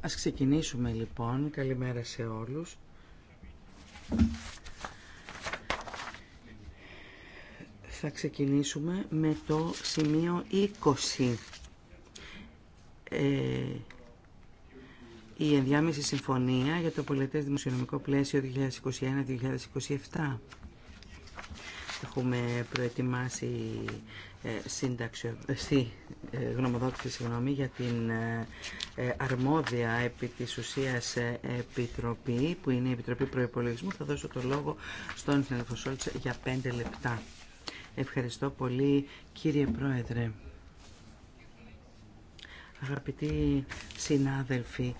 Ας ξεκινήσουμε λοιπόν. Καλημέρα σε όλους. Θα ξεκινήσουμε με το σημείο 20. Ε, η ενδιάμεση συμφωνία για το πολιτές δημοσιονομικό πλαίσιο 2021-2027. Έχουμε προετοιμάσει ε, ε, στη ε, γνωμοδότηση συγγνώμη, για την αρμόδια επί της ουσίας επιτροπή που είναι η Επιτροπή Προϋπολογισμού θα δώσω το λόγο στον συνάδελφο για πέντε λεπτά. Ευχαριστώ πολύ κύριε Πρόεδρε. Αγαπητοί συνάδελφοι,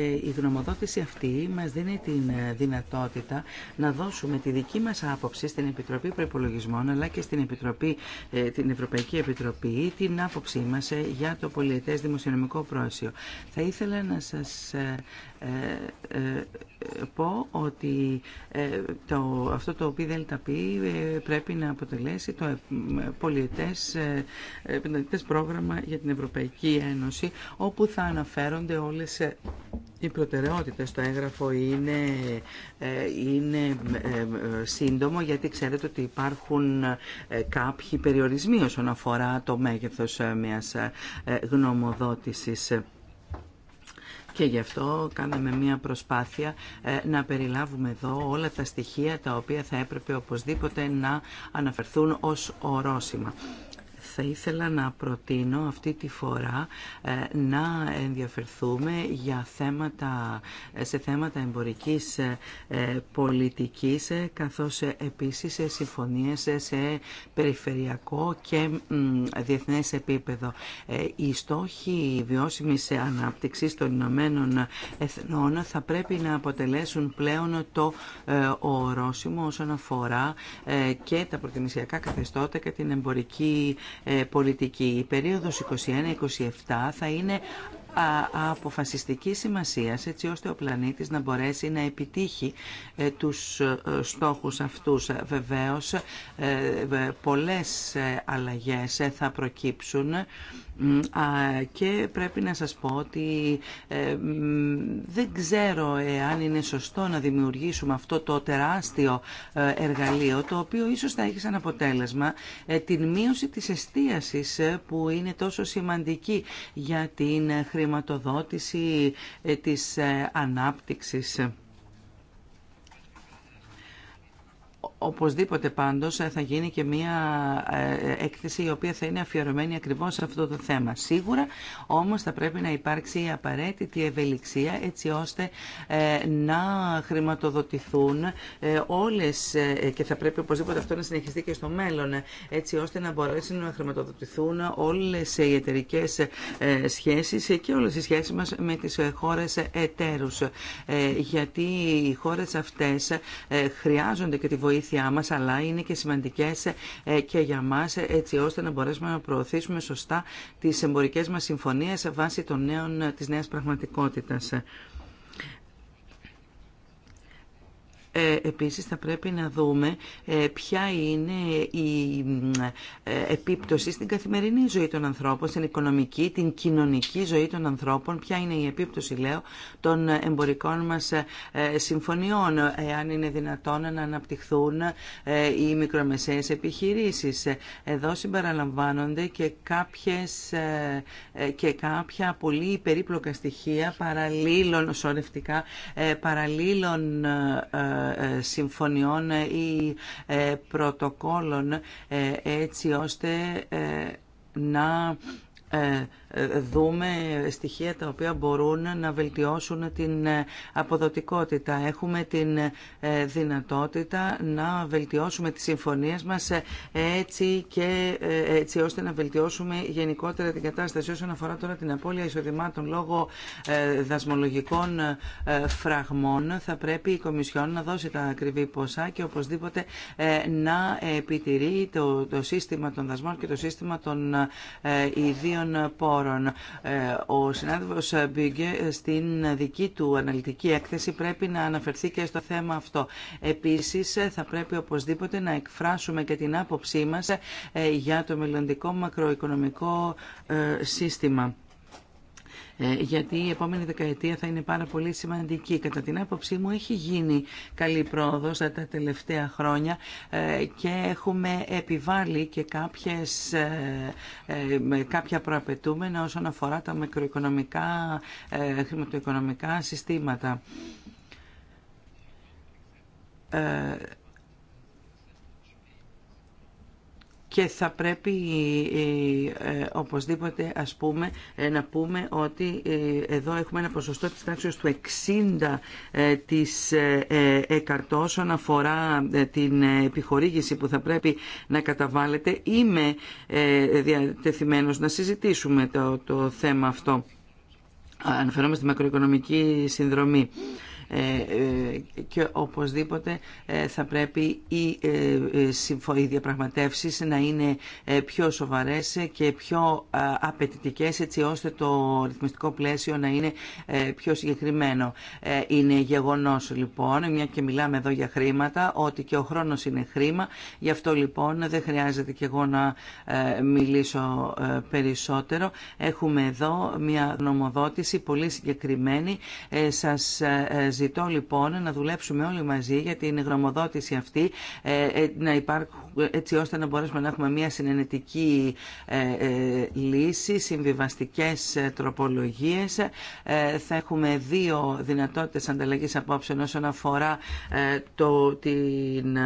ε, η γνωμοδότηση αυτή μας δίνει την ε, δυνατότητα να δώσουμε τη δική μας άποψη στην Επιτροπή Προϋπολογισμών αλλά και στην, Επιτροπή, ε, την Ευρωπαϊκή Επιτροπή την άποψή μας για το πολιετές δημοσιονομικό πρόσιο. Θα ήθελα να σας πω ότι το, αυτό το πει πρέπει να αποτελέσει το πολιετές, πολιετές πρόγραμμα για την Ευρωπαϊκή Ένωση όπου θα αναφέρονται όλες οι προτεραιότητα στο έγγραφο είναι, ε, είναι ε, σύντομο γιατί ξέρετε ότι υπάρχουν ε, κάποιοι περιορισμοί όσον αφορά το μέγεθος μιας γνωμοδότησης. Και γι' αυτό κάναμε μια προσπάθεια να περιλάβουμε εδώ όλα τα στοιχεία τα οποία θα έπρεπε οπωσδήποτε να αναφερθούν ως ορόσημα θα ήθελα να προτείνω αυτή τη φορά ε, να ενδιαφερθούμε για θέματα, ε, σε θέματα εμπορικής ε, πολιτικής καθώς επίσης σε συμφωνίες σε περιφερειακό και διεθνές επίπεδο. Οι στόχοι βιώσιμης ανάπτυξης των Ηνωμένων Εθνών θα πρέπει να αποτελέσουν πλέον το ορόσημο όσον αφορά και τα προτιμησιακά καθεστώτα και την εμπορική ε, πολιτική. Η περίοδος 21-27 θα είναι αποφασιστική σημασία έτσι ώστε ο πλανήτης να μπορέσει να επιτύχει ε, τους ε, στόχους αυτούς. Βεβαίως πολλές αλλαγές θα προκύψουν και πρέπει να σας πω ότι ε, δεν ξέρω εάν είναι σωστό να δημιουργήσουμε αυτό το τεράστιο ε, εργαλείο το οποίο ίσως θα έχει σαν αποτέλεσμα ε, την μείωση της εστίασης που είναι τόσο σημαντική για την χρηματοδότηση της ανάπτυξης. οπωσδήποτε πάντως ε, θα γίνει και μία ε, έκθεση η οποία θα είναι αφιερωμένη ακριβώς σε αυτό το θέμα. Σίγουρα όμως θα πρέπει να υπάρξει η απαραίτητη ευελιξία έτσι ώστε ε, να χρηματοδοτηθούν όλες και θα πρέπει οπωσδήποτε αυτό να συνεχιστεί και στο μέλλον έτσι ώστε να μπορέσουν να χρηματοδοτηθούν όλες οι εταιρικέ σχέσεις και όλες οι σχέσεις μας με τις χώρες εταίρους γιατί οι χώρες αυτές χρειάζονται και τη βοήθειά αλλά είναι και σημαντικές ε, και για μας, έτσι ώστε να μπορέσουμε να προωθήσουμε σωστά τις εμπορικές μας συμφωνίες βάσει των νέων, ε, της νέας πραγματικότητας. Ε, επίσης θα πρέπει να δούμε ε, ποια είναι η ε, επίπτωση στην καθημερινή ζωή των ανθρώπων, στην οικονομική, την κοινωνική ζωή των ανθρώπων, ποια είναι η επίπτωση, λέω, των εμπορικών μας συμφωνιών, εάν είναι δυνατόν να αναπτυχθούν οι μικρομεσαίες επιχειρήσεις. Εδώ συμπαραλαμβάνονται και, κάποιες, και κάποια πολύ περίπλοκα στοιχεία παραλλήλων, σωρευτικά, παραλλήλων συμφωνιών ή ε, πρωτοκόλων ε, έτσι ώστε ε, να ε, ε, δούμε στοιχεία τα οποία μπορούν να βελτιώσουν την ε, αποδοτικότητα. Έχουμε την δυνατότητα να βελτιώσουμε τις συμφωνίες μας έτσι, και, έτσι ώστε να βελτιώσουμε γενικότερα την κατάσταση όσον αφορά τώρα την απώλεια εισοδημάτων λόγω δασμολογικών φραγμών. Θα πρέπει η Κομισιόν να δώσει τα ακριβή ποσά και οπωσδήποτε να επιτηρεί το, το σύστημα των δασμών και το σύστημα των ιδίων Πόρων. Ε, ο συνάδελφος Μπίγκε στην δική του αναλυτική έκθεση πρέπει να αναφερθεί και στο θέμα αυτό. Επίσης θα πρέπει οπωσδήποτε να εκφράσουμε και την άποψή μας ε, για το μελλοντικό μακροοικονομικό ε, σύστημα. Ε, γιατί η επόμενη δεκαετία θα είναι πάρα πολύ σημαντική. Κατά την άποψή μου έχει γίνει καλή πρόοδος τα τελευταία χρόνια ε, και έχουμε επιβάλει και κάποιες, ε, κάποια προαπαιτούμενα όσον αφορά τα μικροοικονομικά, χρηματοοικονομικά συστήματα και θα πρέπει ε, ε, οπωσδήποτε ας πούμε ε, να πούμε ότι εδώ έχουμε ένα ποσοστό της τάξης του 60 της όσον αφορά την επιχορήγηση που θα πρέπει να καταβάλλεται. Είμαι διατεθειμένος να συζητήσουμε το, το θέμα αυτό. Αναφερόμαστε στη μακροοικονομική συνδρομή. Ε, ε, και οπωσδήποτε ε, θα πρέπει οι, οι διαπραγματεύσεις να είναι πιο σοβαρές και πιο απαιτητικές έτσι ώστε το ρυθμιστικό πλαίσιο να είναι πιο συγκεκριμένο. Είναι γεγονός λοιπόν, μια και μιλάμε εδώ για χρήματα, ότι και ο χρόνος είναι χρήμα, γι' αυτό λοιπόν δεν χρειάζεται και εγώ να μιλήσω περισσότερο. Έχουμε εδώ μια νομοδότηση πολύ συγκεκριμένη. Σας ζητώ λοιπόν να δουλέψουμε όλοι μαζί για την γνωμοδότηση αυτή, ε, ε, να υπάρχουν, έτσι ώστε να μπορέσουμε να έχουμε μια συνενετική ε, λύση, συμβιβαστικές τροπολογίες. Θα έχουμε δύο δυνατότητες ανταλλαγής απόψε... όσον αφορά το, την,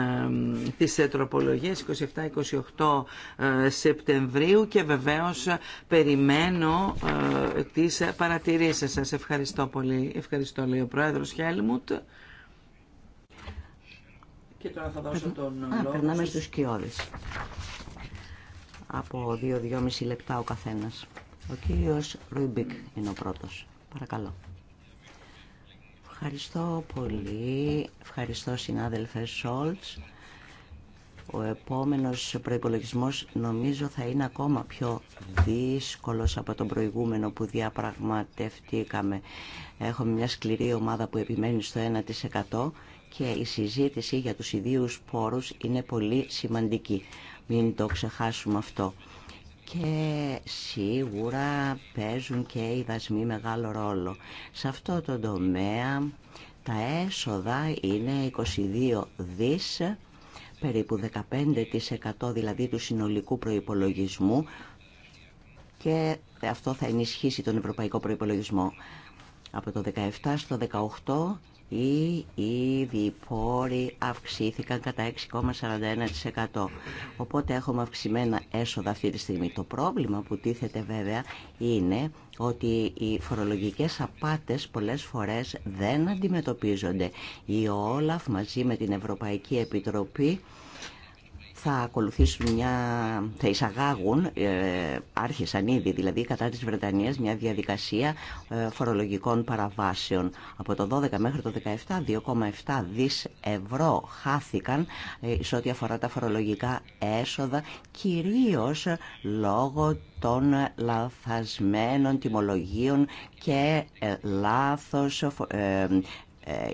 τις τροπολογίες 27-28 Σεπτεμβρίου και βεβαίως περιμένω τις παρατηρήσεις σας. Ευχαριστώ πολύ. Ευχαριστώ λέει ο Πρόεδρος. Και τώρα θα δώσω τον Α, λόγο. Περνάμε στους κοιοδες απο Από δύο-δυόμιση λεπτά ο καθένας. Ο κύριος Ρουιμπίκ είναι ο πρώτος. Παρακαλώ. Ευχαριστώ πολύ. Ευχαριστώ συνάδελφε Σόλτς. Ο επόμενος προϋπολογισμός νομίζω θα είναι ακόμα πιο δύσκολος από τον προηγούμενο που διαπραγματευτήκαμε. Έχουμε μια σκληρή ομάδα που επιμένει στο 1% και η συζήτηση για τους ιδίους πόρους είναι πολύ σημαντική. Μην το ξεχάσουμε αυτό. Και σίγουρα παίζουν και οι δασμοί μεγάλο ρόλο. Σε αυτό το τομέα τα έσοδα είναι 22 δις, περίπου 15% δηλαδή του συνολικού προϋπολογισμού και αυτό θα ενισχύσει τον ευρωπαϊκό προϋπολογισμό. Από το 17 στο 18 οι ήδη πόροι αυξήθηκαν κατά 6,41%. Οπότε έχουμε αυξημένα έσοδα αυτή τη στιγμή. Το πρόβλημα που τίθεται βέβαια είναι ότι οι φορολογικές απάτες πολλές φορές δεν αντιμετωπίζονται. Η ΟΛΑΦ μαζί με την Ευρωπαϊκή Επιτροπή θα ακολουθήσουν μια, θα εισαγάγουν, ε, άρχισαν ήδη δηλαδή κατά της Βρετανίας μια διαδικασία ε, φορολογικών παραβάσεων. Από το 12 μέχρι το 17, 2,7 δις ευρώ χάθηκαν ε, σε ό,τι αφορά τα φορολογικά έσοδα, κυρίως ε, λόγω των ε, λαθασμένων τιμολογίων και ε, λάθος ε, ε,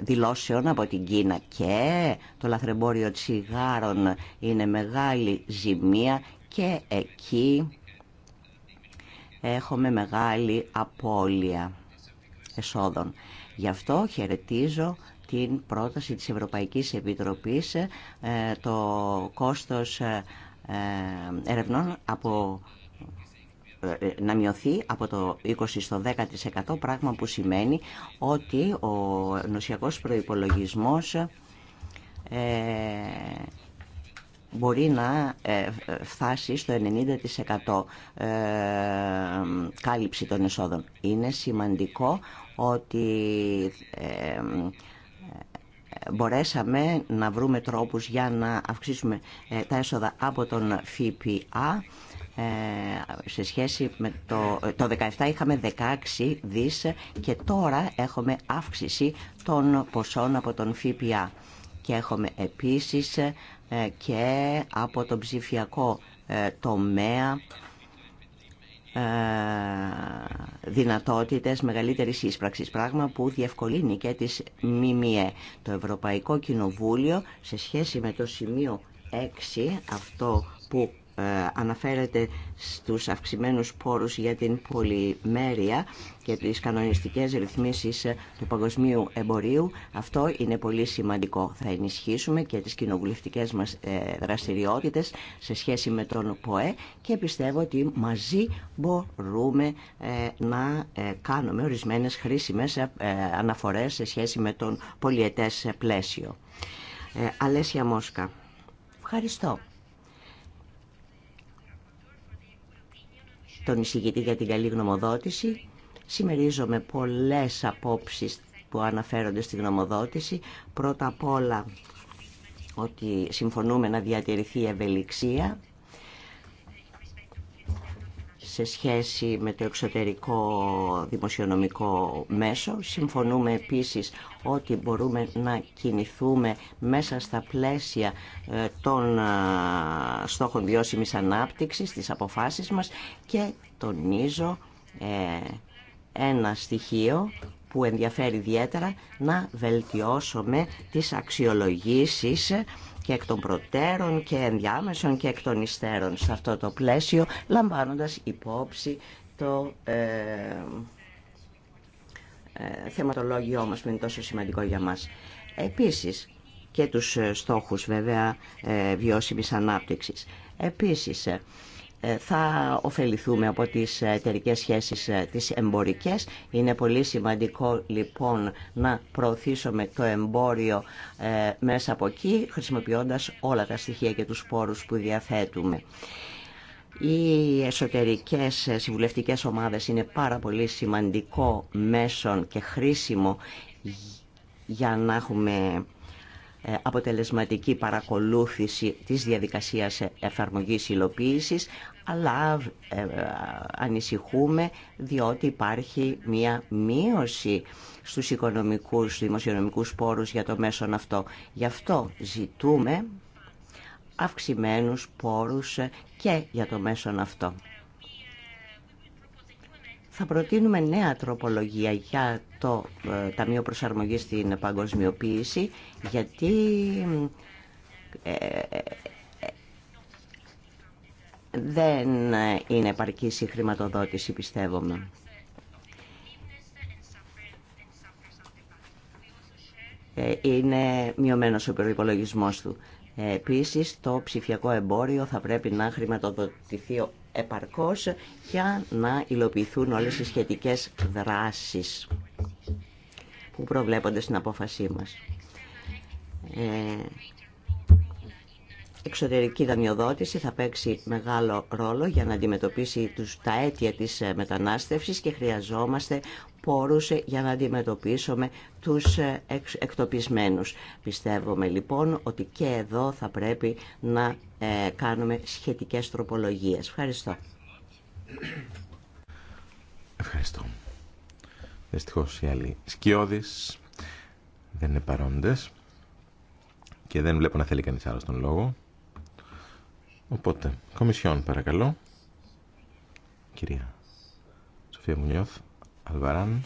δηλώσεων από την Κίνα και το λαθρεμπόριο τσιγάρων είναι μεγάλη ζημία και εκεί έχουμε μεγάλη απώλεια εσόδων. Γι' αυτό χαιρετίζω την πρόταση της Ευρωπαϊκής Επιτροπής ε, το κόστος ε, ε, ερευνών από ε, να μειωθεί από το 20% στο 10% πράγμα που σημαίνει ότι ο νοσιακός προϋπολογισμός ε, μπορεί να ε, φτάσει στο 90% κάλυψη των εσόδων. Είναι σημαντικό ότι μπορέσαμε να βρούμε τρόπους για να αυξήσουμε τα έσοδα από τον ΦΠΑ ε, σε σχέση με το, το 17 είχαμε 16 δις και τώρα έχουμε αύξηση των ποσών από τον ΦΠΑ και έχουμε επίσης ε, και από τον ψηφιακό ε, τομέα δυνατότητες μεγαλύτερης ίσπραξης, πράγμα που διευκολύνει και τις ΜΜΕ. Το Ευρωπαϊκό Κοινοβούλιο, σε σχέση με το σημείο 6, αυτό που ε, αναφέρεται στους αυξημένους πόρους για την πολυμέρεια και τις κανονιστικές ρυθμίσεις του παγκοσμίου εμπορίου. Αυτό είναι πολύ σημαντικό. Θα ενισχύσουμε και τις κοινοβουλευτικέ μας ε, δραστηριότητες σε σχέση με τον ΠΟΕ και πιστεύω ότι μαζί μπορούμε ε, να κάνουμε ορισμένες χρήσιμες αναφορές σε σχέση με τον πολιετές πλαίσιο. Αλέσια Μόσκα. Ευχαριστώ. τον εισηγητή για την καλή γνωμοδότηση. Συμμερίζομαι πολλές απόψεις που αναφέρονται στη γνωμοδότηση. Πρώτα απ' όλα ότι συμφωνούμε να διατηρηθεί η ευελιξία σε σχέση με το εξωτερικό δημοσιονομικό μέσο. Συμφωνούμε επίσης ότι μπορούμε να κινηθούμε μέσα στα πλαίσια ε, των ε, στόχων βιώσιμης ανάπτυξης, της αποφάσεις μας και τονίζω ε, ένα στοιχείο που ενδιαφέρει ιδιαίτερα να βελτιώσουμε τις αξιολογήσεις και εκ των προτέρων και ενδιάμεσων και εκ των υστέρων σε αυτό το πλαίσιο, λαμβάνοντας υπόψη το ε, ε, θεματολόγιό μας που είναι τόσο σημαντικό για μας. Επίσης, και τους ε, στόχους βέβαια ε, βιώσιμης ανάπτυξης. Επίσης, ε, ε, θα ωφεληθούμε από τις εταιρικέ σχέσεις ε, τις εμπορικές. Είναι πολύ σημαντικό λοιπόν να προωθήσουμε το εμπόριο ε, μέσα από εκεί χρησιμοποιώντας όλα τα στοιχεία και τους πόρους που διαθέτουμε. Οι εσωτερικές συμβουλευτικές ομάδες είναι πάρα πολύ σημαντικό μέσον και χρήσιμο για να έχουμε ε, αποτελεσματική παρακολούθηση της διαδικασίας εφαρμογής υλοποίησης, αλλά ε, ε, ανησυχούμε διότι υπάρχει μία μείωση στους οικονομικούς, δημοσιονομικούς πόρους για το μέσον αυτό. Γι' αυτό ζητούμε αυξημένους πόρους και για το μέσον αυτό θα προτείνουμε νέα τροπολογία για το ε, Ταμείο Προσαρμογής στην Παγκοσμιοποίηση, γιατί ε, ε, δεν είναι επαρκής η χρηματοδότηση, πιστεύομαι. Είναι μειωμένο ο υπολογισμός του. Επίσης, το ψηφιακό εμπόριο θα πρέπει να χρηματοδοτηθεί επαρκώς για να υλοποιηθούν όλες οι σχετικές δράσεις που προβλέπονται στην απόφασή μας. Ε, εξωτερική δανειοδότηση θα παίξει μεγάλο ρόλο για να αντιμετωπίσει τους, τα αίτια της μετανάστευσης και χρειαζόμαστε πόρουσε για να αντιμετωπίσουμε τους ε, εκτοπισμένους. Πιστεύουμε λοιπόν ότι και εδώ θα πρέπει να ε, κάνουμε σχετικές τροπολογίες. Ευχαριστώ. Ευχαριστώ. Δυστυχώ οι άλλοι σκιώδεις δεν είναι παρόντες και δεν βλέπω να θέλει κανείς άλλο τον λόγο. Οπότε, κομισιόν παρακαλώ. Κυρία Σοφία Μουνιώθ. Αλβαράν,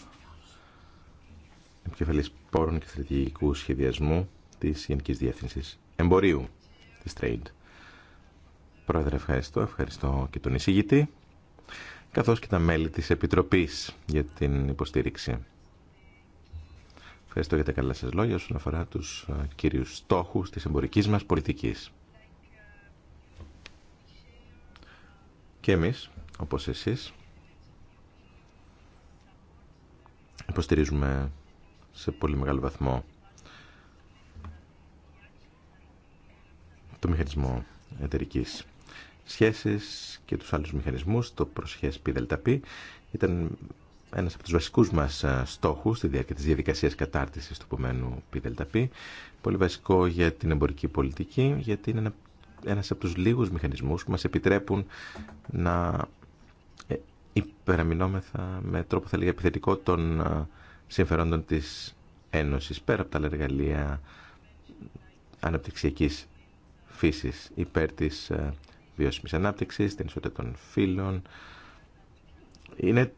επικεφαλή πόρων και στρατηγικού σχεδιασμού της Γενική Διεύθυνση Εμπορίου της Trade. Πρόεδρε, ευχαριστώ. Ευχαριστώ και τον εισηγητή, καθώς και τα μέλη της Επιτροπής για την υποστήριξη. Ευχαριστώ για τα καλά σας λόγια όσον αφορά τους κύριους στόχους της εμπορικής μας πολιτικής. Και εμείς, όπως εσείς, υποστηρίζουμε σε πολύ μεγάλο βαθμό το μηχανισμό εταιρική σχέσης και τους άλλους μηχανισμούς, το προσχές ΠΔΠ, ήταν ένας από τους βασικούς μας στόχους στη διάρκεια της διαδικασίας κατάρτισης του επομένου ΠΔΠ, πολύ βασικό για την εμπορική πολιτική, γιατί είναι ένας από τους λίγους μηχανισμούς που μας επιτρέπουν να υπεραμεινόμεθα με τρόπο θα λέγει επιθετικό των ε, συμφερόντων της Ένωσης πέρα από τα εργαλεία αναπτυξιακής φύσης υπέρ της ε, βιώσιμης ανάπτυξης, την ισότητα των φύλων. Είναι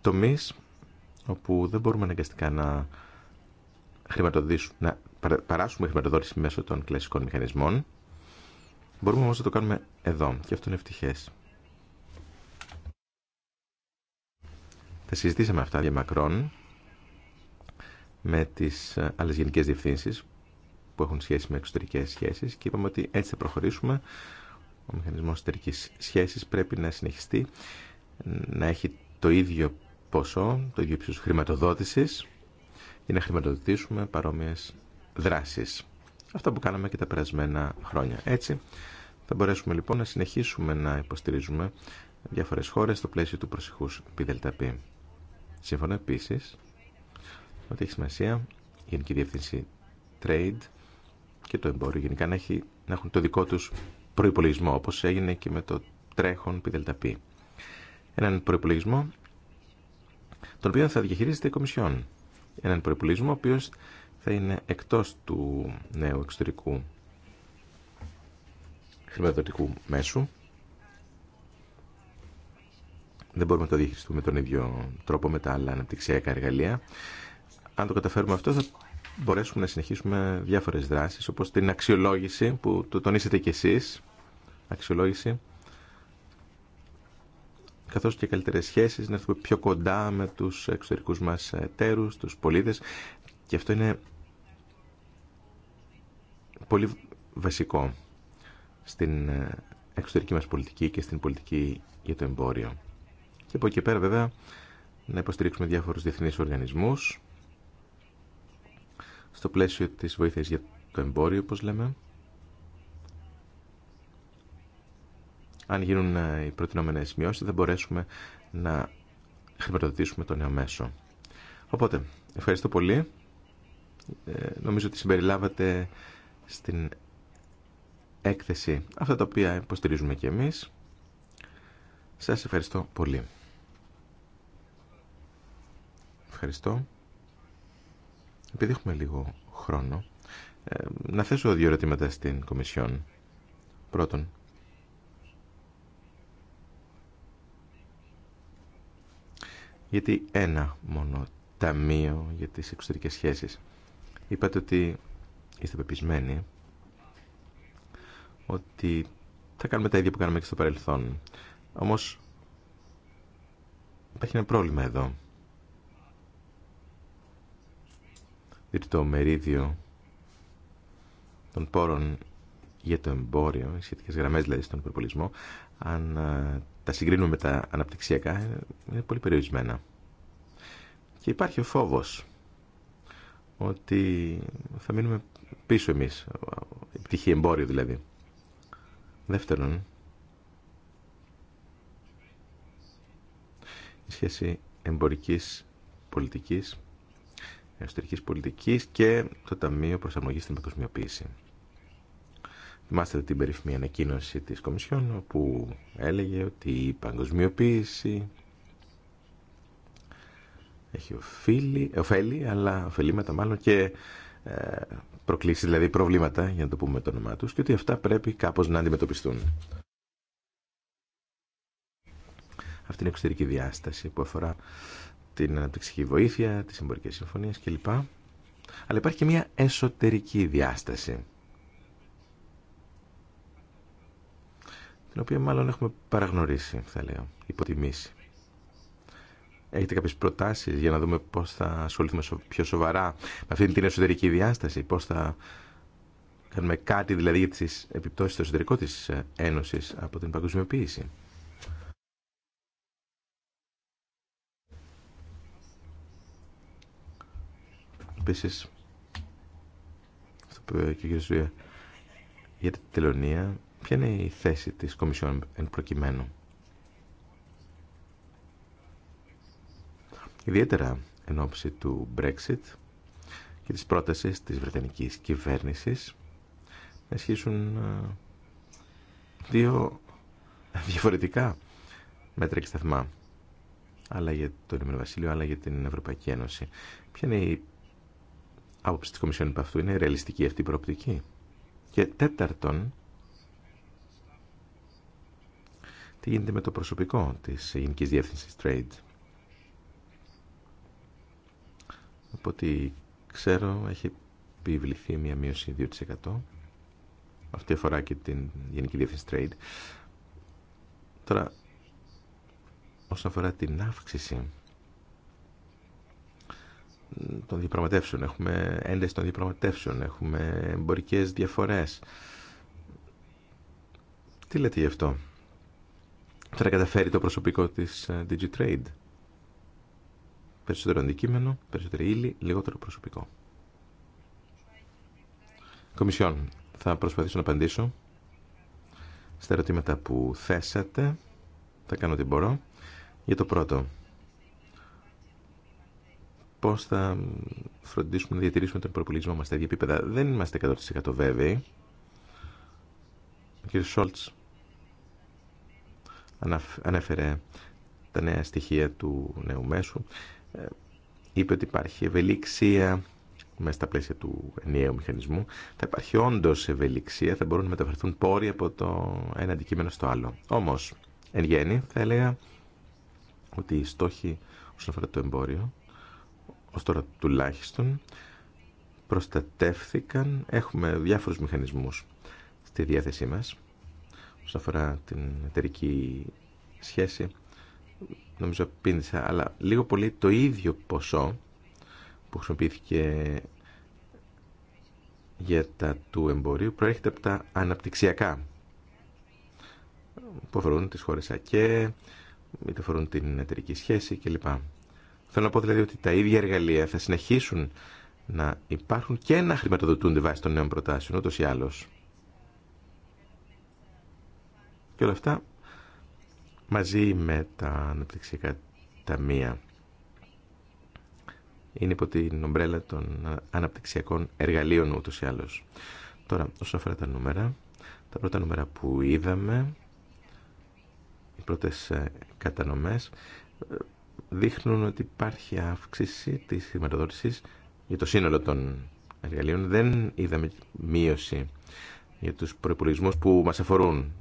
τομείς όπου δεν μπορούμε αναγκαστικά να, να παράσουμε χρηματοδότηση μέσω των κλασικών μηχανισμών. Μπορούμε όμως να το κάνουμε εδώ και αυτό είναι ευτυχές. Τα συζητήσαμε αυτά για μακρόν με τι άλλε γενικέ διευθύνσει που έχουν σχέση με εξωτερικέ σχέσει και είπαμε ότι έτσι θα προχωρήσουμε. Ο μηχανισμό εξωτερική σχέση πρέπει να συνεχιστεί, να έχει το ίδιο ποσό, το ίδιο ύψος χρηματοδότηση για να χρηματοδοτήσουμε παρόμοιε δράσεις. Αυτά που κάναμε και τα περασμένα χρόνια. Έτσι θα μπορέσουμε λοιπόν να συνεχίσουμε να υποστηρίζουμε διάφορες χώρες στο πλαίσιο του προσεχούς ΠΔΠ. Συμφωνώ επίση ότι έχει σημασία η Γενική Διεύθυνση Trade και το εμπόριο γενικά να, έχει, να έχουν το δικό τους προϋπολογισμό, όπως έγινε και με το τρέχον ΠΔΠ. Έναν προϋπολογισμό τον οποίο θα διαχειρίζεται η Κομισιόν. Έναν προϋπολογισμό ο οποίος θα είναι εκτός του νέου εξωτερικού χρηματοδοτικού μέσου δεν μπορούμε να το διαχειριστούμε τον ίδιο τρόπο με τα άλλα αναπτυξιακά εργαλεία. Αν το καταφέρουμε αυτό θα μπορέσουμε να συνεχίσουμε διάφορες δράσεις όπως την αξιολόγηση που το τονίσετε κι εσείς, αξιολόγηση καθώς και καλύτερες σχέσεις, να έρθουμε πιο κοντά με τους εξωτερικούς μας εταίρους, τους πολίτες και αυτό είναι πολύ βασικό στην εξωτερική μας πολιτική και στην πολιτική για το εμπόριο και από εκεί πέρα βέβαια να υποστηρίξουμε διάφορους διεθνείς οργανισμούς στο πλαίσιο της βοήθειας για το εμπόριο, όπως λέμε. Αν γίνουν οι προτινόμενες μειώσεις, θα μπορέσουμε να χρηματοδοτήσουμε το νέο μέσο. Οπότε, ευχαριστώ πολύ. Ε, νομίζω ότι συμπεριλάβατε στην έκθεση αυτά τα οποία υποστηρίζουμε και εμείς. Σας ευχαριστώ πολύ. Ευχαριστώ. Επειδή έχουμε λίγο χρόνο, ε, να θέσω δύο ερωτήματα στην Κομισιόν. Πρώτον, γιατί ένα μόνο ταμείο για τις εξωτερικές σχέσεις. Είπατε ότι είστε πεπισμένοι ότι θα κάνουμε τα ίδια που κάναμε και στο παρελθόν. Όμως υπάρχει ένα πρόβλημα εδώ. διότι το μερίδιο των πόρων για το εμπόριο, οι σχετικές γραμμές δηλαδή στον υπερπολισμό, αν ε, τα συγκρίνουμε με τα αναπτυξιακά, ε, είναι πολύ περιορισμένα. Και υπάρχει ο φόβος ότι θα μείνουμε πίσω εμείς, η πτυχή εμπόριο δηλαδή. Δεύτερον, η σχέση εμπορικής πολιτικής Εσωτερικής πολιτική και το Ταμείο προσαρμογή στην Παγκοσμιοποίηση. Θυμάστε την περίφημη ανακοίνωση της Κομισιόν όπου έλεγε ότι η παγκοσμιοποίηση έχει ωφέλη, ωφέλη αλλά ωφελήματα μάλλον και ε, προκλήσεις, δηλαδή προβλήματα, για να το πούμε με το όνομά τους, και ότι αυτά πρέπει κάπως να αντιμετωπιστούν. Αυτή είναι η εξωτερική διάσταση που αφορά την αναπτυξική βοήθεια, τις εμπορικές συμφωνίες κλπ. Αλλά υπάρχει και μια εσωτερική διάσταση. Την οποία μάλλον έχουμε παραγνωρίσει, θα λέω, υποτιμήσει. Έχετε κάποιες προτάσεις για να δούμε πώς θα ασχοληθούμε πιο σοβαρά με αυτή την εσωτερική διάσταση, πώς θα κάνουμε κάτι δηλαδή για τις επιπτώσεις στο εσωτερικό της ε, Ένωσης από την παγκοσμιοποίηση. Επίση, αυτό που είπε και ο κ. Ζουία, για την τελωνία, ποια είναι η θέση της Κομισιόν εν προκειμένου. Ιδιαίτερα εν ώψη του Brexit και της πρότασης της Βρετανικής κυβέρνησης να ισχύσουν δύο διαφορετικά μέτρα και σταθμά. Άλλα για το Ηνωμένο Βασίλειο, άλλα για την Ευρωπαϊκή Ένωση. Ποια είναι η άποψη τη Κομισιόν αυτού. Είναι ρεαλιστική αυτή η προοπτική. Και τέταρτον, τι γίνεται με το προσωπικό της γενική διεύθυνση Trade. Από ό,τι ξέρω, έχει επιβληθεί μια μείωση 2%. Αυτή αφορά και την Γενική Διεύθυνση Trade. Τώρα, όσον αφορά την αύξηση των διαπραγματεύσεων, έχουμε ένταση των διαπραγματεύσεων, έχουμε εμπορικέ διαφορές. Τι λέτε γι' αυτό. Θα καταφέρει το προσωπικό της ε, DigiTrade. Περισσότερο αντικείμενο, περισσότερη ύλη, λιγότερο προσωπικό. Κομισιόν, θα προσπαθήσω να απαντήσω στα ερωτήματα που θέσατε. Θα κάνω ό,τι μπορώ. Για το πρώτο, Πώ θα φροντίσουμε να διατηρήσουμε τον προπολογισμό μας στα ίδια επίπεδα. Δεν είμαστε 100% βέβαιοι. Ο κ. Σόλτς ανέφερε τα νέα στοιχεία του νέου μέσου. Ε, είπε ότι υπάρχει ευελιξία μέσα στα πλαίσια του ενιαίου μηχανισμού. Θα υπάρχει όντω ευελιξία, θα μπορούν να μεταφερθούν πόροι από το ένα αντικείμενο στο άλλο. Όμω, εν γέννη, θα έλεγα ότι οι στόχοι όσον αφορά το εμπόριο ως τώρα τουλάχιστον προστατεύθηκαν, έχουμε διάφορους μηχανισμούς στη διάθεσή μας όσον αφορά την εταιρική σχέση νομίζω πίνησα αλλά λίγο πολύ το ίδιο ποσό που χρησιμοποιήθηκε για τα του εμπορίου προέρχεται από τα αναπτυξιακά που αφορούν τις χώρες ΑΚΕ είτε αφορούν την εταιρική σχέση κλπ. Θέλω να πω δηλαδή ότι τα ίδια εργαλεία θα συνεχίσουν να υπάρχουν και να χρηματοδοτούνται βάσει των νέων προτάσεων, ούτω ή άλλω. Και όλα αυτά μαζί με τα αναπτυξιακά ταμεία. Είναι υπό την ομπρέλα των αναπτυξιακών εργαλείων ούτως ή άλλως. Τώρα, όσον αφορά τα νούμερα, τα πρώτα νούμερα που είδαμε, οι πρώτες ε, κατανομές, δείχνουν ότι υπάρχει αύξηση της χρηματοδότησης για το σύνολο των εργαλείων. Δεν είδαμε μείωση για τους προπολογισμού που μας αφορούν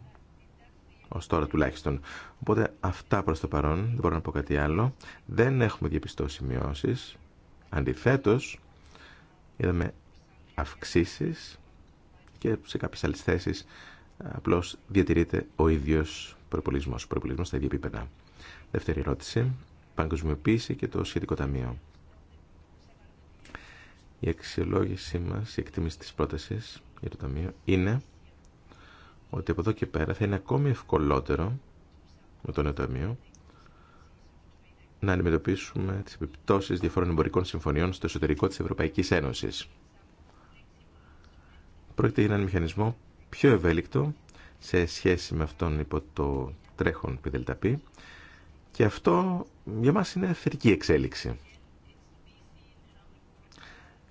ως τώρα τουλάχιστον. Οπότε αυτά προς το παρόν, δεν μπορώ να πω κάτι άλλο. Δεν έχουμε διαπιστώσει μειώσεις. Αντιθέτως, είδαμε αυξήσεις και σε κάποιες άλλες θέσεις απλώς διατηρείται ο ίδιος προπολογισμό, Ο στα ίδια επίπεδα. Δεύτερη ερώτηση παγκοσμιοποίηση και το σχετικό ταμείο. Η αξιολόγησή μας, η εκτίμηση της πρότασης για το ταμείο είναι ότι από εδώ και πέρα θα είναι ακόμη ευκολότερο με το νέο ταμείο να αντιμετωπίσουμε τις επιπτώσεις διαφόρων εμπορικών συμφωνιών στο εσωτερικό της Ευρωπαϊκής Ένωσης. Πρόκειται για έναν μηχανισμό πιο ευέλικτο σε σχέση με αυτόν υπό το τρέχον πιδελταπή και αυτό για μας είναι θετική εξέλιξη.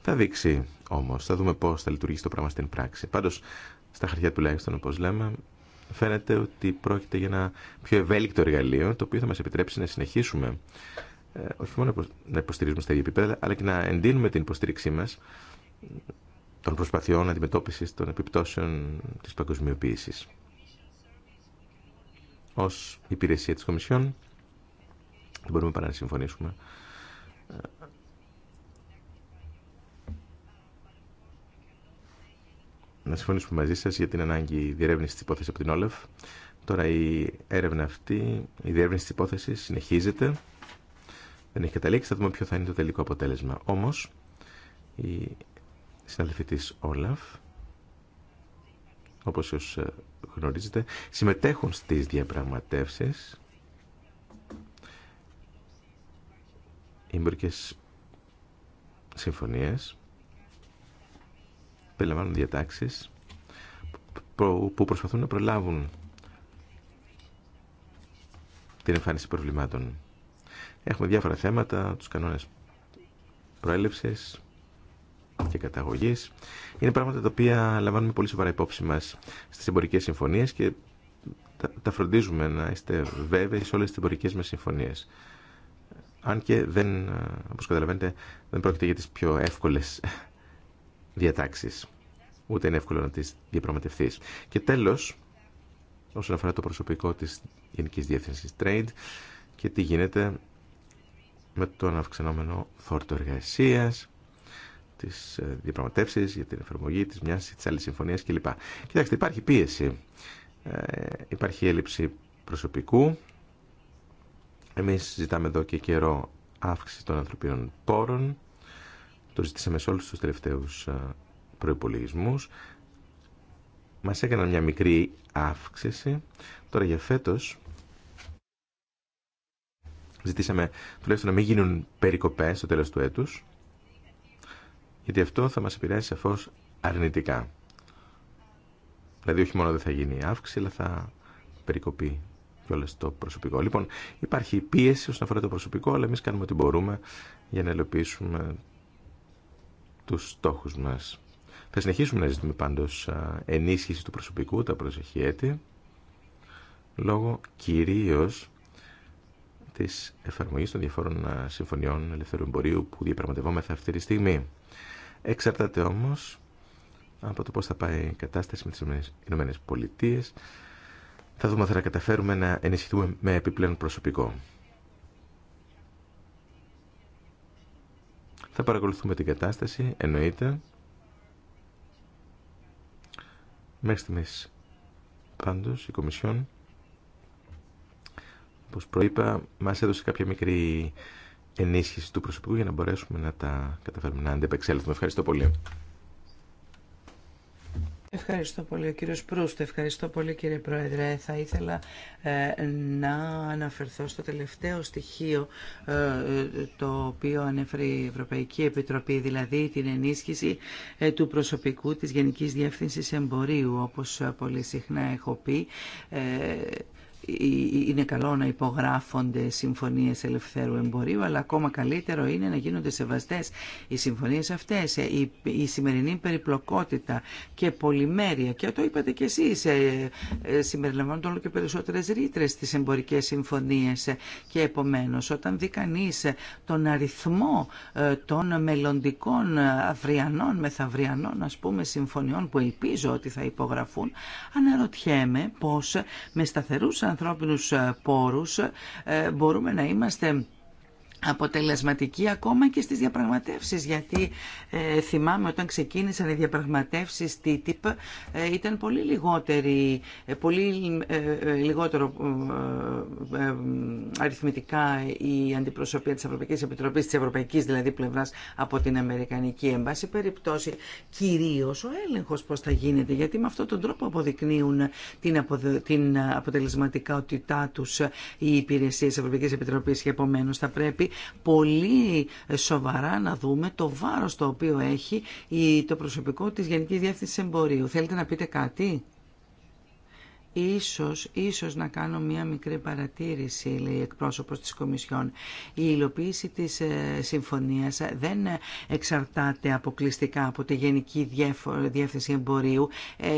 Θα δείξει όμως, θα δούμε πώς θα λειτουργήσει το πράγμα στην πράξη. Πάντως, στα χαρτιά τουλάχιστον όπως λέμε, φαίνεται ότι πρόκειται για ένα πιο ευέλικτο εργαλείο, το οποίο θα μας επιτρέψει να συνεχίσουμε ε, όχι μόνο να υποστηρίζουμε στα ίδια επίπεδα, αλλά και να εντείνουμε την υποστήριξή μας των προσπαθειών αντιμετώπιση των επιπτώσεων της παγκοσμιοποίησης. Ως υπηρεσία της Κομισιόν δεν μπορούμε παρά να συμφωνήσουμε. Να συμφωνήσουμε μαζί σας για την ανάγκη διερεύνηση της υπόθεσης από την Όλαφ. Τώρα η έρευνα αυτή, η διερεύνηση της υπόθεσης συνεχίζεται. Δεν έχει καταλήξει, θα δούμε ποιο θα είναι το τελικό αποτέλεσμα. Όμως, η συναδελφή της Όλαφ, όπως γνωρίζετε, συμμετέχουν στις διαπραγματεύσεις οι συμφωνίε περιλαμβάνουν διατάξει που προσπαθούν να προλάβουν την εμφάνιση προβλημάτων. Έχουμε διάφορα θέματα, τους κανόνες προέλευσης και καταγωγής. Είναι πράγματα τα οποία λαμβάνουμε πολύ σοβαρά υπόψη μας στις εμπορικές συμφωνίες και τα, φροντίζουμε να είστε βέβαιοι σε όλες τις εμπορικές μας αν και δεν, ε, όπως καταλαβαίνετε, δεν πρόκειται για τις πιο εύκολες διατάξεις. Ούτε είναι εύκολο να τις διαπραγματευτείς. Και τέλος, όσον αφορά το προσωπικό της Γενικής Διεύθυνσης Trade και τι γίνεται με τον αυξανόμενο φόρτο εργασία, τι ε, διαπραγματεύσει για την εφαρμογή τη μιας ή τη άλλη συμφωνία κλπ. Κοιτάξτε, υπάρχει πίεση. Ε, υπάρχει έλλειψη προσωπικού εμείς ζητάμε εδώ και καιρό αύξηση των ανθρωπίνων πόρων. Το ζητήσαμε σε όλους τους τελευταίους ε, προϋπολογισμούς. Μας έκαναν μια μικρή αύξηση. Τώρα για φέτος ζητήσαμε τουλάχιστον να μην γίνουν περικοπές στο τέλος του έτους γιατί αυτό θα μας επηρεάσει σαφώς αρνητικά. Δηλαδή όχι μόνο δεν θα γίνει αύξηση αλλά θα περικοπεί και όλες το προσωπικό. Λοιπόν, υπάρχει πίεση όσον αφορά το προσωπικό, αλλά εμείς κάνουμε ό,τι μπορούμε για να ελοπίσουμε τους στόχους μας. Θα συνεχίσουμε να ζητούμε πάντως ενίσχυση του προσωπικού τα προσεχή έτη, λόγω κυρίως της εφαρμογής των διαφόρων συμφωνιών ελευθερού εμπορίου που διαπραγματευόμεθα αυτή τη στιγμή. Εξαρτάται όμως από το πώς θα πάει η κατάσταση με τις ΗΠΑ θα δούμε αν θα καταφέρουμε να ενισχυθούμε με επιπλέον προσωπικό. Θα παρακολουθούμε την κατάσταση, εννοείται. Μέχρι στιγμής πάντως η Κομισιόν, όπως προείπα, μας έδωσε κάποια μικρή ενίσχυση του προσωπικού για να μπορέσουμε να τα καταφέρουμε να αντεπεξέλθουμε. Ευχαριστώ πολύ. Ευχαριστώ πολύ, κύριος Προύστο. Ευχαριστώ πολύ, κύριε Πρόεδρε. Θα ήθελα ε, να αναφερθώ στο τελευταίο στοιχείο ε, το οποίο ανέφερε η Ευρωπαϊκή Επιτροπή, δηλαδή την ενίσχυση ε, του προσωπικού της Γενικής Διεύθυνσης Εμπορίου, όπως πολύ συχνά έχω πει. Ε, είναι καλό να υπογράφονται συμφωνίες ελευθέρου εμπορίου, αλλά ακόμα καλύτερο είναι να γίνονται σεβαστές οι συμφωνίες αυτές. Ε, η, η σημερινή περιπλοκότητα και πολυμέρεια, και το είπατε κι εσείς, ε, συμπεριλαμβάνονται όλο και περισσότερες ρήτρε στις εμπορικές συμφωνίες. Και επομένως, όταν δει κανεί τον αριθμό των μελλοντικών αυριανών, μεθαυριανών, ας πούμε, συμφωνιών που ελπίζω ότι θα υπογραφούν, αναρωτιέμαι πώς με σταθερούς ανθρώπινους ε, πόρους ε, μπορούμε να είμαστε αποτελεσματική ακόμα και στις διαπραγματεύσεις γιατί ε, θυμάμαι όταν ξεκίνησαν οι διαπραγματεύσεις TTIP ε, ήταν πολύ λιγότερη ε, πολύ ε, λιγότερο αριθμητικά η αντιπροσωπεία της Ευρωπαϊκής Επιτροπής της Ευρωπαϊκής δηλαδή πλευράς από την Αμερικανική Εμβάση. περιπτώσει κυρίως ο έλεγχος πώς θα γίνεται γιατί με αυτόν τον τρόπο αποδεικνύουν την, την αποτελεσματικότητά τους οι υπηρεσίες της Ευρωπαϊκής Επιτροπής και επομένως θα πρέπει πολύ σοβαρά να δούμε το βάρος το οποίο έχει το προσωπικό της Γενικής Διεύθυνσης Εμπορίου. Θέλετε να πείτε κάτι? Ίσως, ίσως να κάνω μία μικρή παρατήρηση, λέει εκπρόσωπος της Κομισιόν. Η υλοποίηση της ε, συμφωνίας δεν εξαρτάται αποκλειστικά από τη Γενική Διεύθυνση Εμπορίου. Ε,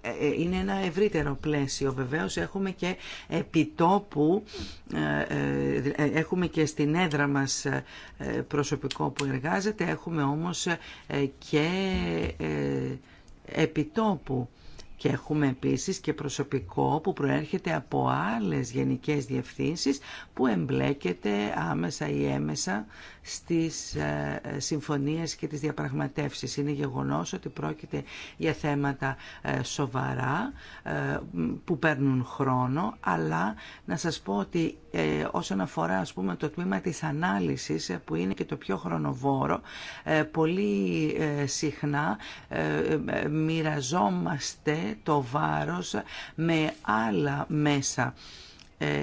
ε, είναι ένα ευρύτερο πλαίσιο. Βεβαίως έχουμε και επιτόπου, έχουμε και στην έδρα μας προσωπικό που εργάζεται, έχουμε όμως και επιτόπου και έχουμε επίσης και προσωπικό που προέρχεται από άλλες γενικές διευθύνσεις που εμπλέκεται άμεσα ή έμεσα στις ε, συμφωνίες και τις διαπραγματεύσεις. Είναι γεγονός ότι πρόκειται για θέματα ε, σοβαρά ε, που παίρνουν χρόνο, αλλά να σας πω ότι όσον αφορά ας πούμε, το τμήμα της ανάλυσης που είναι και το πιο χρονοβόρο, πολύ συχνά μοιραζόμαστε το βάρος με άλλα μέσα ε,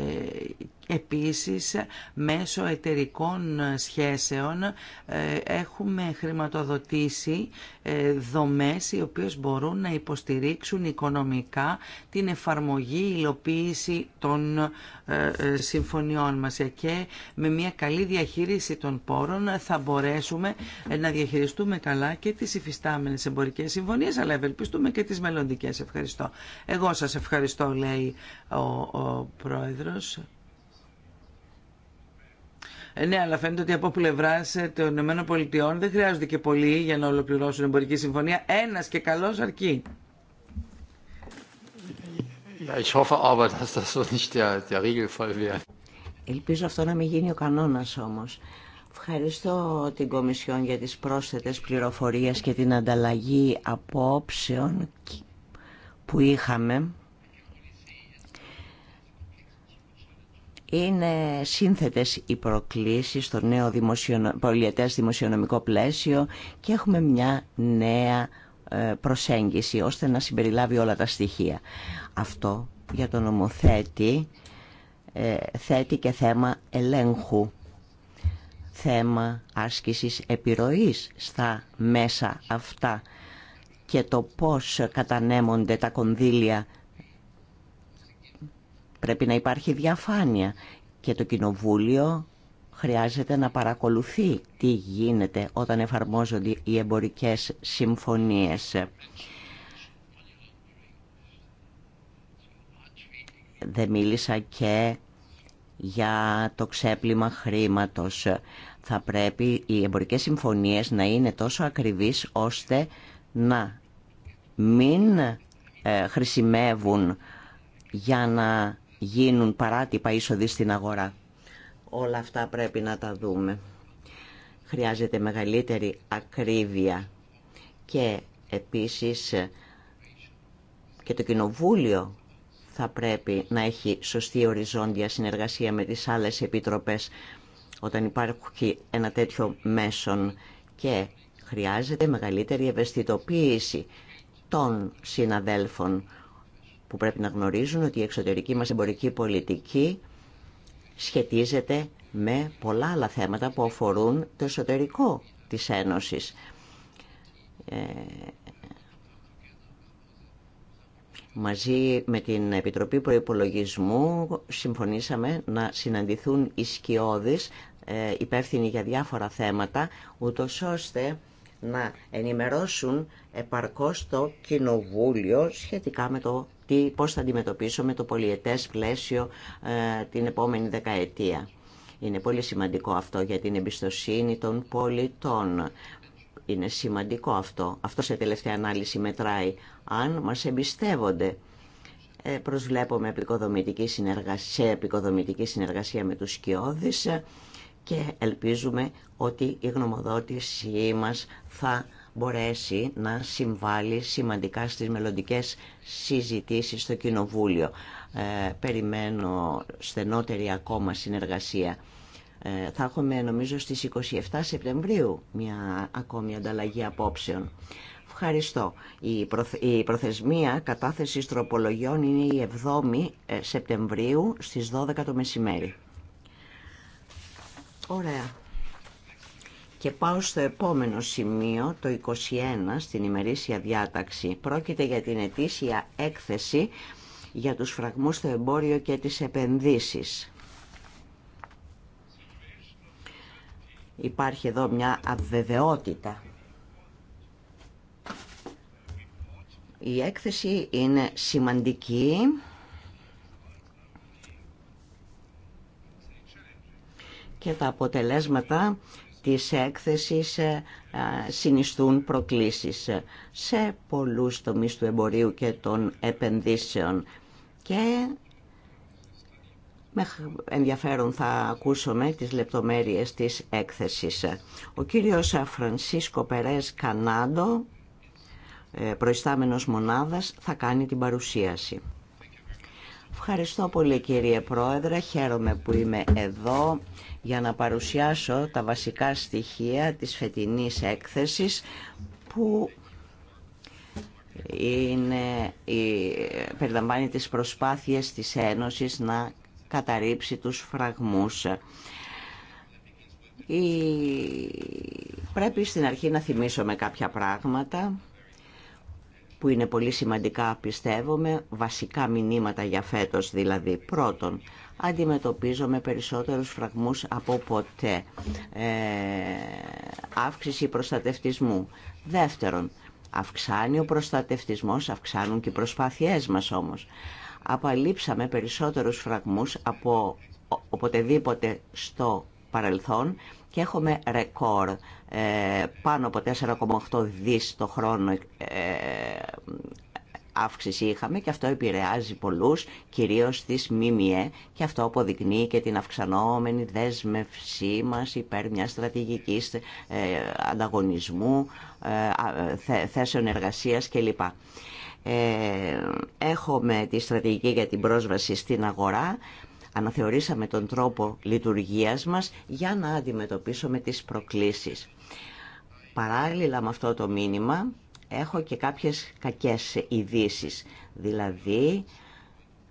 Επίσης, μέσω εταιρικών σχέσεων ε, έχουμε χρηματοδοτήσει ε, δομές οι οποίες μπορούν να υποστηρίξουν οικονομικά την εφαρμογή, υλοποίηση των ε, συμφωνιών μας και με μια καλή διαχείριση των πόρων θα μπορέσουμε να διαχειριστούμε καλά και τις υφιστάμενες εμπορικές συμφωνίες αλλά ευελπιστούμε και τις μελλοντικές. Ευχαριστώ. Εγώ σας ευχαριστώ λέει ο, ο Πρόεδρος. Ε, ναι, αλλά φαίνεται ότι από πλευρά ε, των ΗΠΑ δεν χρειάζονται και πολλοί για να ολοκληρώσουν εμπορική συμφωνία. Ένα και καλό αρκεί. Ελπίζω αυτό να μην γίνει ο κανόνα όμω. Ευχαριστώ την Κομισιόν για τι πρόσθετες πληροφορίε και την ανταλλαγή απόψεων που είχαμε. Είναι σύνθετες οι προκλήσεις στο νέο δημοσιονο... πολιετές δημοσιονομικό πλαίσιο και έχουμε μια νέα ε, προσέγγιση ώστε να συμπεριλάβει όλα τα στοιχεία. Αυτό για τον νομοθέτη ε, θέτει και θέμα ελέγχου, θέμα άσκησης επιρροής στα μέσα αυτά και το πώς κατανέμονται τα κονδύλια Πρέπει να υπάρχει διαφάνεια και το Κοινοβούλιο χρειάζεται να παρακολουθεί τι γίνεται όταν εφαρμόζονται οι εμπορικές συμφωνίες. Δεν μίλησα και για το ξέπλυμα χρήματος. Θα πρέπει οι εμπορικές συμφωνίες να είναι τόσο ακριβείς ώστε να μην ε, χρησιμεύουν για να γίνουν παράτυπα είσοδοι στην αγορά. Όλα αυτά πρέπει να τα δούμε. Χρειάζεται μεγαλύτερη ακρίβεια και επίσης και το Κοινοβούλιο θα πρέπει να έχει σωστή οριζόντια συνεργασία με τις άλλες επιτροπές όταν υπάρχει ένα τέτοιο μέσον και χρειάζεται μεγαλύτερη ευαισθητοποίηση των συναδέλφων που πρέπει να γνωρίζουν ότι η εξωτερική μας εμπορική πολιτική σχετίζεται με πολλά άλλα θέματα που αφορούν το εσωτερικό της Ένωσης. Ε, μαζί με την Επιτροπή Προϋπολογισμού συμφωνήσαμε να συναντηθούν οι σκιώδεις ε, υπεύθυνοι για διάφορα θέματα, ούτως ώστε να ενημερώσουν επαρκώς το Κοινοβούλιο σχετικά με το τι, πώς θα αντιμετωπίσουμε το πολιετές πλαίσιο ε, την επόμενη δεκαετία. Είναι πολύ σημαντικό αυτό για την εμπιστοσύνη των πολιτών. Είναι σημαντικό αυτό. Αυτό σε τελευταία ανάλυση μετράει. Αν μας εμπιστεύονται, ε, προσβλέπουμε επικοδομητική συνεργασία, επικοδομητική συνεργασία με τους σκιώδεις και ελπίζουμε ότι η γνωμοδότησή μας θα μπορέσει να συμβάλλει σημαντικά στις μελλοντικέ συζητήσεις στο Κοινοβούλιο. Ε, περιμένω στενότερη ακόμα συνεργασία. Ε, θα έχουμε νομίζω στις 27 Σεπτεμβρίου μια ακόμη ανταλλαγή απόψεων. Ευχαριστώ. Η προθεσμία κατάθεσης τροπολογιών είναι η 7η ε, Σεπτεμβρίου στις 12 το μεσημέρι. Ωραία. Και πάω στο επόμενο σημείο, το 21, στην ημερήσια διάταξη. Πρόκειται για την ετήσια έκθεση για τους φραγμούς στο εμπόριο και τις επενδύσεις. Υπάρχει εδώ μια αβεβαιότητα. Η έκθεση είναι σημαντική. και τα αποτελέσματα της έκθεσης ε, συνιστούν προκλήσεις σε πολλούς τομείς του εμπορίου και των επενδύσεων. Και με ενδιαφέρον θα ακούσουμε τις λεπτομέρειες της έκθεσης. Ο κύριος Φρανσίσκο Περές Κανάντο, ε, προϊστάμενος μονάδας, θα κάνει την παρουσίαση. Ευχαριστώ πολύ κύριε Πρόεδρε, χαίρομαι που είμαι εδώ για να παρουσιάσω τα βασικά στοιχεία της φετινής έκθεσης που είναι, η, περιλαμβάνει τις προσπάθειες της Ένωσης να καταρρύψει τους φραγμούς. Η... Πρέπει στην αρχή να θυμίσω με κάποια πράγματα που είναι πολύ σημαντικά πιστεύουμε, βασικά μηνύματα για φέτος δηλαδή. Πρώτον, αντιμετωπίζουμε περισσότερους φραγμούς από ποτέ. Ε, αύξηση προστατευτισμού. Δεύτερον, αυξάνει ο προστατευτισμός, αυξάνουν και οι προσπάθειές μας όμως. Απαλείψαμε περισσότερους φραγμούς από οποτεδήποτε στο παρελθόν και έχουμε ρεκόρ ε, πάνω από 4,8 δις το χρόνο ε, αύξηση είχαμε και αυτό επηρεάζει πολλούς, κυρίως τις ΜΜΕ και αυτό αποδεικνύει και την αυξανόμενη δέσμευσή μας υπέρ μια στρατηγικής ε, ανταγωνισμού, θέσεων εργασίας κλπ. Έχουμε τη στρατηγική για την πρόσβαση στην αγορά, αναθεωρήσαμε τον τρόπο λειτουργίας μας για να αντιμετωπίσουμε τις προκλήσεις. Παράλληλα με αυτό το μήνυμα έχω και κάποιες κακές ειδήσει. Δηλαδή,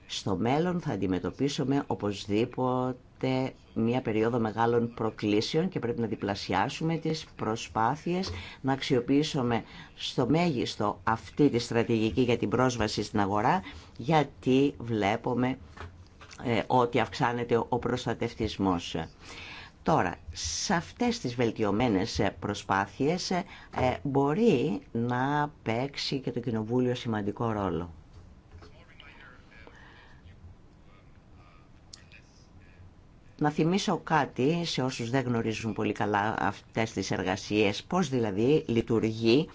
στο μέλλον θα αντιμετωπίσουμε οπωσδήποτε μια περίοδο μεγάλων προκλήσεων και πρέπει να διπλασιάσουμε τις προσπάθειες να αξιοποιήσουμε στο μέγιστο αυτή τη στρατηγική για την πρόσβαση στην αγορά γιατί βλέπουμε ε, ότι αυξάνεται ο προστατευτισμός. Τώρα, σε αυτές τις βελτιωμένες ε, προσπάθειες ε, ε, μπορεί να παίξει και το Κοινοβούλιο σημαντικό ρόλο. Να θυμίσω κάτι σε όσους δεν γνωρίζουν πολύ καλά αυτές τις εργασίες, πώς δηλαδή λειτουργεί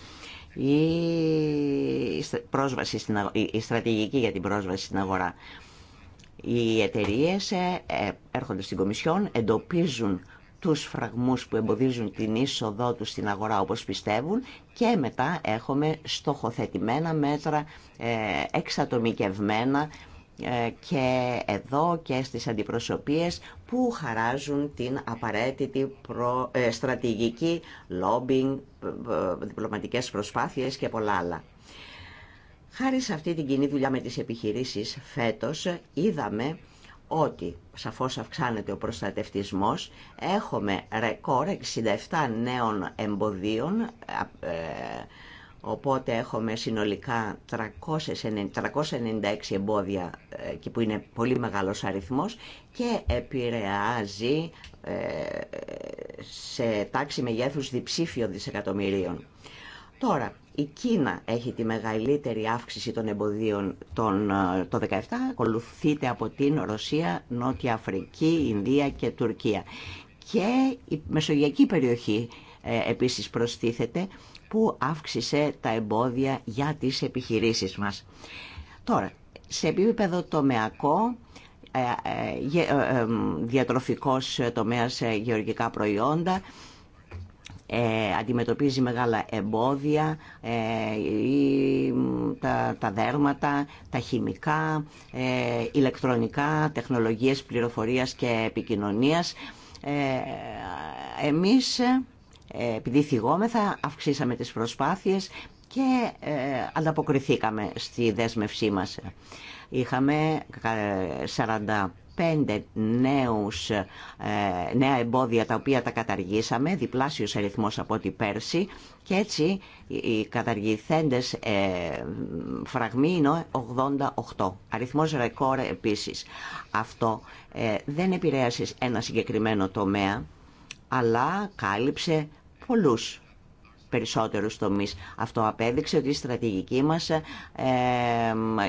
η, πρόσβαση στην, η στρατηγική για την πρόσβαση στην αγορά. Οι εταιρείε ε, ε, έρχονται στην Κομισιόν, εντοπίζουν τους φραγμούς που εμποδίζουν την είσοδό του στην αγορά όπως πιστεύουν και μετά έχουμε στοχοθετημένα μέτρα ε, εξατομικευμένα και εδώ και στις αντιπροσωπείες που χαράζουν την απαραίτητη στρατηγική, lobbying, διπλωματικές προσπάθειες και πολλά άλλα. Χάρη σε αυτή την κοινή δουλειά με τις επιχειρήσεις φέτος είδαμε ότι σαφώς αυξάνεται ο προστατευτισμός, έχουμε ρεκόρ 67 νέων εμποδίων, ε, οπότε έχουμε συνολικά 396 εμπόδια ε, που είναι πολύ μεγάλος αριθμός και επηρεάζει ε, σε τάξη μεγέθους διψήφιο δισεκατομμυρίων. Τώρα, η Κίνα έχει τη μεγαλύτερη αύξηση των εμποδίων τον, ε, το 2017, ακολουθείται από την Ρωσία, Νότια Αφρική, Ινδία και Τουρκία. Και η μεσογειακή περιοχή ε, επίσης προστίθεται που αύξησε τα εμπόδια για τις επιχειρήσεις μας. Τώρα, σε επίπεδο τομεακό, ε, διατροφικός τομέας γεωργικά προϊόντα, ε, αντιμετωπίζει μεγάλα εμπόδια, ε, τα, τα δέρματα, τα χημικά, ε, ηλεκτρονικά, τεχνολογίες πληροφορίας και επικοινωνίας. Ε, εμείς, ε, επειδή θυγόμεθα, αυξήσαμε τις προσπάθειες και ε, ανταποκριθήκαμε στη δέσμευσή μας. Είχαμε 40 πέντε νέους, ε, νέα εμπόδια τα οποία τα καταργήσαμε, διπλάσιος αριθμός από ό,τι πέρσι και έτσι οι καταργηθέντες ε, φραγμοί είναι 88, αριθμός ρεκόρ επίσης. Αυτό ε, δεν επηρέασε ένα συγκεκριμένο τομέα, αλλά κάλυψε πολλούς περισσότερους τομείς. Αυτό απέδειξε ότι η στρατηγική μας ε,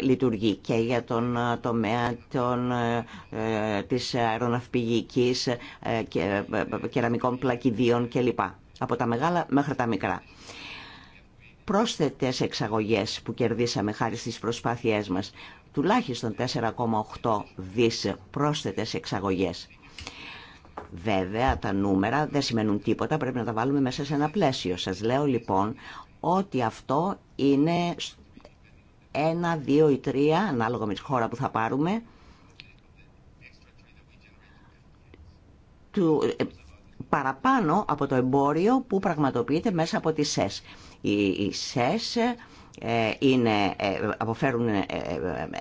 λειτουργεί και για τον ε, τομέα των, ε, ε της αεροναυπηγικής και, κεραμικών πλακιδίων κλπ. Από τα μεγάλα μέχρι τα μικρά πρόσθετες εξαγωγές που κερδίσαμε χάρη στις προσπάθειές μας. Τουλάχιστον 4,8 δις πρόσθετες εξαγωγές. Βέβαια τα νούμερα δεν σημαίνουν τίποτα, πρέπει να τα βάλουμε μέσα σε ένα πλαίσιο. Σας λέω λοιπόν ότι αυτό είναι ένα, δύο ή τρία, ανάλογα με τη χώρα που θα πάρουμε, του, ε, παραπάνω από το εμπόριο που πραγματοποιείται μέσα από τη ΣΕΣ. Οι, ΣΕΣ ε, είναι, ε, αποφέρουν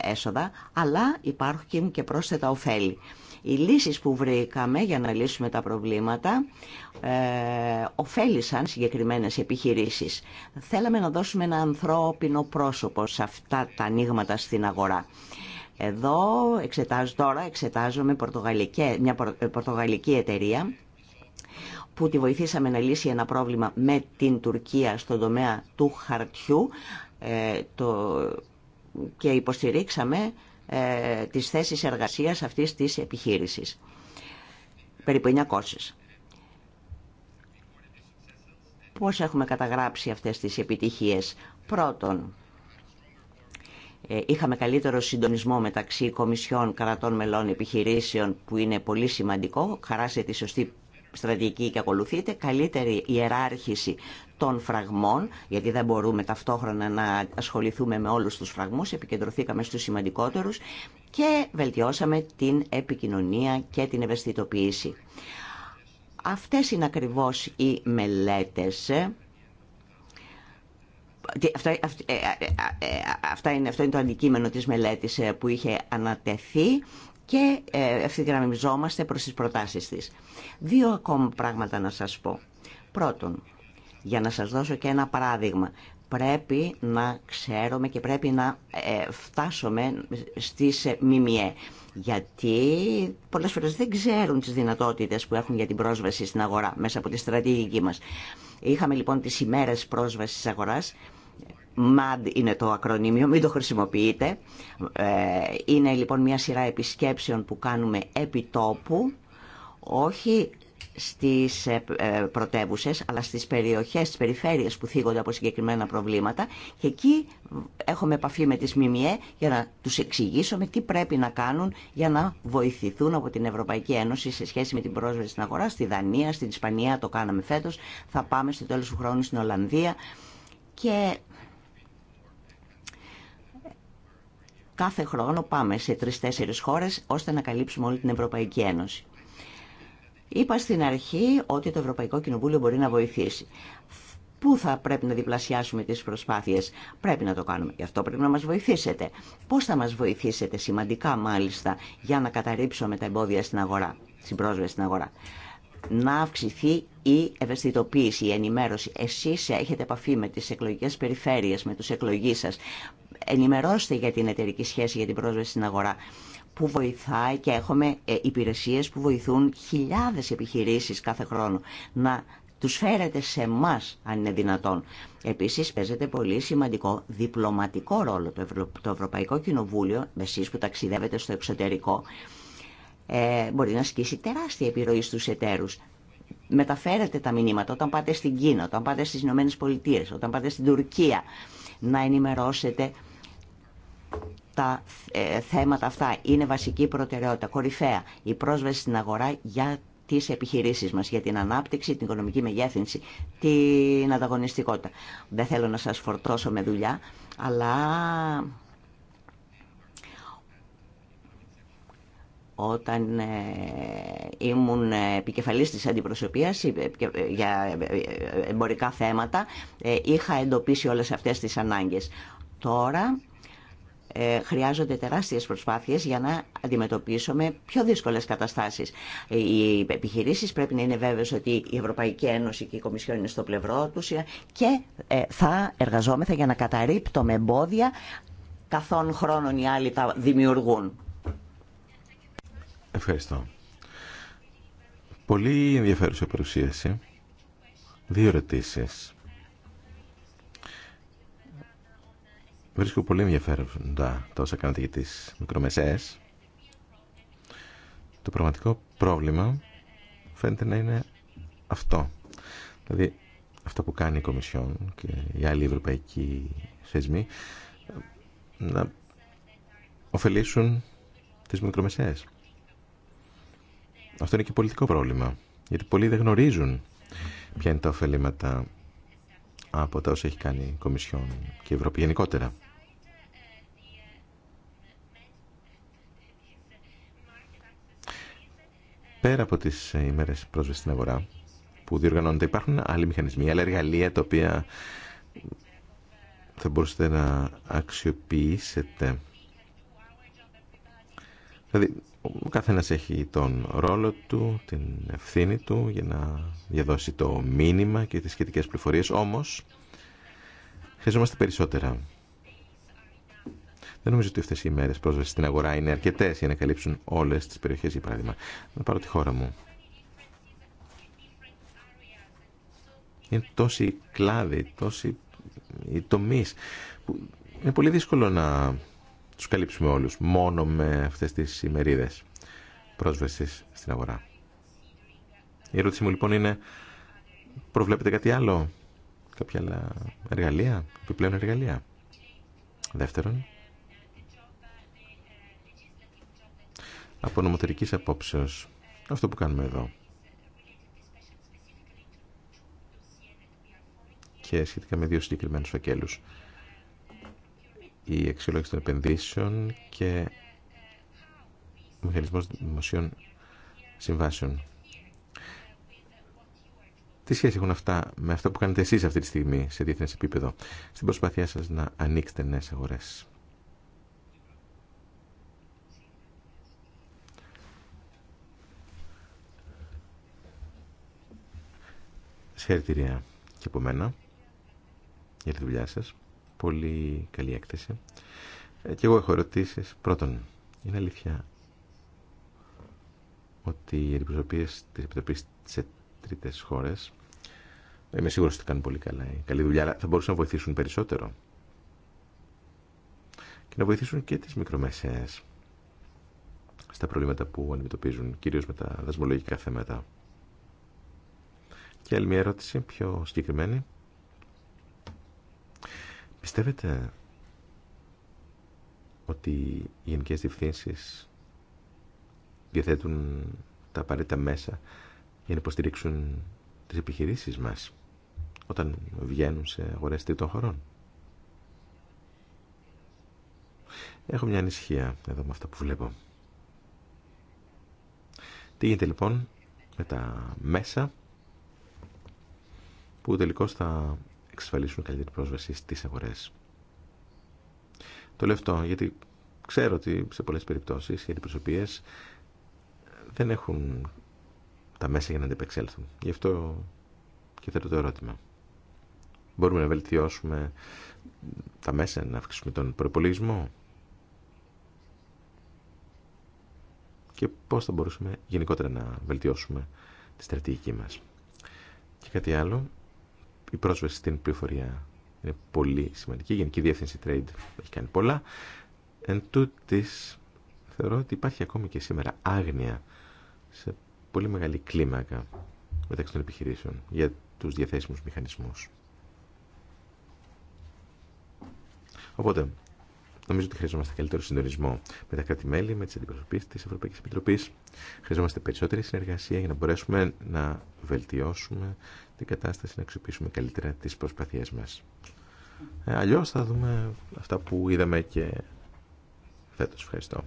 έσοδα, αλλά υπάρχουν και πρόσθετα ωφέλη. Οι λύσεις που βρήκαμε για να λύσουμε τα προβλήματα ε, ωφέλησαν συγκεκριμένες επιχειρήσεις. Θέλαμε να δώσουμε ένα ανθρώπινο πρόσωπο σε αυτά τα ανοίγματα στην αγορά. Εδώ εξετάζω, τώρα εξετάζουμε πορτογαλική, μια ε, πορτογαλική εταιρεία που τη βοηθήσαμε να λύσει ένα πρόβλημα με την Τουρκία στον τομέα του χαρτιού ε, το, και υποστηρίξαμε ε, τις θέσεις εργασίας αυτής της επιχείρησης. Περίπου 900. Πώς έχουμε καταγράψει αυτές τις επιτυχίες. Πρώτον, ε, Είχαμε καλύτερο συντονισμό μεταξύ κομισιών, κρατών μελών, επιχειρήσεων που είναι πολύ σημαντικό. Χαράσε τη σωστή στρατηγική και ακολουθείται, καλύτερη ιεράρχηση των φραγμών, γιατί δεν μπορούμε ταυτόχρονα να ασχοληθούμε με όλους τους φραγμούς, επικεντρωθήκαμε στους σημαντικότερους και βελτιώσαμε την επικοινωνία και την ευαισθητοποίηση. Αυτές είναι ακριβώς οι μελέτες είναι, αυτό είναι το αντικείμενο της μελέτης που είχε ανατεθεί και ε, ευθυγραμμιζόμαστε προς τις προτάσεις της. Δύο ακόμα πράγματα να σας πω. Πρώτον, για να σας δώσω και ένα παράδειγμα, πρέπει να ξέρουμε και πρέπει να ε, φτάσουμε στις ε, ΜΜΕ. Γιατί πολλές φορές δεν ξέρουν τις δυνατότητες που έχουν για την πρόσβαση στην αγορά μέσα από τη στρατηγική μας. Είχαμε λοιπόν τις ημέρες πρόσβασης της αγοράς MAD είναι το ακρονίμιο, μην το χρησιμοποιείτε. Ε, είναι λοιπόν μια σειρά επισκέψεων που κάνουμε επί τόπου, όχι στις ε, ε, πρωτεύουσε, αλλά στις περιοχές, στις περιφέρειες που θίγονται από συγκεκριμένα προβλήματα και εκεί έχουμε επαφή με τις ΜΜΕ για να τους εξηγήσουμε τι πρέπει να κάνουν για να βοηθηθούν από την Ευρωπαϊκή Ένωση σε σχέση με την πρόσβαση στην αγορά, στη Δανία, στην Ισπανία το κάναμε φέτος, θα πάμε στο τέλος του χρόνου στην Ολλανδία και κάθε χρόνο πάμε σε τρεις-τέσσερις χώρες ώστε να καλύψουμε όλη την Ευρωπαϊκή Ένωση. Είπα στην αρχή ότι το Ευρωπαϊκό Κοινοβούλιο μπορεί να βοηθήσει. Πού θα πρέπει να διπλασιάσουμε τις προσπάθειες. Πρέπει να το κάνουμε. Γι' αυτό πρέπει να μας βοηθήσετε. Πώς θα μας βοηθήσετε, σημαντικά μάλιστα, για να καταρρύψουμε τα εμπόδια στην αγορά, στην πρόσβαση στην αγορά. Να αυξηθεί η ευαισθητοποίηση, η ενημέρωση. Εσείς έχετε επαφή με τις εκλογικέ περιφέρειες, με τους εκλογείς σας ενημερώστε για την εταιρική σχέση για την πρόσβαση στην αγορά που βοηθάει και έχουμε ε, υπηρεσίες που βοηθούν χιλιάδες επιχειρήσεις κάθε χρόνο να τους φέρετε σε εμά αν είναι δυνατόν. Επίσης παίζεται πολύ σημαντικό διπλωματικό ρόλο το, το Ευρωπαϊκό Κοινοβούλιο, εσείς που ταξιδεύετε στο εξωτερικό, ε, μπορεί να ασκήσει τεράστια επιρροή στους εταίρους. Μεταφέρετε τα μηνύματα όταν πάτε στην Κίνα, όταν πάτε στις Ηνωμένες Πολιτείες, όταν πάτε στην Τουρκία, να ενημερώσετε τα ε, θέματα αυτά είναι βασική προτεραιότητα, κορυφαία. Η πρόσβαση στην αγορά για τις επιχειρήσεις μας, για την ανάπτυξη, την οικονομική μεγέθυνση, την ανταγωνιστικότητα. Δεν θέλω να σας φορτώσω με δουλειά, αλλά όταν ε, ήμουν επικεφαλής της αντιπροσωπείας ε, για εμπορικά θέματα, είχα εντοπίσει όλες αυτές τις ανάγκες. Τώρα ε, χρειάζονται τεράστιες προσπάθειες για να αντιμετωπίσουμε πιο δύσκολες καταστάσεις. Ε, οι επιχειρήσεις πρέπει να είναι βέβαιες ότι η Ευρωπαϊκή Ένωση και η Κομισιόν είναι στο πλευρό τους και ε, θα εργαζόμεθα για να καταρρύπτουμε εμπόδια καθόν χρόνων οι άλλοι τα δημιουργούν. Ευχαριστώ. Πολύ ενδιαφέρουσα παρουσίαση. Δύο ερωτήσει. Βρίσκω πολύ ενδιαφέροντα τα όσα κάνετε για τις μικρομεσαίες. Το πραγματικό πρόβλημα φαίνεται να είναι αυτό. Δηλαδή, αυτό που κάνει η Κομισιόν και οι άλλοι ευρωπαϊκοί θεσμοί να ωφελήσουν τις μικρομεσαίες. Αυτό είναι και πολιτικό πρόβλημα, γιατί πολλοί δεν γνωρίζουν ποια είναι τα ωφελήματα από τα όσα έχει κάνει η Κομισιόν και η Ευρώπη γενικότερα. Πέρα από τις ε, ημέρες πρόσβεσης στην αγορά που διοργανώνονται υπάρχουν άλλοι μηχανισμοί, άλλα εργαλεία τα οποία θα μπορούσατε να αξιοποιήσετε. Δηλαδή, ο καθένας έχει τον ρόλο του, την ευθύνη του για να διαδώσει το μήνυμα και τις σχετικές πληροφορίες. Όμως, χρειαζόμαστε περισσότερα. Δεν νομίζω ότι αυτέ οι ημέρε πρόσβαση στην αγορά είναι αρκετέ για να καλύψουν όλε τι περιοχέ, για παράδειγμα. Να πάρω τη χώρα μου. Είναι τόσοι κλάδοι, τόσοι οι τομεί που είναι πολύ δύσκολο να του καλύψουμε όλου μόνο με αυτέ τι ημερίδε πρόσβαση στην αγορά. Η ερώτηση μου λοιπόν είναι, προβλέπετε κάτι άλλο, κάποια άλλα εργαλεία, επιπλέον εργαλεία. Δεύτερον, από νομοθετική απόψεως. Αυτό που κάνουμε εδώ. Και σχετικά με δύο συγκεκριμένου φακέλου. Η αξιολόγηση των επενδύσεων και ο μηχανισμό δημοσίων συμβάσεων. Τι σχέση έχουν αυτά με αυτό που κάνετε εσείς αυτή τη στιγμή σε διεθνές επίπεδο στην προσπάθειά σας να ανοίξετε νέες αγορές. Συγχαρητήρια και από μένα για τη δουλειά σας. Πολύ καλή έκθεση. Ε, και εγώ έχω ερωτήσει. Πρώτον, είναι αλήθεια ότι οι αντιπροσωπείε τη Επιτροπή σε τρίτε χώρε. Είμαι σίγουρο ότι κάνουν πολύ καλά. Ε, καλή δουλειά, αλλά θα μπορούσαν να βοηθήσουν περισσότερο. Και να βοηθήσουν και τι μικρομεσαίε στα προβλήματα που αντιμετωπίζουν, κυρίω με τα δασμολογικά θέματα. Και άλλη μια ερώτηση πιο συγκεκριμένη. Πιστεύετε ότι οι γενικέ διευθύνσει διαθέτουν τα απαραίτητα μέσα για να υποστηρίξουν τις επιχειρήσεις μας όταν βγαίνουν σε αγορέ τρίτων χωρών. Έχω μια ανησυχία εδώ με αυτά που βλέπω. Τι γίνεται λοιπόν με τα μέσα που τελικώς θα εξασφαλίσουν καλύτερη πρόσβαση στις αγορέ. Το λέω γιατί ξέρω ότι σε πολλές περιπτώσεις οι αντιπροσωπείε δεν έχουν τα μέσα για να αντιπεξέλθουν. Γι' αυτό και θέτω το ερώτημα. Μπορούμε να βελτιώσουμε τα μέσα, να αυξήσουμε τον προπολογισμό και πώς θα μπορούσαμε γενικότερα να βελτιώσουμε τη στρατηγική μας. Και κάτι άλλο, η πρόσβαση στην πληροφορία είναι πολύ σημαντική. Η Γενική Διεύθυνση Trade έχει κάνει πολλά. Εν τούτης, θεωρώ ότι υπάρχει ακόμη και σήμερα άγνοια σε πολύ μεγάλη κλίμακα μεταξύ των επιχειρήσεων για τους διαθέσιμους μηχανισμούς. Οπότε, Νομίζω ότι χρειαζόμαστε καλύτερο συντονισμό με τα κράτη-μέλη, με τι αντιπροσωπεί τη Ευρωπαϊκή Επιτροπή. Χρειαζόμαστε περισσότερη συνεργασία για να μπορέσουμε να βελτιώσουμε την κατάσταση, να αξιοποιήσουμε καλύτερα τι προσπαθίε μα. Ε, Αλλιώ θα δούμε αυτά που είδαμε και φέτο. Ευχαριστώ.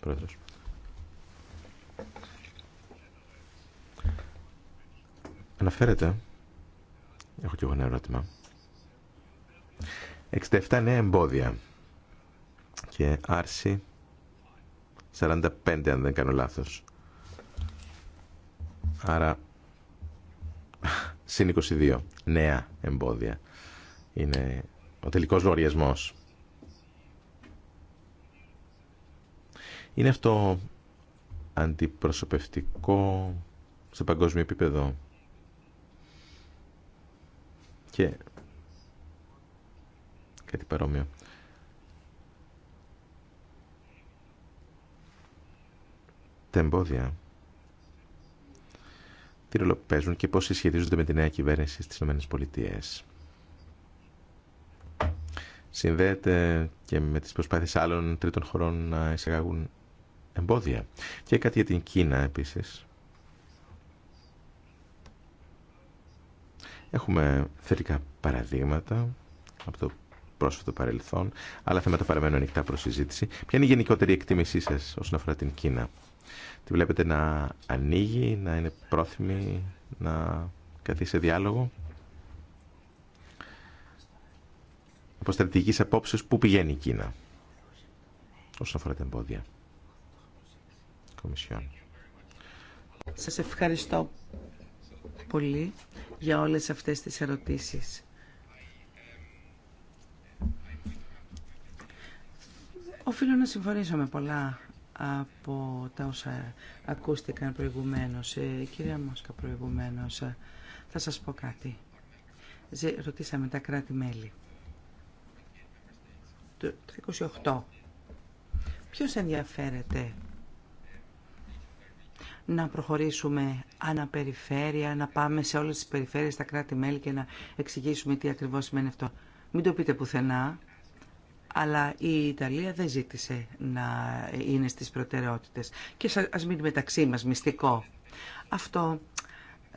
Πρόεδρος. Αναφέρεται, έχω και εγώ ένα ερώτημα, 67 νέα εμπόδια και άρση 45 αν δεν κάνω λάθος. Άρα συν 22 νέα εμπόδια είναι ο τελικός λογαριασμός. Είναι αυτό αντιπροσωπευτικό σε παγκόσμιο επίπεδο. Και κάτι παρόμοιο. Τα εμπόδια τι ρόλο και πώς συσχετίζονται με τη νέα κυβέρνηση στις ΗΠΑ. Συνδέεται και με τις προσπάθειες άλλων τρίτων χωρών να εισαγάγουν εμπόδια. Και κάτι για την Κίνα επίσης. Έχουμε θετικά παραδείγματα από το πρόσφατο παρελθόν, αλλά θέματα παραμένουν ανοιχτά προ συζήτηση. Ποια είναι η γενικότερη εκτίμησή σα όσον αφορά την Κίνα, Τη βλέπετε να ανοίγει, να είναι πρόθυμη να καθίσει σε διάλογο. Από στρατηγική απόψεω, πού πηγαίνει η Κίνα όσον αφορά τα εμπόδια. Κομισιόν. Σας ευχαριστώ πολύ για όλες αυτές τις ερωτήσεις. Οφείλω να συμφωνήσω με πολλά από τα όσα ακούστηκαν προηγουμένως. Η ε, κυρία Μόσκα προηγουμένως, ε, θα σας πω κάτι. Ρωτήσαμε τα κράτη-μέλη. Το 28. Ποιος ενδιαφέρεται να προχωρήσουμε αναπεριφέρεια, να πάμε σε όλες τις περιφέρειες, τα κράτη-μέλη και να εξηγήσουμε τι ακριβώς σημαίνει αυτό. Μην το πείτε πουθενά, αλλά η Ιταλία δεν ζήτησε να είναι στις προτεραιότητες. Και ας μείνει μεταξύ μας μυστικό. Αυτό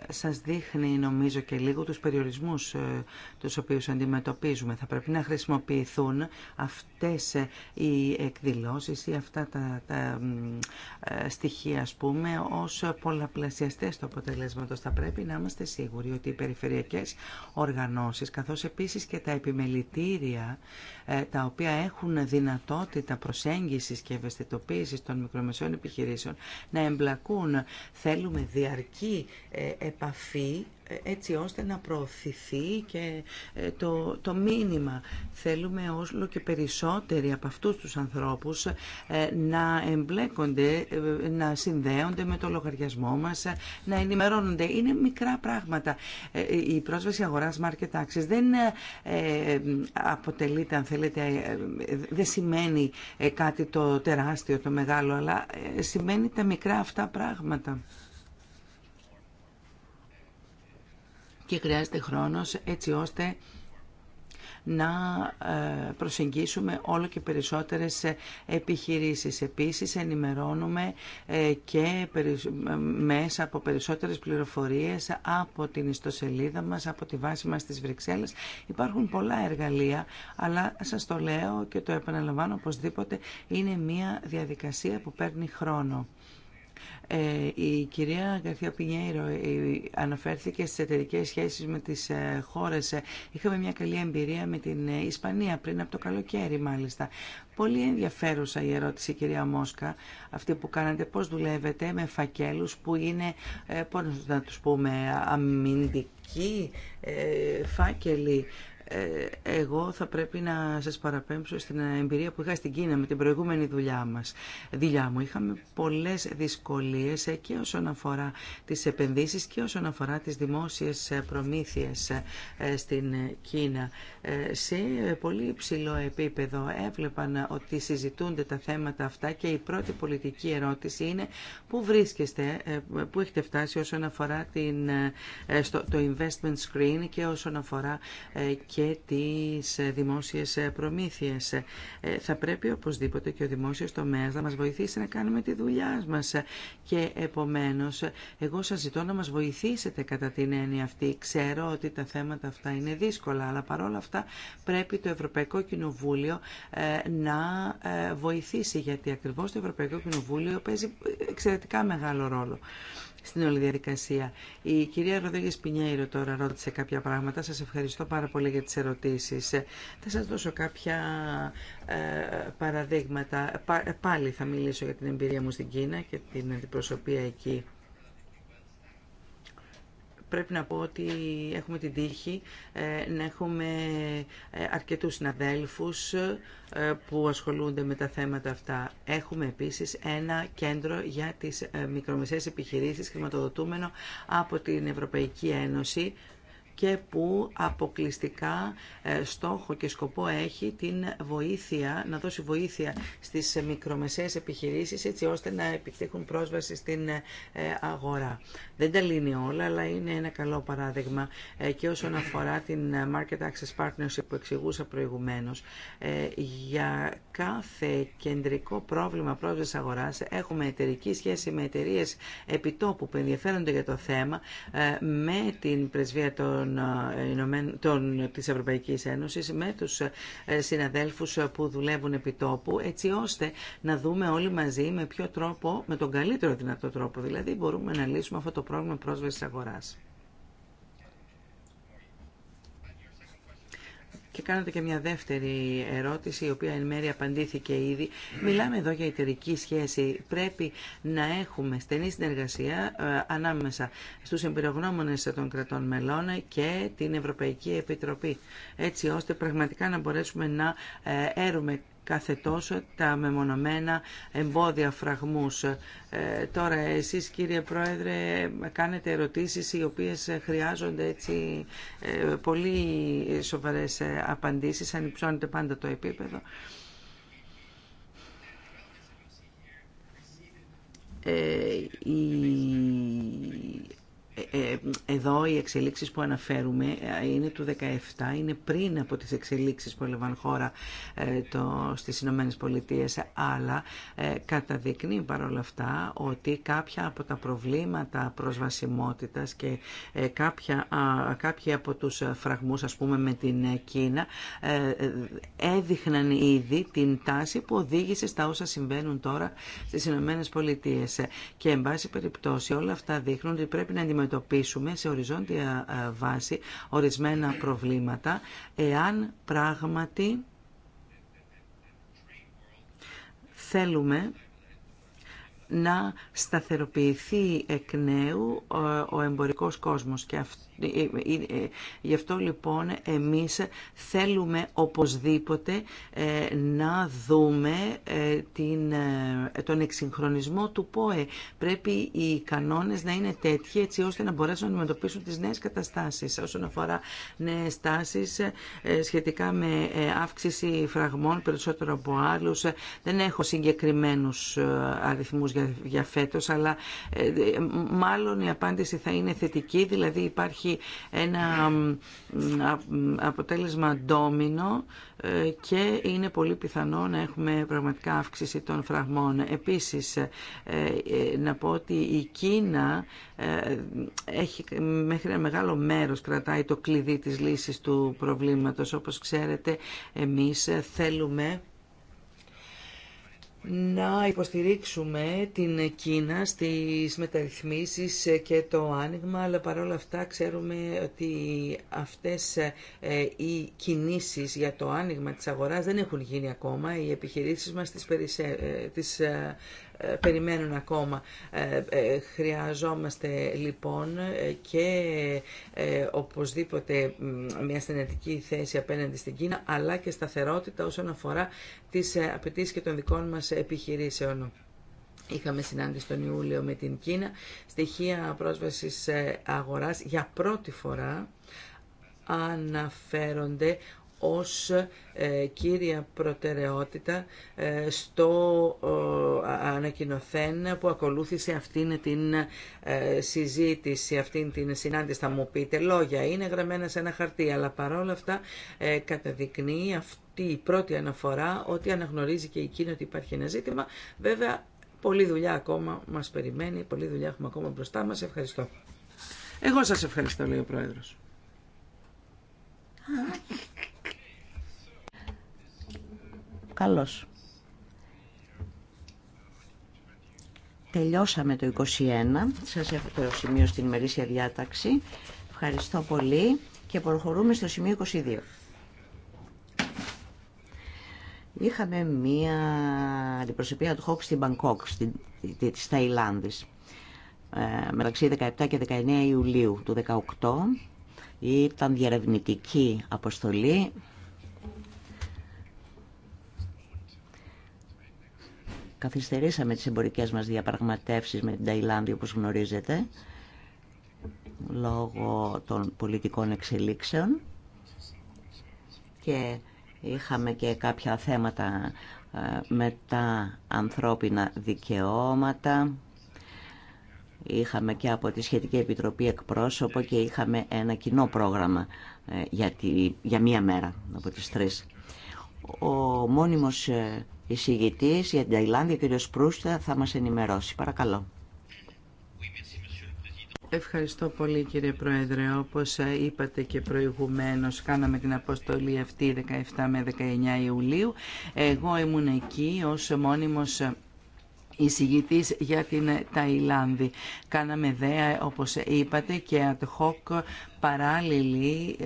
σας δείχνει νομίζω και λίγο τους περιορισμούς ε, τους οποίους αντιμετωπίζουμε. Θα πρέπει να χρησιμοποιηθούν αυτές ε, οι εκδηλώσεις ή αυτά τα, ε, στοιχεία ας πούμε ως πολλαπλασιαστές του αποτελέσματος. Θα πρέπει να είμαστε σίγουροι ότι οι περιφερειακές οργανώσεις καθώς επίσης και τα επιμελητήρια τα οποία έχουν δυνατότητα προσέγγισης και ευαισθητοποίησης των μικρομεσαίων επιχειρήσεων να εμπλακούν. Θέλουμε διαρκή ε, επαφή ε, έτσι ώστε να προωθηθεί και ε, το, το μήνυμα. Θέλουμε όσλο και περισσότεροι από αυτούς τους ανθρώπους ε, να εμπλέκονται, να συνδέονται με το λογαριασμό μας, να ενημερώνονται. Είναι μικρά πράγματα. Η πρόσβαση αγοράς market access δεν αποτελείται, αν θέλετε, δεν σημαίνει κάτι το τεράστιο, το μεγάλο, αλλά σημαίνει τα μικρά αυτά πράγματα. και χρειάζεται χρόνος έτσι ώστε να ε, προσεγγίσουμε όλο και περισσότερες ε, επιχειρήσεις. Επίσης ενημερώνουμε ε, και μέσα από περισσότερες πληροφορίες από την ιστοσελίδα μας, από τη βάση μας στις Βρυξέλλες. Υπάρχουν πολλά εργαλεία, αλλά σας το λέω και το επαναλαμβάνω οπωσδήποτε, είναι μια διαδικασία που παίρνει χρόνο. Ε, η κυρία Γκαρθία Πινιέιρο ε, αναφέρθηκε στις εταιρικέ σχέσεις με τις ε, χώρες. Είχαμε μια καλή εμπειρία με την Ισπανία πριν από το καλοκαίρι μάλιστα. Πολύ ενδιαφέρουσα η ερώτηση κυρία Μόσκα, αυτή που κάνατε, πώς δουλεύετε με φακέλους που είναι, πώς να τους πούμε, αμυντικοί φάκελοι ε, εγώ θα πρέπει να σας παραπέμψω στην εμπειρία που είχα στην Κίνα με την προηγούμενη δουλειά μας. Δουλειά μου. Είχαμε πολλές δυσκολίες ε, και όσον αφορά τις επενδύσεις και όσον αφορά τις δημόσιες ε, προμήθειες στην Κίνα. Σε πολύ υψηλό επίπεδο έβλεπαν ότι συζητούνται τα θέματα αυτά και η πρώτη πολιτική ερώτηση είναι πού βρίσκεστε, πού έχετε φτάσει όσον αφορά την, το investment screen και όσον αφορά και και τις δημόσιες προμήθειες. Ε, θα πρέπει οπωσδήποτε και ο δημόσιος τομέας να μας βοηθήσει να κάνουμε τη δουλειά μας και επομένως εγώ σας ζητώ να μας βοηθήσετε κατά την έννοια αυτή. Ξέρω ότι τα θέματα αυτά είναι δύσκολα αλλά παρόλα αυτά πρέπει το Ευρωπαϊκό Κοινοβούλιο ε, να ε, βοηθήσει γιατί ακριβώς το Ευρωπαϊκό Κοινοβούλιο παίζει εξαιρετικά μεγάλο ρόλο στην όλη διαδικασία. Η κυρία Ροδόγης Πινιέιρο τώρα ρώτησε κάποια πράγματα. Σας ευχαριστώ πάρα πολύ για τις ερωτήσεις. Θα σας δώσω κάποια ε, παραδείγματα. Πάλι θα μιλήσω για την εμπειρία μου στην Κίνα και την αντιπροσωπεία εκεί πρέπει να πω ότι έχουμε την τύχη ε, να έχουμε ε, αρκετούς συναδέλφους ε, που ασχολούνται με τα θέματα αυτά. Έχουμε επίσης ένα κέντρο για τις μικρομεσαίες επιχειρήσεις χρηματοδοτούμενο από την Ευρωπαϊκή Ένωση και που αποκλειστικά στόχο και σκοπό έχει την βοήθεια, να δώσει βοήθεια στις μικρομεσαίες επιχειρήσεις έτσι ώστε να επιτύχουν πρόσβαση στην αγορά. Δεν τα λύνει όλα, αλλά είναι ένα καλό παράδειγμα. Ε, και όσον αφορά την ε, Market Access Partnership που εξηγούσα προηγουμένως, ε, για κάθε κεντρικό πρόβλημα πρόσβασης αγοράς έχουμε εταιρική σχέση με εταιρείε επιτόπου που ενδιαφέρονται για το θέμα με την πρεσβεία των, των, της Ευρωπαϊκής Ένωσης, με τους συναδέλφους που δουλεύουν επιτόπου, έτσι ώστε να δούμε όλοι μαζί με ποιο με τον καλύτερο δυνατό τρόπο δηλαδή, μπορούμε να λύσουμε αυτό το πρόβλημα πρόβλημα πρόσβαση αγορά. Και κάνατε και μια δεύτερη ερώτηση, η οποία εν μέρει απαντήθηκε ήδη. Μιλάμε εδώ για εταιρική σχέση. Πρέπει να έχουμε στενή συνεργασία ε, ανάμεσα στους εμπειρογνώμονες των κρατών μελών και την Ευρωπαϊκή Επιτροπή, έτσι ώστε πραγματικά να μπορέσουμε να ε, έρουμε τόσο τα μεμονωμένα εμπόδια φραγμούς. Ε, τώρα εσείς κύριε Πρόεδρε κάνετε ερωτήσεις οι οποίες χρειάζονται έτσι ε, πολύ σοβαρές ε, απαντήσεις, ανυψώνετε πάντα το επίπεδο. Ε, ε, εδώ οι εξελίξεις που αναφέρουμε ε, είναι του 17, είναι πριν από τις εξελίξεις που έλαβαν χώρα το, στις Ηνωμένες Πολιτείες, αλλά καταδεικνύει παρόλα αυτά ότι κάποια από τα προβλήματα προσβασιμότητας και κάποια, κάποιοι από τους φραγμούς, ας πούμε, με την Κίνα έδειχναν ήδη την τάση που οδήγησε στα όσα συμβαίνουν τώρα στις Ηνωμένες Πολιτείες. Και, εν πάση περιπτώσει, όλα αυτά δείχνουν ότι πρέπει να αντιμετωπίσουμε σε οριζόντια ε, βάση ορισμένα προβλήματα εάν πράγματι θέλουμε να σταθεροποιηθεί εκ νέου ε, ο εμπορικός κόσμος. Και ε, ε, γι' αυτό λοιπόν εμείς θέλουμε οπωσδήποτε να δούμε την, τον εξυγχρονισμό του ΠΟΕ. Πρέπει οι κανόνες να είναι τέτοιοι έτσι ώστε να μπορέσουν να αντιμετωπίσουν τις νέες καταστάσεις. Όσον αφορά νέες τάσεις σχετικά με αύξηση φραγμών περισσότερο από άλλους, δεν έχω συγκεκριμένους αριθμούς για φέτος, αλλά ε, μάλλον η απάντηση θα είναι θετική, δηλαδή υπάρχει ένα αποτέλεσμα ντόμινο ε, και είναι πολύ πιθανό να έχουμε πραγματικά αύξηση των φραγμών. Επίσης, ε, να πω ότι η Κίνα έχει μέχρι ένα μεγάλο μέρος κρατάει το κλειδί της λύσης του προβλήματος. Όπως ξέρετε, εμείς θέλουμε να υποστηρίξουμε την Κίνα στις μεταρρυθμίσεις και το άνοιγμα, αλλά παρόλα αυτά ξέρουμε ότι αυτές ε, οι κινήσεις για το άνοιγμα της αγοράς δεν έχουν γίνει ακόμα. Οι επιχειρήσεις μας τις, περισε... Ε, τις ε, περιμένουν ακόμα. Ε, ε, χρειαζόμαστε λοιπόν και ε, οπωσδήποτε μια στενετική θέση απέναντι στην Κίνα, αλλά και σταθερότητα όσον αφορά τις απαιτήσει και των δικών μας επιχειρήσεων. Είχαμε συνάντηση τον Ιούλιο με την Κίνα, στοιχεία πρόσβασης αγοράς για πρώτη φορά αναφέρονται ως ε, κύρια προτεραιότητα ε, στο ανακοινοθέν που ακολούθησε αυτήν την ε, συζήτηση, αυτήν την συνάντηση. Θα μου πείτε λόγια, είναι γραμμένα σε ένα χαρτί, αλλά παρόλα αυτά καταδεικνύει αυτή η πρώτη αναφορά ότι αναγνωρίζει και εκείνο ότι υπάρχει ένα ζήτημα. Βέβαια, πολλή δουλειά ακόμα μας περιμένει, πολλή δουλειά έχουμε ακόμα μπροστά μας. Ευχαριστώ. Εγώ σας ευχαριστώ, λέει ο Πρόεδρος. Τελειώσαμε το 21. Σας έχω το σημείο στην ημερήσια διάταξη. Ευχαριστώ πολύ και προχωρούμε στο σημείο 22. Είχαμε μία αντιπροσωπεία του Χόκ στην Μπαγκόκ, στην, της Ταϊλάνδης, ε, μεταξύ 17 και 19 Ιουλίου του 18. Ήταν διαρευνητική αποστολή Καθυστερήσαμε τις εμπορικές μας διαπραγματεύσεις με την Ταϊλάνδη, όπως γνωρίζετε, λόγω των πολιτικών εξελίξεων και είχαμε και κάποια θέματα ε, με τα ανθρώπινα δικαιώματα. Είχαμε και από τη Σχετική Επιτροπή εκπρόσωπο και είχαμε ένα κοινό πρόγραμμα ε, για, για μία μέρα από τις τρεις. Ο μόνιμος ε, εισηγητή για την Ταϊλάνδη, ο κ. Προύστα, θα μα ενημερώσει. Παρακαλώ. Ευχαριστώ πολύ κύριε Πρόεδρε. Όπως είπατε και προηγουμένως, κάναμε την αποστολή αυτή 17 με 19 Ιουλίου. Εγώ ήμουν εκεί ως μόνιμος εισηγητής για την Ταϊλάνδη. Κάναμε δέα, όπως είπατε, και ad hoc παράλληλη ε,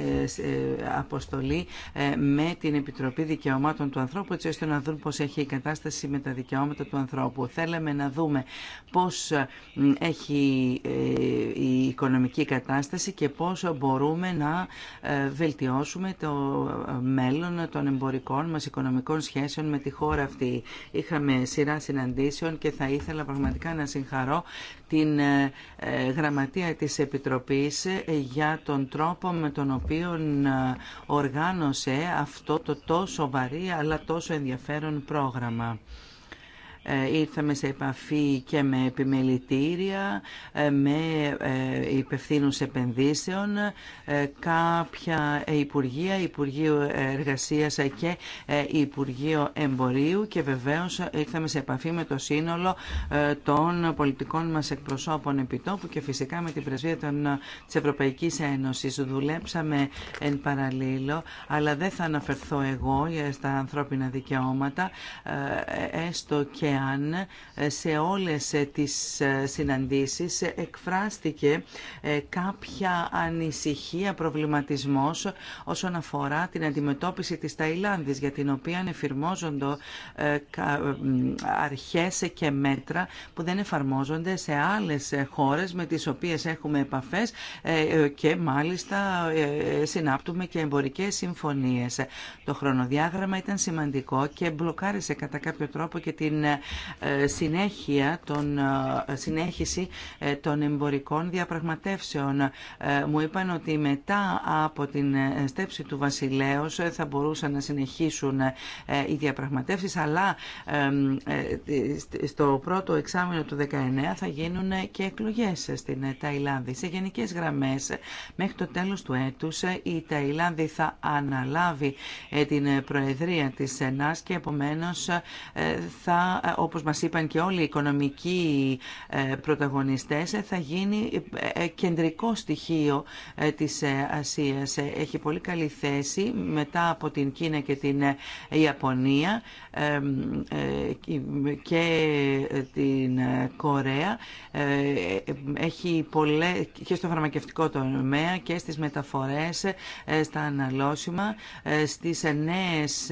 ε, αποστολή ε, με την Επιτροπή Δικαιωμάτων του Ανθρώπου έτσι ώστε να δουν πώς έχει η κατάσταση με τα δικαιώματα του ανθρώπου. Θέλαμε να δούμε πώς έχει η οικονομική κατάσταση και πώς μπορούμε να βελτιώσουμε το μέλλον των εμπορικών μας οικονομικών σχέσεων με τη χώρα αυτή. Είχαμε σειρά συναντήσεων και θα ήθελα πραγματικά να συγχαρώ την Γραμματεία της Επιτροπής για τον τρόπο με τον οποίο ε, οργάνωσε αυτό το τόσο βαρύ αλλά τόσο ενδιαφέρον πρόγραμμα. Ε, ήρθαμε σε επαφή και με επιμελητήρια, ε, με ε, υπευθύνους επενδύσεων, κάποια Υπουργεία, Υπουργείο Εργασίας και Υπουργείο Εμπορίου και βεβαίως ήρθαμε σε επαφή με το σύνολο των πολιτικών μας εκπροσώπων επιτόπου και φυσικά με την πρεσβεία των, της Ευρωπαϊκής Δουλέψαμε εν παραλίλω, αλλά δεν θα αναφερθώ εγώ στα ανθρώπινα δικαιώματα, έστω και ε, σε όλες ε, τις ε, συναντήσεις εκφράστηκε κάποια ανησυχία, προβληματισμός όσον αφορά την αντιμετώπιση της Ταϊλάνδης για την οποία εφηρμόζονται αρχές και μέτρα που δεν εφαρμόζονται σε άλλες χώρες με τις οποίες έχουμε επαφές και μάλιστα συνάπτουμε και εμπορικές συμφωνίες. Το χρονοδιάγραμμα ήταν σημαντικό και μπλοκάρισε κατά κάποιο τρόπο και την ε, συνέχεια των, ε, συνέχιση ε, των εμπορικών διαπραγματεύσεων. Μου είπαν ότι μετά από την στέψη του βασιλέως θα μπορούσαν να συνεχίσουν οι διαπραγματεύσεις, αλλά στο πρώτο εξάμεινο του 19 θα γίνουν και εκλογές στην Ταϊλάνδη. Σε γενικές γραμμές, μέχρι το τέλος του έτους η Ταϊλάνδη θα αναλάβει την Προεδρία της ΕΝΑΣ και επομένως θα όπως μας είπαν και όλοι οι οικονομικοί ε, πρωταγωνιστές, ε, θα γίνει ε, κεντρικό στοιχείο της Ασίας. Έχει πολύ καλή θέση μετά από την Κίνα και την Ιαπωνία και την Κορέα. Έχει πολλές, και στο φαρμακευτικό τομέα και στις μεταφορές, στα αναλώσιμα, στις νέες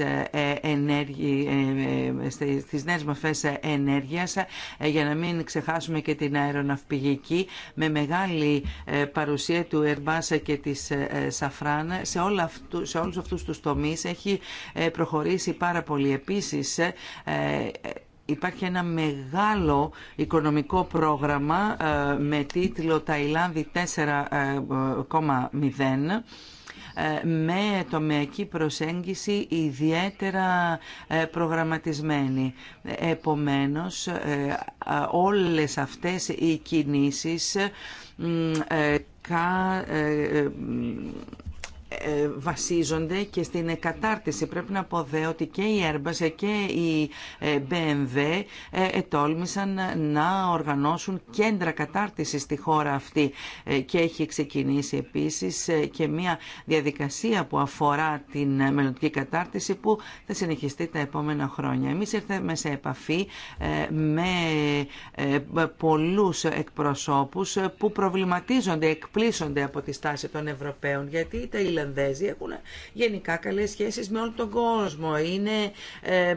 ενέργειες, στις νέες μορφές ενέργειας ε, για να μην ξεχάσουμε και την αεροναυπηγική με μεγάλη ε, παρουσία του Airbus και της ε, Safran σε, όλα αυτού, σε όλους αυτούς τους τομείς έχει προχωρήσει πάρα πολύ. Επίσης Υπάρχει ένα μεγάλο οικονομικό πρόγραμμα με τίτλο «Ταϊλάνδη 4,0» Ε, με τομεακή προσέγγιση ιδιαίτερα ε, προγραμματισμένη. Επομένως, ε, όλες αυτές οι κινήσεις ε, βασίζονται και στην κατάρτιση. Πρέπει να πω δε ότι και η Airbus και η ε, BMW ετόλμησαν ε, να οργανώσουν κέντρα κατάρτισης στη χώρα αυτή και έχει ξεκινήσει επίσης και μια διαδικασία που αφορά την μελλοντική κατάρτιση που θα συνεχιστεί τα επόμενα χρόνια. Εμείς ήρθαμε σε επαφή με πολλούς εκπροσώπους που προβληματίζονται, εκπλήσονται από τη στάση των Ευρωπαίων γιατί τα έχουν γενικά καλές σχέσεις με όλο τον κόσμο. Είναι ε, ε,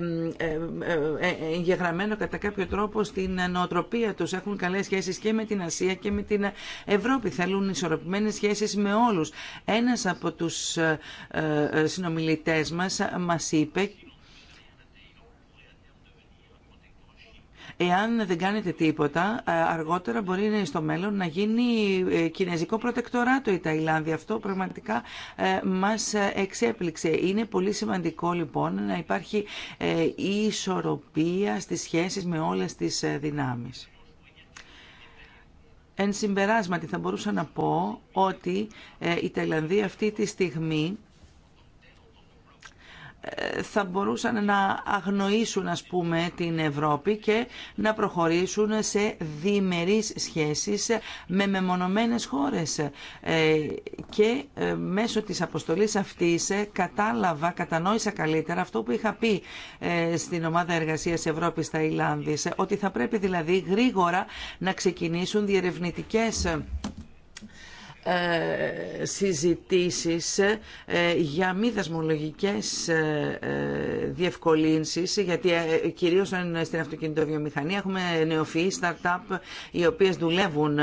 εγγεγραμμένο κατά κάποιο τρόπο στην νοοτροπία τους. Έχουν καλές σχέσεις και με την Ασία και με την Ευρώπη. Θέλουν ισορροπημένες σχέσεις με όλους. Ένας από τους ε, συνομιλητές μας μας είπε Εάν δεν κάνετε τίποτα, ε, αργότερα μπορεί στο μέλλον να γίνει ε, κινέζικο προτεκτοράτο η Ταϊλάνδη. Αυτό πραγματικά ε, μας εξέπληξε. Είναι πολύ σημαντικό λοιπόν να υπάρχει ισορροπία στις σχέσεις με όλες τις δυνάμεις. Εν συμπεράσματι θα μπορούσα να πω ότι η Ταϊλανδία αυτή τη στιγμή θα μπορούσαν να αγνοήσουν ας πούμε την Ευρώπη και να προχωρήσουν σε διημερείς σχέσεις με μεμονωμένες χώρες ε, και ε, μέσω της αποστολής αυτής ε, κατάλαβα, κατανόησα καλύτερα αυτό που είχα πει στην ομάδα εργασίας Ευρώπης Ταϊλάνδης ότι θα πρέπει δηλαδή γρήγορα να ξεκινήσουν διερευνητικές ε, συζητήσεις ε, για μη δασμολογικές ε, διευκολύνσεις γιατί κυρίως στην αυτοκινητοβιομηχανία έχουμε νεοφυεί startup οι οποίες δουλεύουν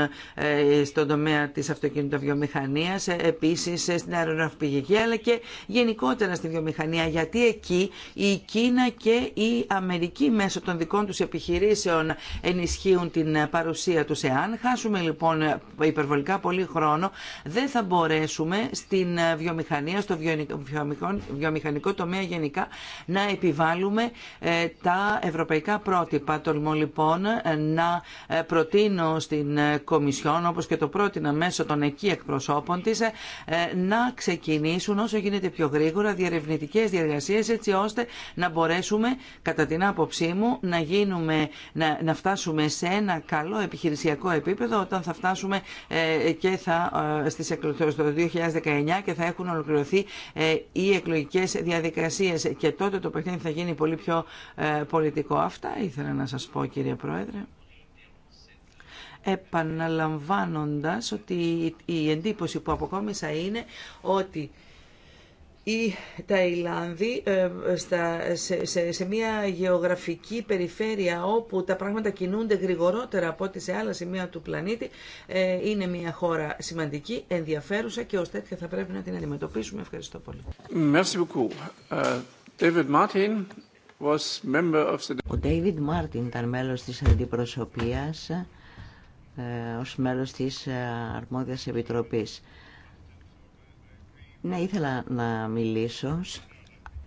στον τομέα της αυτοκινητοβιομηχανίας επίσης στην αεροναυπηγική αλλά και γενικότερα στην βιομηχανία γιατί εκεί η Κίνα και η Αμερική μέσω των δικών τους επιχειρήσεων ενισχύουν την παρουσία τους. Εάν χάσουμε λοιπόν υπερβολικά πολύ χρόνο δεν θα μπορέσουμε στην ε, βιομηχανία, στο βιομηχανικό τομέα γενικά να επιβάλλουμε ε, τα ευρωπαϊκά πρότυπα. Τολμώ λοιπόν ε, να προτείνω στην Κομισιόν, όπως και το πρότεινα μέσω των εκεί εκπροσώπων της, να ξεκινήσουν όσο γίνεται πιο γρήγορα διερευνητικές διεργασίες έτσι ώστε να μπορέσουμε, κατά την άποψή μου, να, γίνουμε, να, να φτάσουμε σε ένα καλό επιχειρησιακό επίπεδο όταν θα φτάσουμε και θα στο εκλογές το 2019 και θα έχουν ολοκληρωθεί ε, οι εκλογικές διαδικασίες και τότε το παιχνίδι θα γίνει πολύ πιο ε, πολιτικό. Αυτά ήθελα να σας πω κύριε Πρόεδρε επαναλαμβάνοντας ότι η εντύπωση που αποκόμισα είναι ότι η Ταϊλάνδη ε, σε μια γεωγραφική περιφέρεια όπου τα πράγματα κινούνται γρηγορότερα από ό,τι σε άλλα σημεία του πλανήτη ε, είναι μια χώρα σημαντική, ενδιαφέρουσα και ως τέτοια θα πρέπει να την αντιμετωπίσουμε. Ευχαριστώ πολύ. Ε, David Martin was member of the... Ο David Μάρτιν ήταν μέλος της αντιπροσωπείας ε, ως μέλος της αρμόδιας επιτροπής. Ναι, ήθελα να μιλήσω,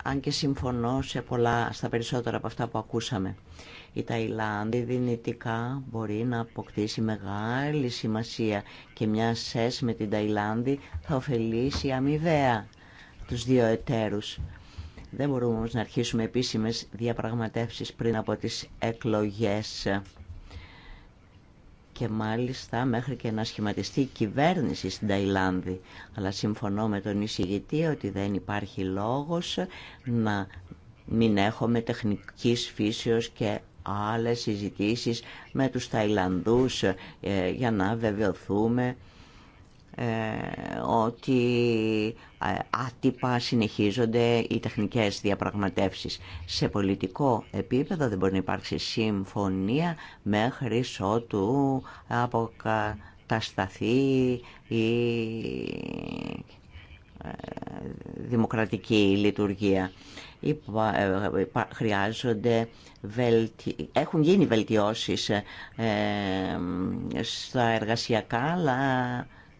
αν και συμφωνώ σε πολλά, στα περισσότερα από αυτά που ακούσαμε. Η Ταϊλάνδη δυνητικά μπορεί να αποκτήσει μεγάλη σημασία και μια ΣΕΣ με την Ταϊλάνδη θα ωφελήσει αμοιβαία τους δύο εταίρους. Δεν μπορούμε όμως να αρχίσουμε επίσημες διαπραγματεύσεις πριν από τις εκλογές και μάλιστα μέχρι και να σχηματιστεί κυβέρνηση στην Ταϊλάνδη. Αλλά συμφωνώ με τον εισηγητή ότι δεν υπάρχει λόγος να μην έχουμε τεχνικής φύσεως και άλλες συζητήσεις με τους Ταϊλανδούς ε, για να βεβαιωθούμε ότι ε, άτυπα συνεχίζονται οι τεχνικές διαπραγματεύσεις. Σε πολιτικό επίπεδο δεν μπορεί να υπάρξει συμφωνία μέχρι ότου αποκατασταθεί η ε, δημοκρατική λειτουργία. Ε, χρειάζονται βελτι... Έχουν γίνει βελτιώσεις στα εργασιακά, αλλά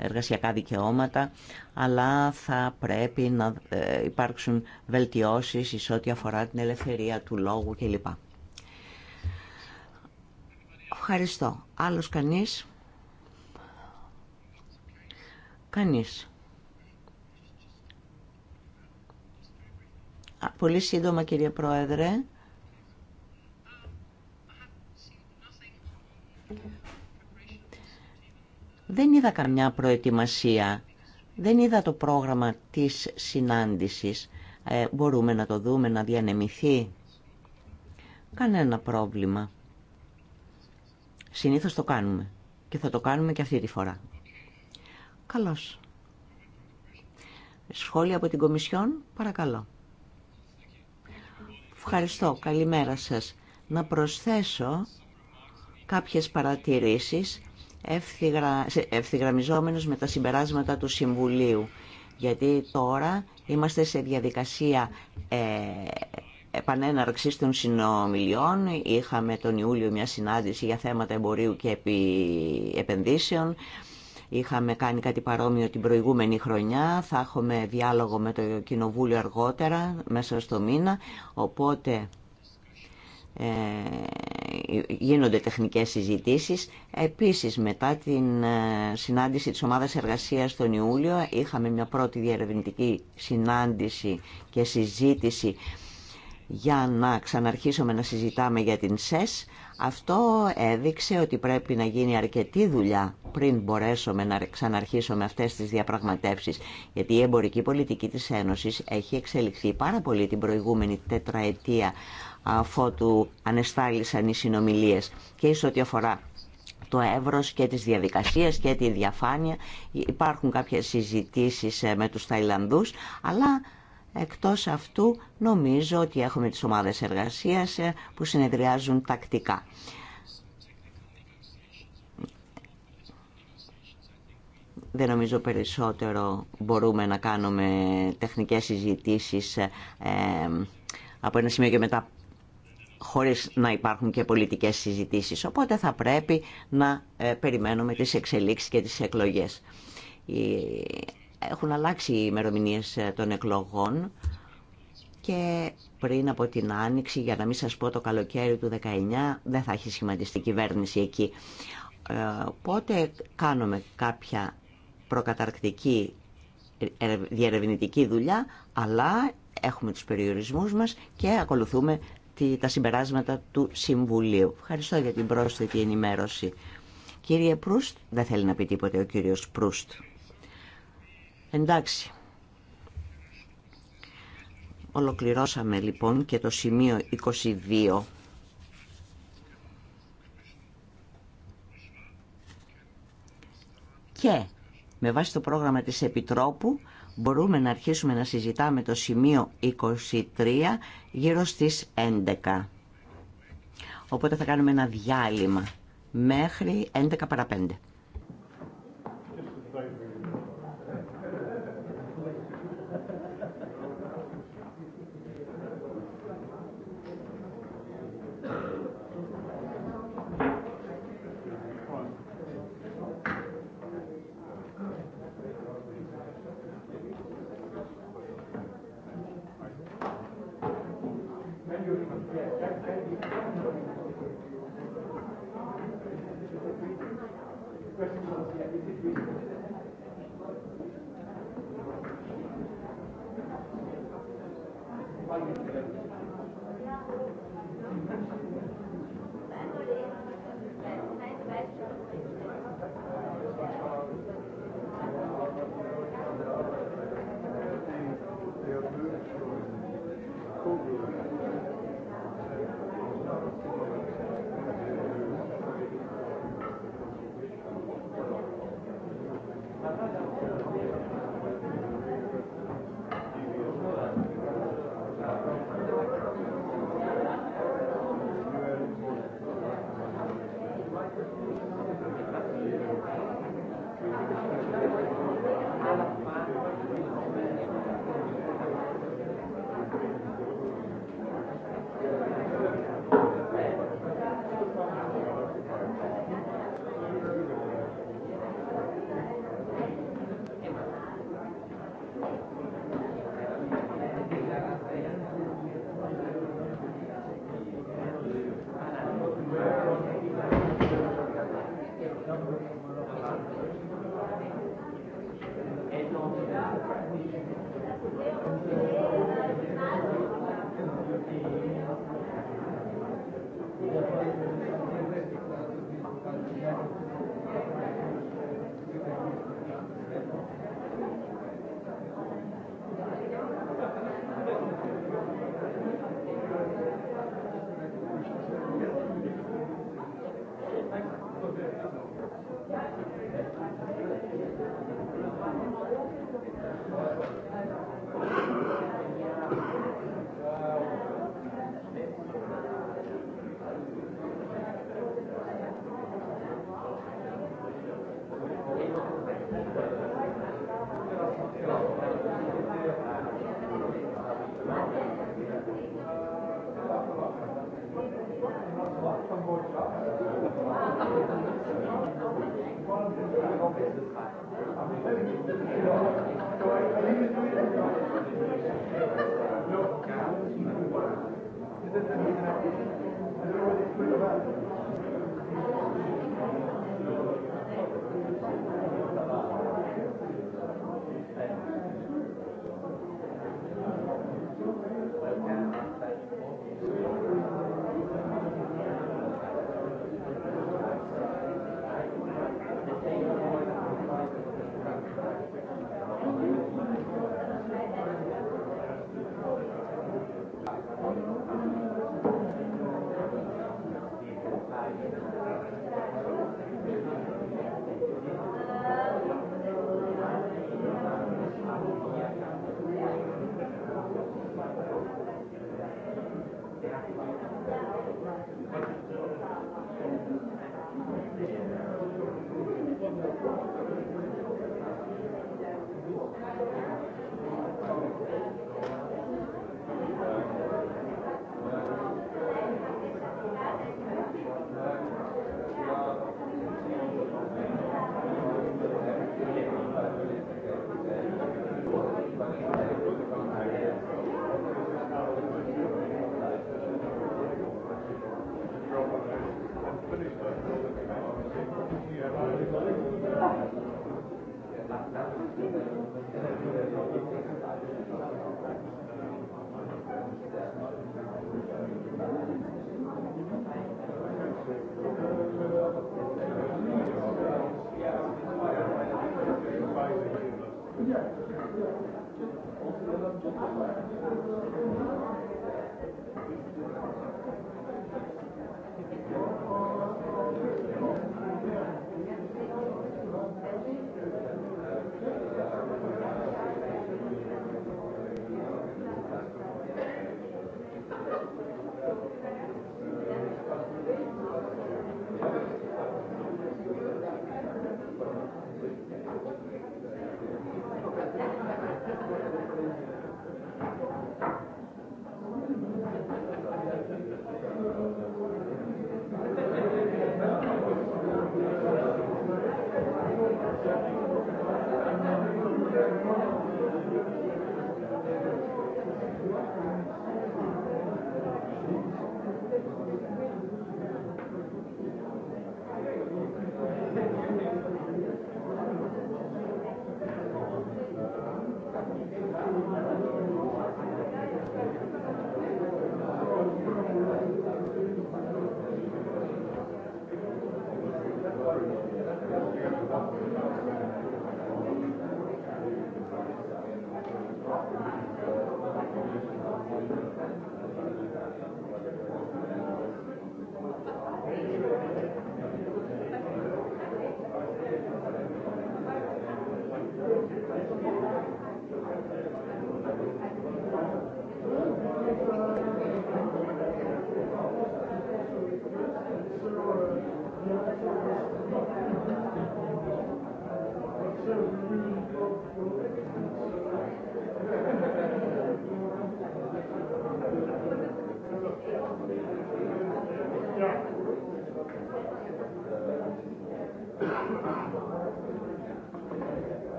εργασιακά δικαιώματα, αλλά θα πρέπει να ε, υπάρξουν βελτιώσεις εις ό,τι αφορά την ελευθερία του λόγου κλπ. Ευχαριστώ. Άλλος κανείς? Κανείς. Πολύ σύντομα κύριε Πρόεδρε. Δεν είδα καμιά προετοιμασία, δεν είδα το πρόγραμμα της συνάντησης. Ε, μπορούμε να το δούμε, να διανεμηθεί. Κανένα πρόβλημα. Συνήθως το κάνουμε και θα το κάνουμε και αυτή τη φορά. Καλώς. Σχόλια από την Κομισιόν, παρακαλώ. Ευχαριστώ. Καλημέρα σας. Να προσθέσω κάποιες παρατηρήσεις ευθυγρα... ευθυγραμμιζόμενος με τα συμπεράσματα του Συμβουλίου. Γιατί τώρα είμαστε σε διαδικασία ε, επανέναρξης των συνομιλιών. Είχαμε τον Ιούλιο μια συνάντηση για θέματα εμπορίου και επενδύσεων. Είχαμε κάνει κάτι παρόμοιο την προηγούμενη χρονιά. Θα έχουμε διάλογο με το Κοινοβούλιο αργότερα, μέσα στο μήνα. Οπότε ε, γίνονται τεχνικές συζητήσεις. Επίσης μετά την ε, συνάντηση της ομάδας εργασίας τον Ιούλιο είχαμε μια πρώτη διαρευνητική συνάντηση και συζήτηση για να ξαναρχίσουμε να συζητάμε για την ΣΕΣ. Αυτό έδειξε ότι πρέπει να γίνει αρκετή δουλειά πριν μπορέσουμε να ξαναρχίσουμε αυτές τις διαπραγματεύσεις, γιατί η εμπορική πολιτική της Ένωσης έχει εξελιχθεί πάρα πολύ την προηγούμενη τετραετία αφότου ανεστάλησαν οι συνομιλίες και ίσως ό,τι αφορά το εύρος και τις διαδικασίες και τη διαφάνεια. Υπάρχουν κάποιες συζητήσεις ε, με τους Ταϊλανδούς, αλλά εκτός αυτού νομίζω ότι έχουμε τις ομάδες εργασίας ε, που συνεδριάζουν τακτικά. Δεν νομίζω περισσότερο μπορούμε να κάνουμε τεχνικές συζητήσεις ε, από ένα σημείο και μετά χωρίς να υπάρχουν και πολιτικές συζητήσεις. Οπότε θα πρέπει να ε, περιμένουμε τις εξελίξεις και τις εκλογές. Έχουν αλλάξει οι ημερομηνίε ε, των εκλογών και πριν από την Άνοιξη, για να μην σας πω το καλοκαίρι του 19, δεν θα έχει σχηματιστεί κυβέρνηση εκεί. Ε, οπότε κάνουμε κάποια προκαταρκτική διερευνητική δουλειά, αλλά έχουμε τους περιορισμούς μας και ακολουθούμε τα συμπεράσματα του Συμβουλίου. Ευχαριστώ για την πρόσθετη ενημέρωση. Κύριε Προύστ, δεν θέλει να πει τίποτε ο κύριος Προύστ. Εντάξει. Ολοκληρώσαμε λοιπόν και το σημείο 22. Και με βάση το πρόγραμμα της Επιτρόπου μπορούμε να αρχίσουμε να συζητάμε το σημείο 23 γύρω στις 11. Οπότε θα κάνουμε ένα διάλειμμα μέχρι 11 παρα 5.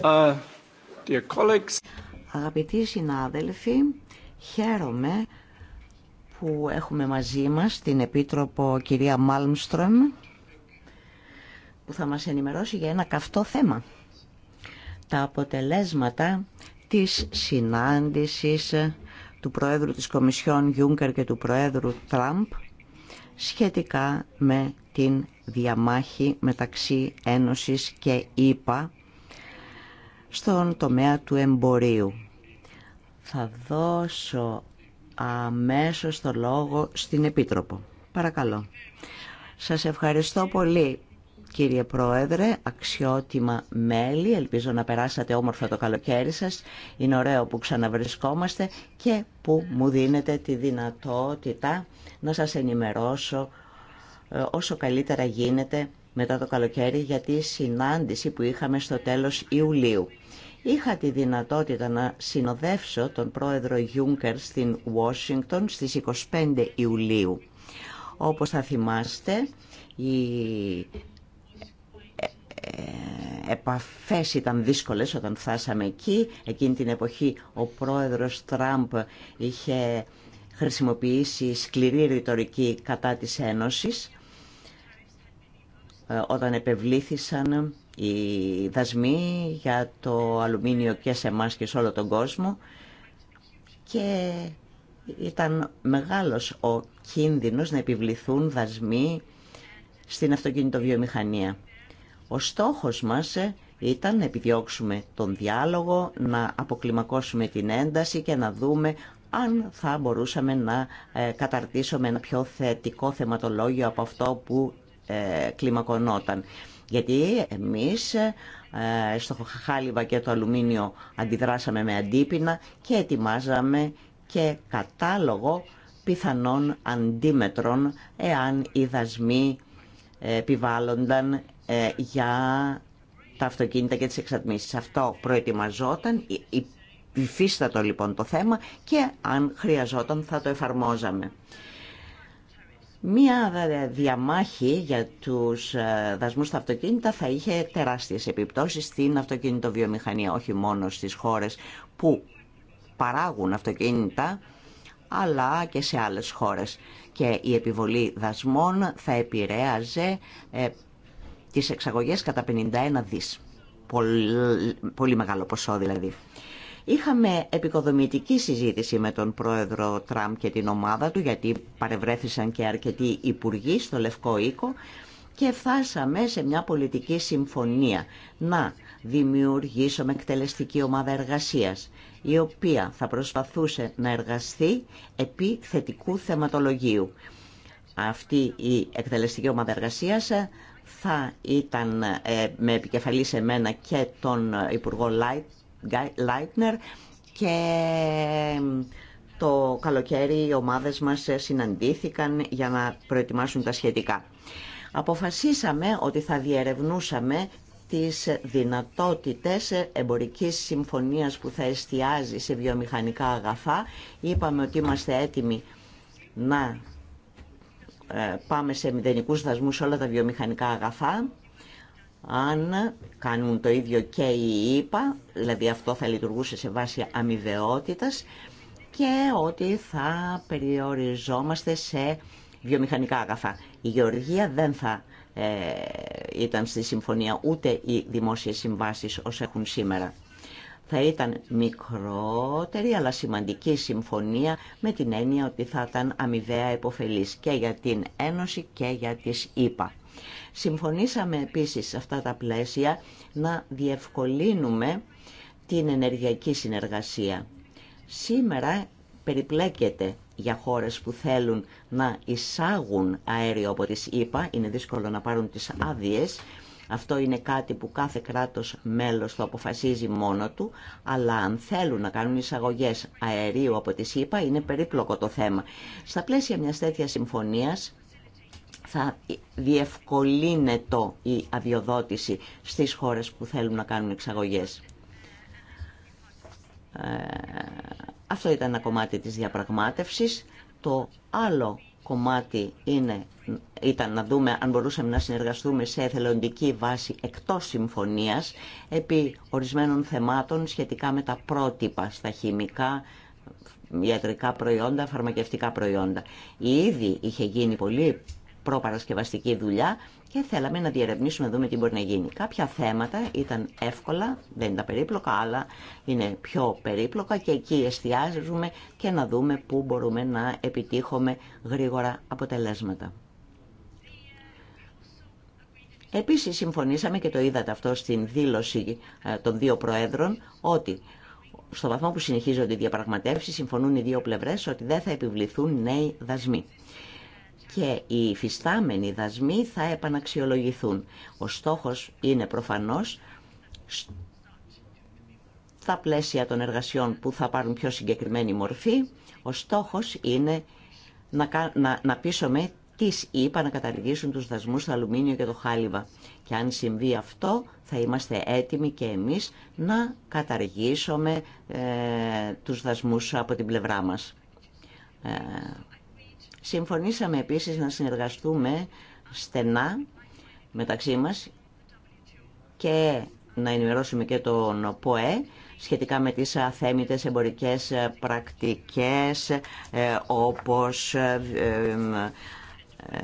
Uh, Αγαπητοί συνάδελφοι, χαίρομαι που έχουμε μαζί μας την Επίτροπο κυρία Μάλμστρομ που θα μας ενημερώσει για ένα καυτό θέμα. Τα αποτελέσματα της συνάντησης του Προέδρου της Κομισιόν Γιούγκερ και του Προέδρου Τραμπ σχετικά με την διαμάχη μεταξύ Ένωσης και ΕΠΑ στον τομέα του εμπορίου. Θα δώσω αμέσως το λόγο στην Επίτροπο. Παρακαλώ. Σας ευχαριστώ πολύ κύριε Πρόεδρε, αξιότιμα μέλη. Ελπίζω να περάσατε όμορφα το καλοκαίρι σας. Είναι ωραίο που ξαναβρισκόμαστε και που μου δίνετε τη δυνατότητα να σας ενημερώσω ε, όσο καλύτερα γίνεται μετά το καλοκαίρι για τη συνάντηση που είχαμε στο τέλος Ιουλίου. Είχα τη δυνατότητα να συνοδεύσω τον πρόεδρο Γιούγκερ στην Ουάσιγκτον στις 25 Ιουλίου. Όπως θα θυμάστε, οι ε, ε, επαφές ήταν δύσκολες όταν φτάσαμε εκεί. Εκείνη την εποχή ο πρόεδρος Τραμπ είχε χρησιμοποιήσει σκληρή ρητορική κατά της Ένωσης ε, όταν επευλήθησαν οι δασμοί για το αλουμίνιο και σε εμά και σε όλο τον κόσμο και ήταν μεγάλος ο κίνδυνος να επιβληθούν δασμοί στην αυτοκινητοβιομηχανία. Ο στόχος μας ήταν να επιδιώξουμε τον διάλογο, να αποκλιμακώσουμε την ένταση και να δούμε αν θα μπορούσαμε να ε, καταρτήσουμε ένα πιο θετικό θεματολόγιο από αυτό που ε, κλιμακωνόταν. Γιατί εμείς ε, στο χάλιβα και το αλουμίνιο αντιδράσαμε με αντίπεινα και ετοιμάζαμε και κατάλογο πιθανών αντίμετρων εάν οι δασμοί ε, επιβάλλονταν για τα αυτοκίνητα και τις εξατμίσεις. Αυτό προετοιμαζόταν, υφίστατο λοιπόν το θέμα και αν χρειαζόταν θα το εφαρμόζαμε. Μία διαμάχη για τους ε, δασμούς στα αυτοκίνητα θα είχε τεράστιες επιπτώσεις στην αυτοκινητοβιομηχανία, όχι μόνο στις χώρες που παράγουν αυτοκίνητα, αλλά και σε άλλες χώρες. Και η επιβολή δασμών θα επηρέαζε ε, τις εξαγωγές κατά 51 δις. Πολύ, πολύ μεγάλο ποσό δηλαδή. Είχαμε επικοδομητική συζήτηση με τον πρόεδρο Τραμπ και την ομάδα του, γιατί παρευρέθησαν και αρκετοί υπουργοί στο Λευκό Οίκο και φτάσαμε σε μια πολιτική συμφωνία να δημιουργήσουμε εκτελεστική ομάδα εργασίας η οποία θα προσπαθούσε να εργαστεί επί θετικού θεματολογίου. Αυτή η εκτελεστική ομάδα εργασίας ε, θα ήταν ε, με επικεφαλή σε μένα και τον ε, Υπουργό Λάιτ Λάιτνερ και το καλοκαίρι οι ομάδες μας ε, συναντήθηκαν για να προετοιμάσουν τα σχετικά. Αποφασίσαμε ότι θα διερευνούσαμε τις δυνατότητες ε, εμπορικής συμφωνίας που θα εστιάζει σε βιομηχανικά αγαθά. Είπαμε ότι είμαστε έτοιμοι να ε, πάμε σε μηδενικούς δασμούς όλα τα βιομηχανικά αγαθά αν κάνουν το ίδιο και οι ΙΠΑ, δηλαδή αυτό θα λειτουργούσε σε βάση αμοιβαιότητας και ότι θα περιοριζόμαστε σε βιομηχανικά αγαθά. Η Γεωργία δεν θα ε, ήταν στη συμφωνία ούτε οι δημόσιες συμβάσεις ως έχουν σήμερα. Θα ήταν μικρότερη αλλά σημαντική συμφωνία με την έννοια ότι θα ήταν αμοιβαία υποφελής και για την Ένωση και για τις ΕΠΑ. Συμφωνήσαμε επίσης σε αυτά τα πλαίσια να διευκολύνουμε την ενεργειακή συνεργασία. Σήμερα περιπλέκεται για χώρες που θέλουν να εισάγουν αέριο από τις ΗΠΑ, είναι δύσκολο να πάρουν τις άδειες, αυτό είναι κάτι που κάθε κράτος μέλος το αποφασίζει μόνο του, αλλά αν θέλουν να κάνουν εισαγωγές αερίου από τη ΣΥΠΑ είναι περίπλοκο το θέμα. Στα πλαίσια μιας τέτοιας συμφωνίας θα διευκολύνεται η αδειοδότηση στις χώρες που θέλουν να κάνουν εξαγωγές. Ε, αυτό ήταν ένα κομμάτι της διαπραγμάτευσης. Το άλλο κομμάτι είναι, ήταν να δούμε αν μπορούσαμε να συνεργαστούμε σε εθελοντική βάση εκτός συμφωνίας επί ορισμένων θεμάτων σχετικά με τα πρότυπα στα χημικά, ιατρικά προϊόντα, φαρμακευτικά προϊόντα. Ήδη είχε γίνει πολύ προπαρασκευαστική δουλειά και θέλαμε να διερευνήσουμε να δούμε τι μπορεί να γίνει. Κάποια θέματα ήταν εύκολα, δεν ήταν περίπλοκα, αλλά είναι πιο περίπλοκα και εκεί εστιάζουμε και να δούμε πού μπορούμε να επιτύχουμε γρήγορα αποτελέσματα. Επίσης συμφωνήσαμε και το είδατε αυτό στην δήλωση ε, των δύο προέδρων ότι στο βαθμό που συνεχίζονται οι διαπραγματεύσεις συμφωνούν οι δύο πλευρές ότι δεν θα επιβληθούν νέοι δασμοί και οι υφιστάμενοι δασμοί θα επαναξιολογηθούν. Ο στόχος είναι προφανώς στα πλαίσια των εργασιών που θα πάρουν πιο συγκεκριμένη μορφή, ο στόχος είναι να, να, πείσουμε τις είπα να καταργήσουν τους δασμούς στο αλουμίνιο και το χάλιβα. Και αν συμβεί αυτό, θα είμαστε έτοιμοι και εμείς να καταργήσουμε ε, τους δασμούς από την πλευρά μας. Ε, Συμφωνήσαμε επίσης να συνεργαστούμε στενά μεταξύ μας και να ενημερώσουμε και τον ΠΟΕ σχετικά με τις αθέμητες εμπορικές πρακτικές ε, όπως ε, ε,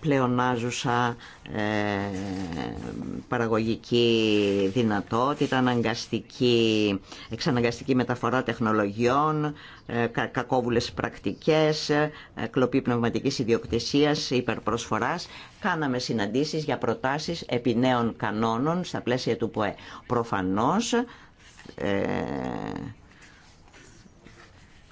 πλεονάζουσα ε, παραγωγική δυνατότητα, αναγκαστική, εξαναγκαστική μεταφορά τεχνολογιών, ε, κακόβουλες πρακτικές, ε, κλοπή πνευματικής ιδιοκτησίας, υπερπροσφοράς. Κάναμε συναντήσεις για προτάσεις επί νέων κανόνων στα πλαίσια του ΠΟΕ. Προφανώς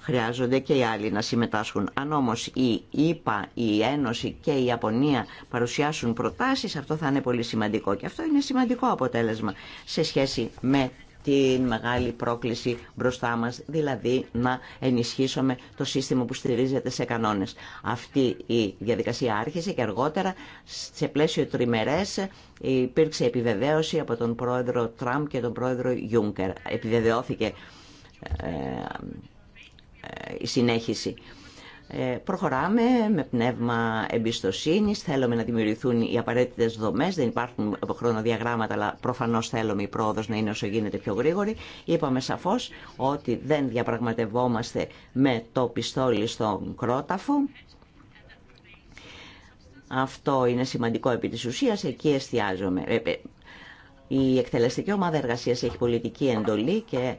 χρειάζονται και οι άλλοι να συμμετάσχουν. Αν όμω η ίπα, η Ένωση και η Ιαπωνία παρουσιάσουν προτάσεις, αυτό θα είναι πολύ σημαντικό. Και αυτό είναι σημαντικό αποτέλεσμα σε σχέση με την μεγάλη πρόκληση μπροστά μας, δηλαδή να ενισχύσουμε το σύστημα που στηρίζεται σε κανόνες. Αυτή η διαδικασία άρχισε και αργότερα σε πλαίσιο τριμερές υπήρξε επιβεβαίωση από τον πρόεδρο Τραμπ και τον πρόεδρο Γιούγκερ. Επιβεβαιώθηκε ε, ε, η συνέχιση. Ε, προχωράμε με πνεύμα εμπιστοσύνη. Θέλουμε να δημιουργηθούν οι απαραίτητε δομέ. Δεν υπάρχουν χρονοδιαγράμματα, αλλά προφανώ θέλουμε η πρόοδο να είναι όσο γίνεται πιο γρήγορη. Είπαμε σαφώ ότι δεν διαπραγματευόμαστε με το πιστόλι στον κρόταφο. Αυτό είναι σημαντικό επί της ουσίας, εκεί εστιάζομαι. Ε, η εκτελεστική ομάδα εργασίας έχει πολιτική εντολή και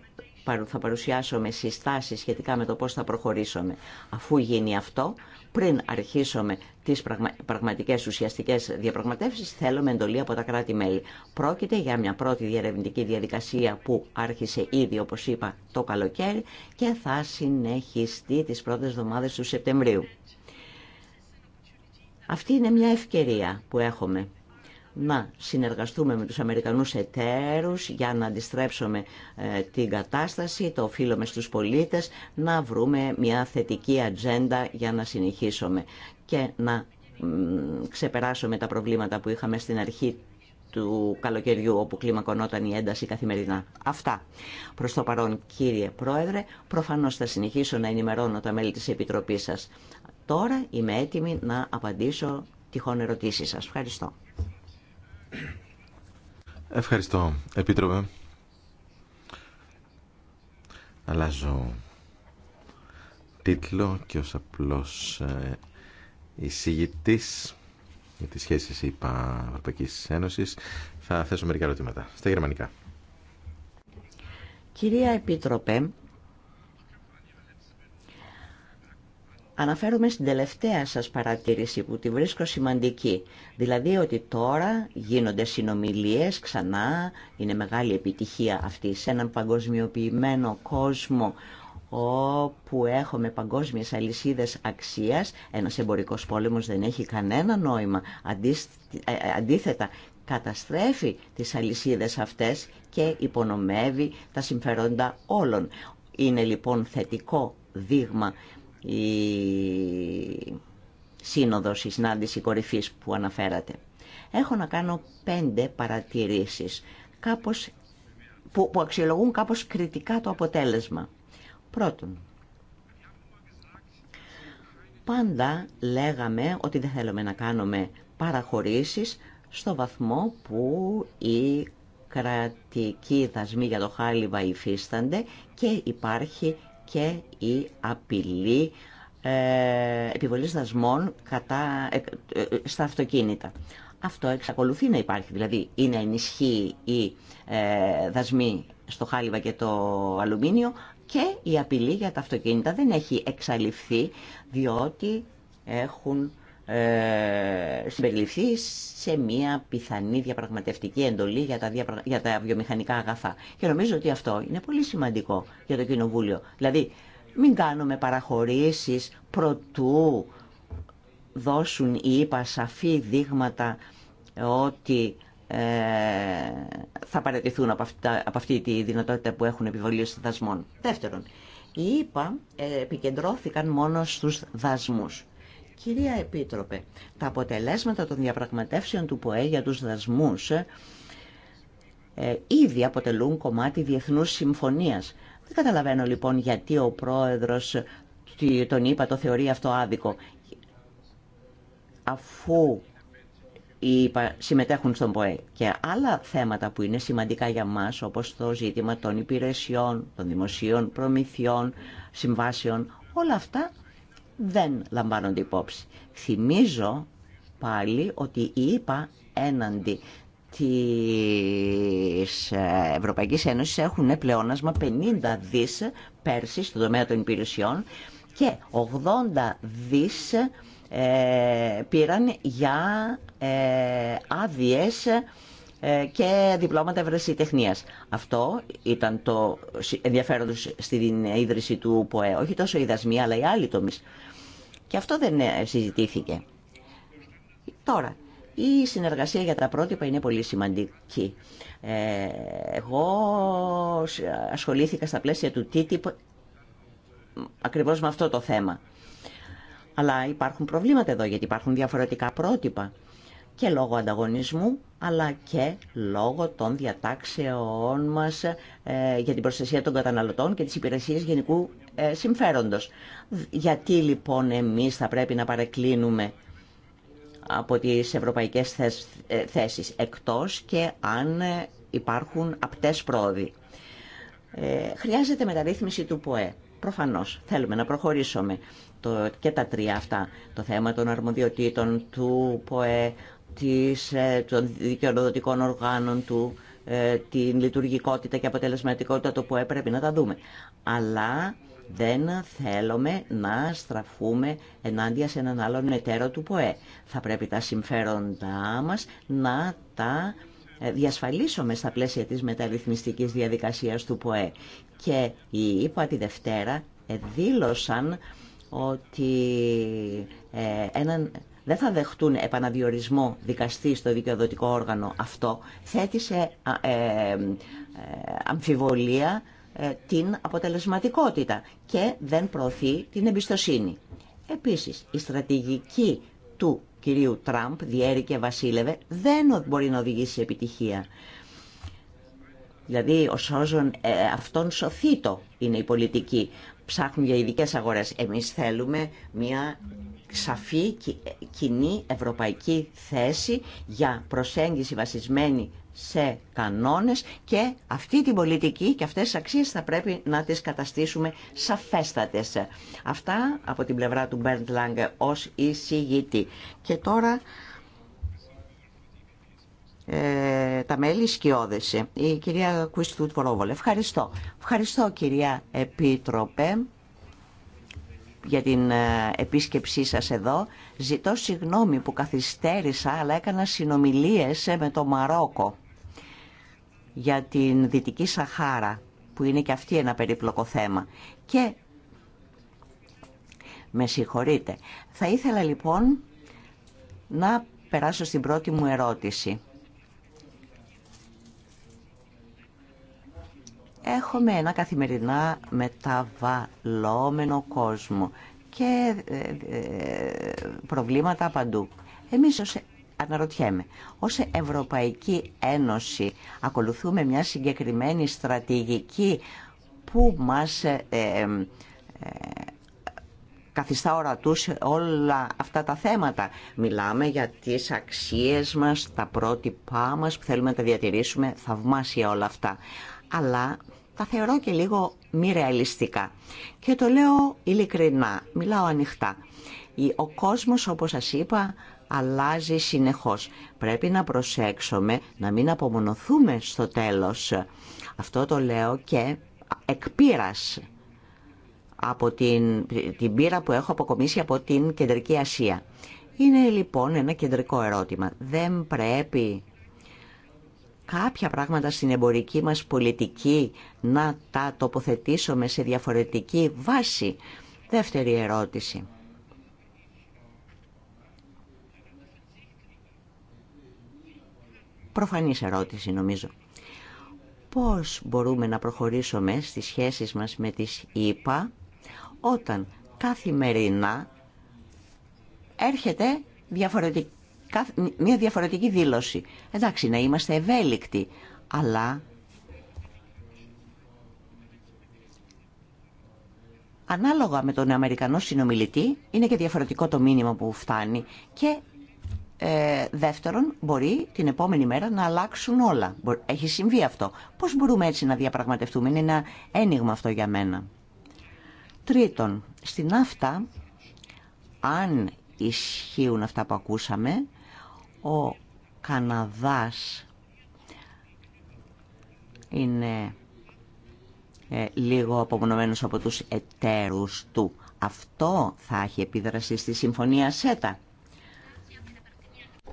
θα παρουσιάσουμε συστάσεις σχετικά με το πώς θα προχωρήσουμε. Αφού γίνει αυτό, πριν αρχίσουμε τις πραγμα... πραγματικές ουσιαστικές διαπραγματεύσεις, θέλουμε εντολή από τα κράτη-μέλη. Πρόκειται για μια πρώτη διαρευνητική διαδικασία που άρχισε ήδη, όπως είπα, το καλοκαίρι και θα συνεχιστεί τις πρώτες εβδομάδες του Σεπτεμβρίου. Αυτή είναι μια ευκαιρία που έχουμε να συνεργαστούμε με τους Αμερικανούς εταίρους για να αντιστρέψουμε ε, την κατάσταση, το οφείλουμε στους πολίτες, να βρούμε μια θετική ατζέντα για να συνεχίσουμε και να ξεπεράσουμε τα προβλήματα που είχαμε στην αρχή του καλοκαιριού όπου κλιμακωνόταν η ένταση καθημερινά. Αυτά. Προς το παρόν, κύριε Πρόεδρε, προφανώς θα συνεχίσω να ενημερώνω τα μέλη της Επιτροπής σας. Τώρα είμαι έτοιμη να απαντήσω τυχόν ερωτήσει σας Ευχαριστώ. Ευχαριστώ, Επίτροπε. Αλλάζω τίτλο και ως απλός ε, εισηγητής για τις σχέσεις ΕΠΑ Ευρωπαϊκής Ένωσης θα θέσω μερικά ερωτήματα στα γερμανικά. Κυρία Επίτροπε, Αναφέρομαι στην τελευταία σας παρατήρηση που τη βρίσκω σημαντική. Δηλαδή ότι τώρα γίνονται συνομιλίες ξανά, είναι μεγάλη επιτυχία αυτή σε έναν παγκοσμιοποιημένο κόσμο όπου έχουμε παγκόσμιες αλυσίδες αξίας, ένας εμπορικός πόλεμος δεν έχει κανένα νόημα. Ε, ε, αντίθετα, καταστρέφει τις αλυσίδες αυτές και υπονομεύει τα συμφέροντα όλων. Είναι λοιπόν θετικό δείγμα η σύνοδος, η συνάντηση κορυφής που αναφέρατε. Έχω να κάνω πέντε παρατηρήσεις κάπως, που, που αξιολογούν κάπως κριτικά το αποτέλεσμα. Πρώτον, πάντα λέγαμε ότι δεν θέλουμε να κάνουμε παραχωρήσεις στο βαθμό που οι κρατικοί δασμοί για το χάλιβα υφίστανται και υπάρχει και η απειλή ε, επιβολής δασμών κατά, ε, ε, στα αυτοκίνητα. Αυτό εξακολουθεί να υπάρχει, δηλαδή είναι ενισχύει η δασμή στο χάλιβα και το αλουμίνιο και η απειλή για τα αυτοκίνητα δεν έχει εξαλειφθεί διότι έχουν ε, συμπεριληφθεί σε μια πιθανή διαπραγματευτική εντολή για τα, διαπρα... βιομηχανικά αγαθά. Και νομίζω ότι αυτό είναι πολύ σημαντικό για το Κοινοβούλιο. Δηλαδή, μην κάνουμε παραχωρήσεις προτού δώσουν οι ΙΠΑ σαφή δείγματα ότι ε, θα παρατηθούν από, αυτή τη δυνατότητα που έχουν επιβολή των δασμών. Δεύτερον, οι ΙΠΑ ε, επικεντρώθηκαν μόνο στους δασμούς. Κυρία Επίτροπε, τα αποτελέσματα των διαπραγματεύσεων του ΠΟΕ για τους δασμούς ε, ήδη αποτελούν κομμάτι διεθνούς συμφωνίας. Δεν καταλαβαίνω λοιπόν γιατί ο πρόεδρος ε, τον είπα το θεωρεί αυτό άδικο. Αφού συμμετέχουν στον ΠΟΕ και άλλα θέματα που είναι σημαντικά για μας όπως το ζήτημα των υπηρεσιών, των δημοσίων προμηθειών, συμβάσεων όλα αυτά δεν λαμβάνονται υπόψη. Θυμίζω πάλι ότι η ΕΠΑ έναντι της Ευρωπαϊκής Ένωσης έχουν πλεόνασμα 50 δις πέρσι στον τομέα των υπηρεσιών και 80 δις ε, πήραν για ε, άδειες ε, και διπλώματα ευρεσιτεχνίας. Αυτό ήταν το ενδιαφέρον στην ίδρυση του ΠΟΕ. Όχι τόσο οι δασμοί, αλλά οι άλλοι τομείς. Και αυτό δεν ε, συζητήθηκε. Τώρα, η συνεργασία για τα πρότυπα είναι πολύ σημαντική. Ε, εγώ ασχολήθηκα στα πλαίσια του TTIP ακριβώς με αυτό το θέμα. Αλλά υπάρχουν προβλήματα εδώ γιατί υπάρχουν διαφορετικά πρότυπα και λόγω ανταγωνισμού αλλά και λόγω των διατάξεών μας ε, για την προστασία των καταναλωτών και τις υπηρεσίες γενικού ε, συμφέροντος. Γιατί λοιπόν εμείς θα πρέπει να παρεκκλίνουμε από τις ευρωπαϊκές ε, θέσεις, εκτός και αν υπάρχουν απτές πρόοδοι. Χρειάζεται μεταρρύθμιση του ΠΟΕ. Προφανώς θέλουμε να προχωρήσουμε και τα τρία αυτά. Το θέμα των αρμοδιοτήτων του ΠΟΕ, της, ε, των δικαιοδοτικών οργάνων του, ε, την λειτουργικότητα και αποτελεσματικότητα το που έπρεπε να τα δούμε. Αλλά δεν θέλουμε να στραφούμε ενάντια σε έναν άλλον εταίρο του ΠΟΕ. Θα πρέπει τα συμφέροντά μας να τα ε, διασφαλίσουμε στα πλαίσια της μεταρρυθμιστικής διαδικασίας του ΠΟΕ. Και η ΥΠΑ τη Δευτέρα δήλωσαν ότι έναν δεν θα δεχτούν επαναδιορισμό δικαστή στο δικαιοδοτικό όργανο αυτό, θέτει σε ε, ε, αμφιβολία ε, την αποτελεσματικότητα και δεν προωθεί την εμπιστοσύνη. Επίσης, η στρατηγική του κυρίου Τραμπ, διέρη βασίλευε, δεν μπορεί να οδηγήσει σε επιτυχία. Δηλαδή, ο Σόζον ε, αυτόν σωθήτο είναι η πολιτική ψάχνουν για ειδικέ αγορέ. Εμείς θέλουμε μια σαφή κοινή ευρωπαϊκή θέση για προσέγγιση βασισμένη σε κανόνες και αυτή την πολιτική και αυτές τις αξίες θα πρέπει να τις καταστήσουμε σαφέστατες. Αυτά από την πλευρά του Μπέρντ Λάγκε ως εισηγητή. Και τώρα ε, τα μέλη σκιώδεσε. Η κυρία Κουιστούτ Βορόβολε. Ευχαριστώ. Ευχαριστώ κυρία Επίτροπε για την ε, επίσκεψή σας εδώ. Ζητώ συγγνώμη που καθυστέρησα, αλλά έκανα συνομιλίες ε, με το Μαρόκο για την Δυτική Σαχάρα, που είναι και αυτή ένα περίπλοκο θέμα. Και με συγχωρείτε. Θα ήθελα λοιπόν να περάσω στην πρώτη μου ερώτηση. έχουμε ένα καθημερινά μεταβαλλόμενο κόσμο και ε, ε, προβλήματα παντού. Εμείς ως, αναρωτιέμαι, ως Ευρωπαϊκή Ένωση ακολουθούμε μια συγκεκριμένη στρατηγική που μας ε, ε, καθιστά ορατούς όλα αυτά τα θέματα. Μιλάμε για τις αξίες μας, τα πρότυπά μας που θέλουμε να τα διατηρήσουμε, θαυμάσια όλα αυτά αλλά τα θεωρώ και λίγο μη ρεαλιστικά. Και το λέω ειλικρινά, μιλάω ανοιχτά. Ο κόσμος, όπως σας είπα, αλλάζει συνεχώς. Πρέπει να προσέξουμε να μην απομονωθούμε στο τέλος. Αυτό το λέω και εκ από την, την πείρα που έχω αποκομίσει από την Κεντρική Ασία. Είναι λοιπόν ένα κεντρικό ερώτημα. Δεν πρέπει κάποια πράγματα στην εμπορική μας πολιτική να τα τοποθετήσουμε σε διαφορετική βάση. Δεύτερη ερώτηση. Προφανής ερώτηση νομίζω. Πώς μπορούμε να προχωρήσουμε στις σχέσεις μας με τις ΗΠΑ όταν καθημερινά έρχεται διαφορετική μια διαφορετική δήλωση. Εντάξει, να είμαστε ευέλικτοι, αλλά ανάλογα με τον Αμερικανό συνομιλητή είναι και διαφορετικό το μήνυμα που φτάνει και ε, δεύτερον μπορεί την επόμενη μέρα να αλλάξουν όλα. Έχει συμβεί αυτό. Πώς μπορούμε έτσι να διαπραγματευτούμε, είναι ένα ένιγμα αυτό για μένα. Τρίτον, στην αυτά, αν ισχύουν αυτά που ακούσαμε, ο Καναδάς είναι ε, λίγο απομονωμένος από τους εταίρους του. Αυτό θα έχει επίδραση στη Συμφωνία ΣΕΤΑ.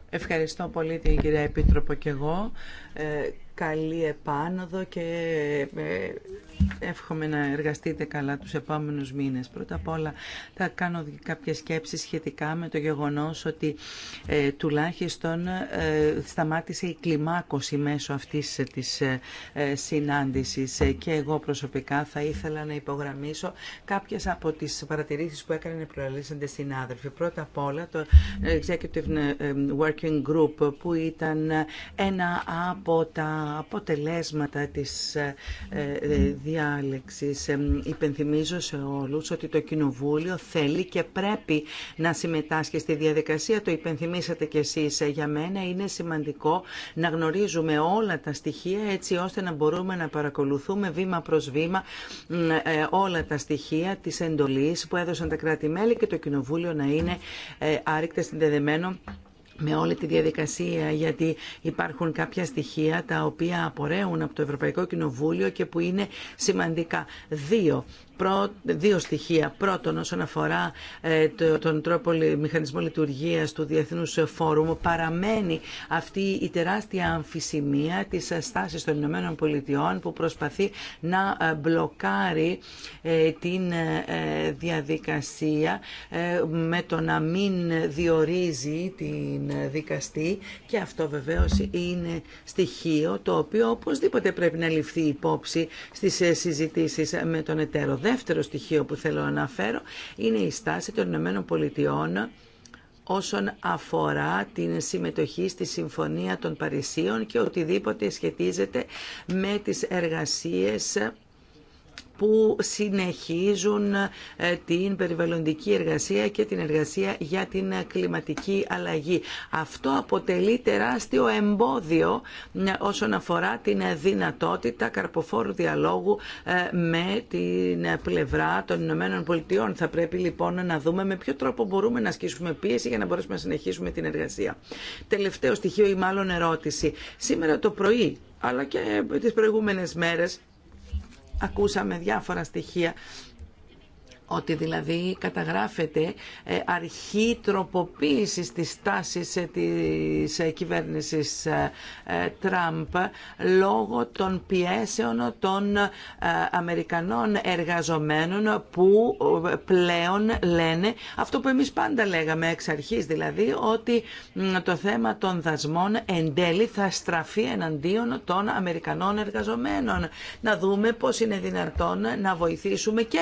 Ευχαριστώ πολύ την κυρία Επίτροπο και εγώ. Ε, καλή επάνωδο και ε, εύχομαι να εργαστείτε καλά τους επόμενους μήνες. Πρώτα απ' όλα θα κάνω κάποιες σκέψεις σχετικά με το γεγονός ότι ε, τουλάχιστον ε, σταμάτησε η κλιμάκωση μέσω αυτής της ε, συνάντησης και εγώ προσωπικά θα ήθελα να υπογραμμίσω κάποιες από τις παρατηρήσεις που έκαναν οι προαλήσαντες συνάδελφοι. Πρώτα απ' όλα το Executive Working Group που ήταν ένα από τα αποτελέσματα της ε, ε, διάλεξης. Ε, υπενθυμίζω σε όλους ότι το Κοινοβούλιο θέλει και πρέπει να συμμετάσχει στη διαδικασία. Το υπενθυμίσατε κι εσείς. Για μένα είναι σημαντικό να γνωρίζουμε όλα τα στοιχεία έτσι ώστε να μπορούμε να παρακολουθούμε βήμα προς βήμα όλα τα στοιχεία της εντολής που έδωσαν τα κράτη-μέλη και το Κοινοβούλιο να είναι άρρηκτα συνδεδεμένο με όλη τη διαδικασία γιατί υπάρχουν κάποια στοιχεία τα οποία απορρέουν από το Ευρωπαϊκό Κοινοβούλιο και που είναι σημαντικά. Δύο δύο στοιχεία. Πρώτον, όσον αφορά ε, τον τρόπο μηχανισμό λειτουργία του Διεθνούς Φόρουμ, παραμένει αυτή η τεράστια αμφισημία της στάση των Ηνωμένων Πολιτειών που προσπαθεί να ε, μπλοκάρει ε, την διαδικασία με το να μην διορίζει την δικαστή και αυτό βεβαίως είναι στοιχείο το οποίο οπωσδήποτε πρέπει να ληφθεί υπόψη στις συζητήσεις με τον εταίρο δεύτερο στοιχείο που θέλω να αναφέρω είναι η στάση των Ηνωμένων Πολιτειών όσον αφορά την συμμετοχή στη Συμφωνία των Παρισίων και οτιδήποτε σχετίζεται με τις εργασίες που συνεχίζουν ε, την περιβαλλοντική εργασία και την εργασία για την κλιματική αλλαγή. Αυτό αποτελεί τεράστιο εμπόδιο ε, όσον αφορά την δυνατότητα καρποφόρου διαλόγου ε, με την πλευρά των Ηνωμένων Πολιτειών. Θα πρέπει λοιπόν να δούμε με ποιο τρόπο μπορούμε να ασκήσουμε πίεση για να μπορέσουμε να συνεχίσουμε την εργασία. Τελευταίο στοιχείο ή μάλλον ερώτηση. Σήμερα το πρωί αλλά και τις προηγούμενες μέρες Ακούσαμε διάφορα στοιχεία ότι δηλαδή καταγράφεται ε, αρχή τροποποίησης της τάσης ε, της ε, κυβέρνησης Τραμπ λόγω των πιέσεων των Αμερικανών εργαζομένων που πλέον λένε αυτό που εμείς πάντα λέγαμε εξ αρχής δηλαδή ότι το θέμα των δασμών εν τέλει θα στραφεί εναντίον των Αμερικανών εργαζομένων. Να δούμε πώς είναι δυνατόν να βοηθήσουμε και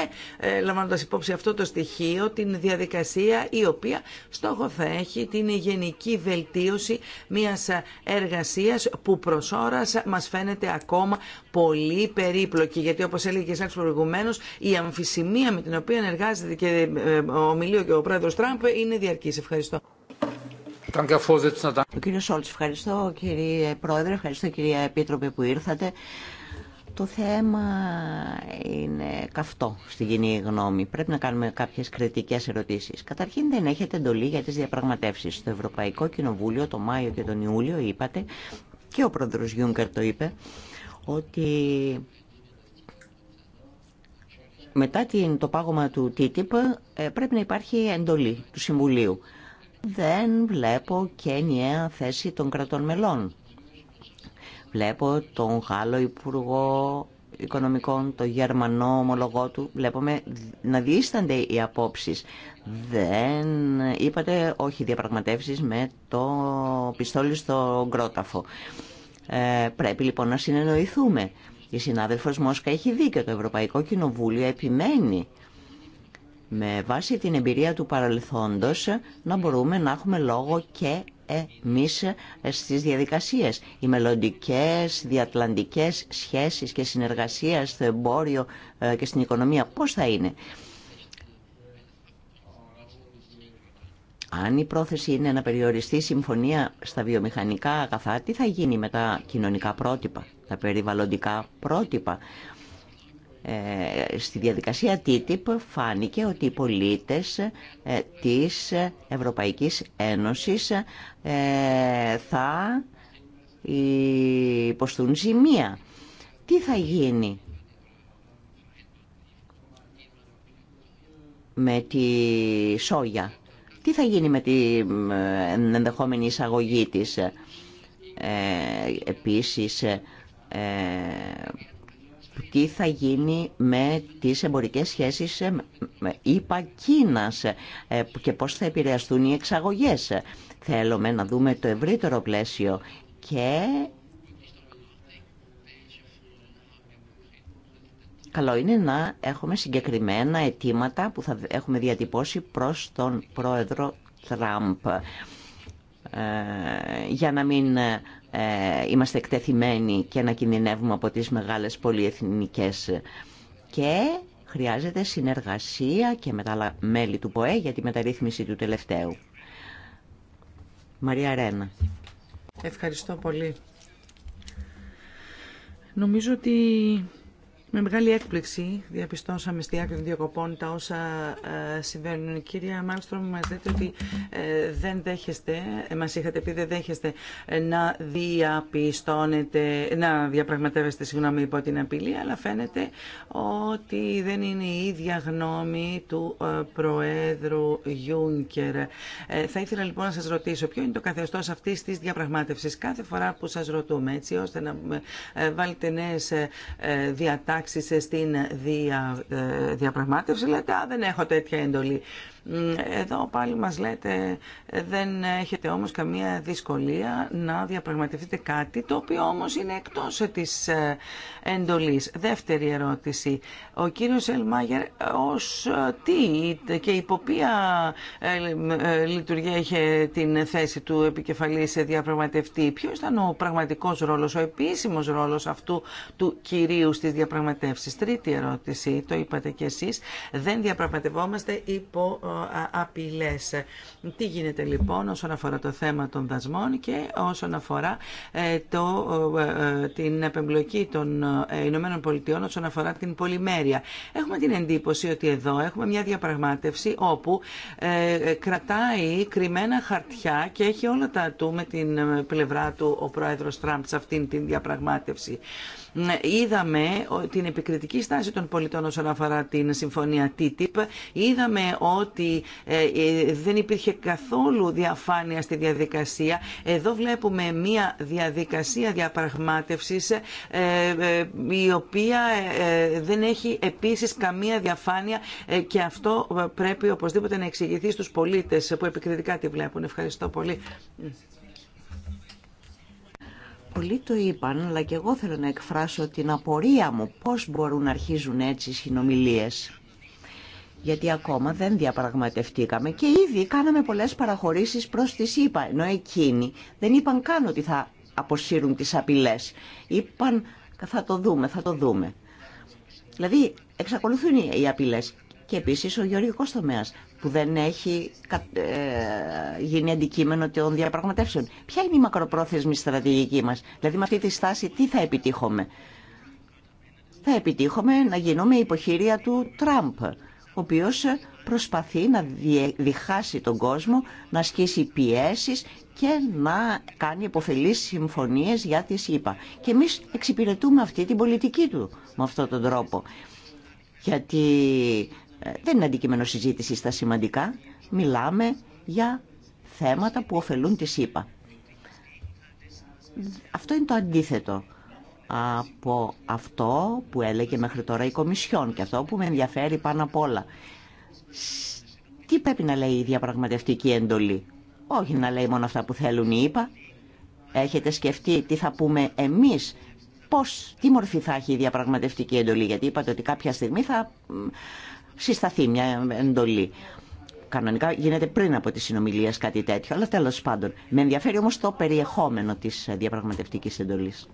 λαμβάνοντας λαμβάνοντας υπόψη αυτό το στοιχείο την διαδικασία η οποία στόχο θα έχει την γενική βελτίωση μιας εργασίας που προς ώρας μας φαίνεται ακόμα πολύ περίπλοκη γιατί όπως έλεγε και εσάς προηγουμένως η αμφισημία με την οποία εργάζεται και ε, ε, ομιλεί και ο πρόεδρος Τραμπ είναι διαρκής. Ευχαριστώ. Ο ευχαριστώ κύριε Πρόεδρε, ευχαριστώ κυρία Επίτροπε που ήρθατε. Το θέμα είναι καυτό στην κοινή γνώμη. Πρέπει να κάνουμε κάποιες κριτικές ερωτήσεις. Καταρχήν δεν έχετε εντολή για τις διαπραγματεύσεις. Στο Ευρωπαϊκό Κοινοβούλιο το Μάιο και τον Ιούλιο είπατε και ο πρόεδρος Γιούγκερ το είπε ότι μετά το πάγωμα του TTIP ε, πρέπει να υπάρχει εντολή του Συμβουλίου. Δεν βλέπω και ενιαία θέση των κρατών μελών. Βλέπω τον Γάλλο Υπουργό Οικονομικών, τον Γερμανό ομολογό του. Βλέπουμε να διήστανται οι απόψεις. Δεν είπατε όχι διαπραγματεύσεις με το πιστόλι στο Γκρόταφο. Ε, πρέπει λοιπόν να συνεννοηθούμε. Η συνάδελφος Μόσκα έχει δίκιο. Το Ευρωπαϊκό Κοινοβούλιο επιμένει με βάση την εμπειρία του παρελθόντος να μπορούμε να έχουμε λόγο και εμείς στις διαδικασίες. Οι μελλοντικέ, διατλαντικές σχέσεις και συνεργασία στο εμπόριο ε, και στην οικονομία πώς θα είναι. Αν η πρόθεση είναι να περιοριστεί συμφωνία στα βιομηχανικά αγαθά, τι θα γίνει με τα κοινωνικά πρότυπα, τα περιβαλλοντικά πρότυπα. Ε, στη διαδικασία TTIP φάνηκε ότι οι πολίτες ε, της Ευρωπαϊκής Ένωσης ε, θα υποστούν ζημία. Τι θα γίνει με τη σόγια, τι θα γίνει με την ενδεχόμενη εισαγωγή της. Ε, επίσης, τι θα γίνει με τις εμπορικές σχέσεις είπα Κίνας ε, και πώς θα επηρεαστούν οι εξαγωγές. Θέλουμε να δούμε το ευρύτερο πλαίσιο και καλό είναι να έχουμε συγκεκριμένα αιτήματα που θα έχουμε διατυπώσει προς τον πρόεδρο Τραμπ ε, για να μην ε, ε, είμαστε εκτεθειμένοι και να κινδυνεύουμε από τις μεγάλες πολυεθνικές. Και χρειάζεται συνεργασία και με τα μέλη του ΠΟΕ για τη μεταρρύθμιση του τελευταίου. Μαρία Ρένα. Ευχαριστώ πολύ. Νομίζω ότι με μεγάλη έκπληξη διαπιστώσαμε στη άκρη των διακοπών τα όσα ε, συμβαίνουν. Κυρία Μάλστρομ, μα λέτε ότι ε, δεν δέχεστε, ε, μα είχατε πει δεν δέχεστε να διαπιστώνετε, να διαπραγματεύεστε, συγγνώμη, υπό την απειλή, αλλά φαίνεται ότι δεν είναι η ίδια γνώμη του Προέδρου Γιούνκερ. Θα ήθελα λοιπόν να σα ρωτήσω ποιο είναι το καθεστώ αυτή τη διαπραγματεύση κάθε φορά που σα ρωτούμε, έτσι ώστε να βάλετε νέες διατάξει σε στην δια, ε, διαπραγμάτευση, λέτε «Α, δεν έχω τέτοια εντολή». Ε, εδώ πάλι μας λέτε ε, δεν έχετε όμως καμία δυσκολία να διαπραγματευτείτε κάτι το οποίο όμως είναι εκτός ε, της εντολής. Δεύτερη ερώτηση. Ο κύριος Ελμάγερ ως τι και υπό ποια λειτουργία είχε την θέση του επικεφαλής διαπραγματευτή. Ποιο ήταν ο πραγματικός ρόλος, ο επίσημος ρόλος αυτού του κυρίου στις διαπραγματεύσεις. Τρίτη ερώτηση, το είπατε κι εσείς, δεν διαπραγματευόμαστε υπό απειλές. Τι γίνεται λοιπόν όσον αφορά το θέμα των δασμών και όσον αφορά ε, το, ε, ε, την επεμπλοκή των Ηνωμένων Πολιτειών όσον αφορά την πολυμέρεια. Έχουμε την εντύπωση ότι εδώ έχουμε μια διαπραγμάτευση όπου κρατάει κρυμμένα χαρτιά και έχει όλα τα του με την πλευρά του ο πρόεδρος Τραμπ σε αυτήν την διαπραγμάτευση. Ναι, είδαμε την επικριτική στάση των πολιτών όσον αφορά την συμφωνία TTIP. Είδαμε ότι ε, ε, δεν υπήρχε καθόλου διαφάνεια στη διαδικασία. Εδώ βλέπουμε μια διαδικασία διαπραγμάτευσης ε, η οποία δεν έχει επίσης καμία διαφάνεια και αυτό πρέπει οπωσδήποτε να εξηγηθεί στους πολίτες που επικριτικά τη βλέπουν. Ευχαριστώ πολύ. Πολλοί το είπαν, αλλά και εγώ θέλω να εκφράσω την απορία μου πώς μπορούν να αρχίζουν έτσι οι συνομιλίες. Γιατί ακόμα δεν διαπραγματευτήκαμε και ήδη κάναμε πολλές παραχωρήσεις προς τις είπα, ενώ εκείνοι δεν είπαν καν ότι θα αποσύρουν τις απειλές. Είπαν θα το δούμε, θα το δούμε. Δηλαδή εξακολουθούν οι απειλές και επίσης ο γεωργικός τομέας που δεν έχει ε, γίνει αντικείμενο των διαπραγματεύσεων. Ποια είναι η μακροπρόθεσμη στρατηγική μας. Δηλαδή με αυτή τη στάση τι θα επιτύχουμε. Θα επιτύχουμε να γίνουμε υποχείρια του Τραμπ, ο οποίος προσπαθεί να διχάσει τον κόσμο, να ασκήσει πιέσεις και να κάνει υποφελείς συμφωνίες για τις ΣΥΠΑ. Και εμείς εξυπηρετούμε αυτή την πολιτική του με αυτόν τον τρόπο. Γιατί ε, δεν είναι αντικείμενο συζήτηση στα σημαντικά. Μιλάμε για θέματα που ωφελούν τη ΣΥΠΑ. Αυτό είναι το αντίθετο από αυτό που έλεγε μέχρι τώρα η Κομισιόν και αυτό που με ενδιαφέρει πάνω απ' όλα. Τι πρέπει να λέει η διαπραγματευτική εντολή. Όχι να λέει μόνο αυτά που θέλουν οι ΙΠΑ. Έχετε σκεφτεί τι θα πούμε εμείς, πώς, τι μορφή θα έχει η διαπραγματευτική εντολή. Γιατί είπατε ότι κάποια στιγμή θα συσταθεί μια εντολή. Κανονικά γίνεται πριν από τι συνομιλίε κάτι τέτοιο, αλλά τέλος πάντων. Με ενδιαφέρει όμως το περιεχόμενο της διαπραγματευτική εντολής.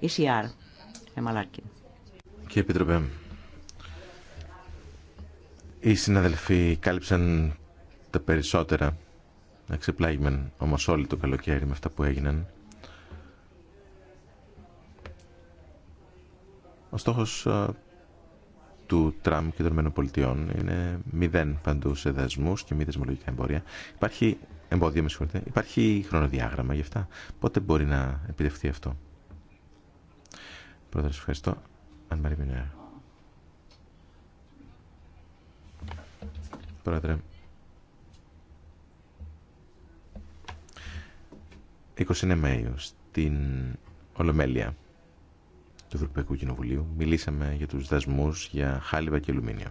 ECR, Εμαλάκη. Κύριε Επίτροπε, οι συναδελφοί κάλυψαν τα περισσότερα, εξεπλάγημεν όμως όλοι το καλοκαίρι με αυτά που έγιναν. Ο στόχος ε, του Τραμ και των ΗΠΑ είναι μηδέν παντού σε δασμούς και μη δεσμολογικά εμπόδια. Υπάρχει εμπόδιο με Υπάρχει χρονοδιάγραμμα γι' αυτά. Πότε μπορεί να επιτευχθεί αυτό. Πρόεδρε, ευχαριστώ. Αν Μαρή Πρόεδρε. 20 Μαΐου στην Ολομέλεια του Ευρωπαϊκού Κοινοβουλίου μιλήσαμε για τους δασμούς για χάλιβα και αλουμίνιο.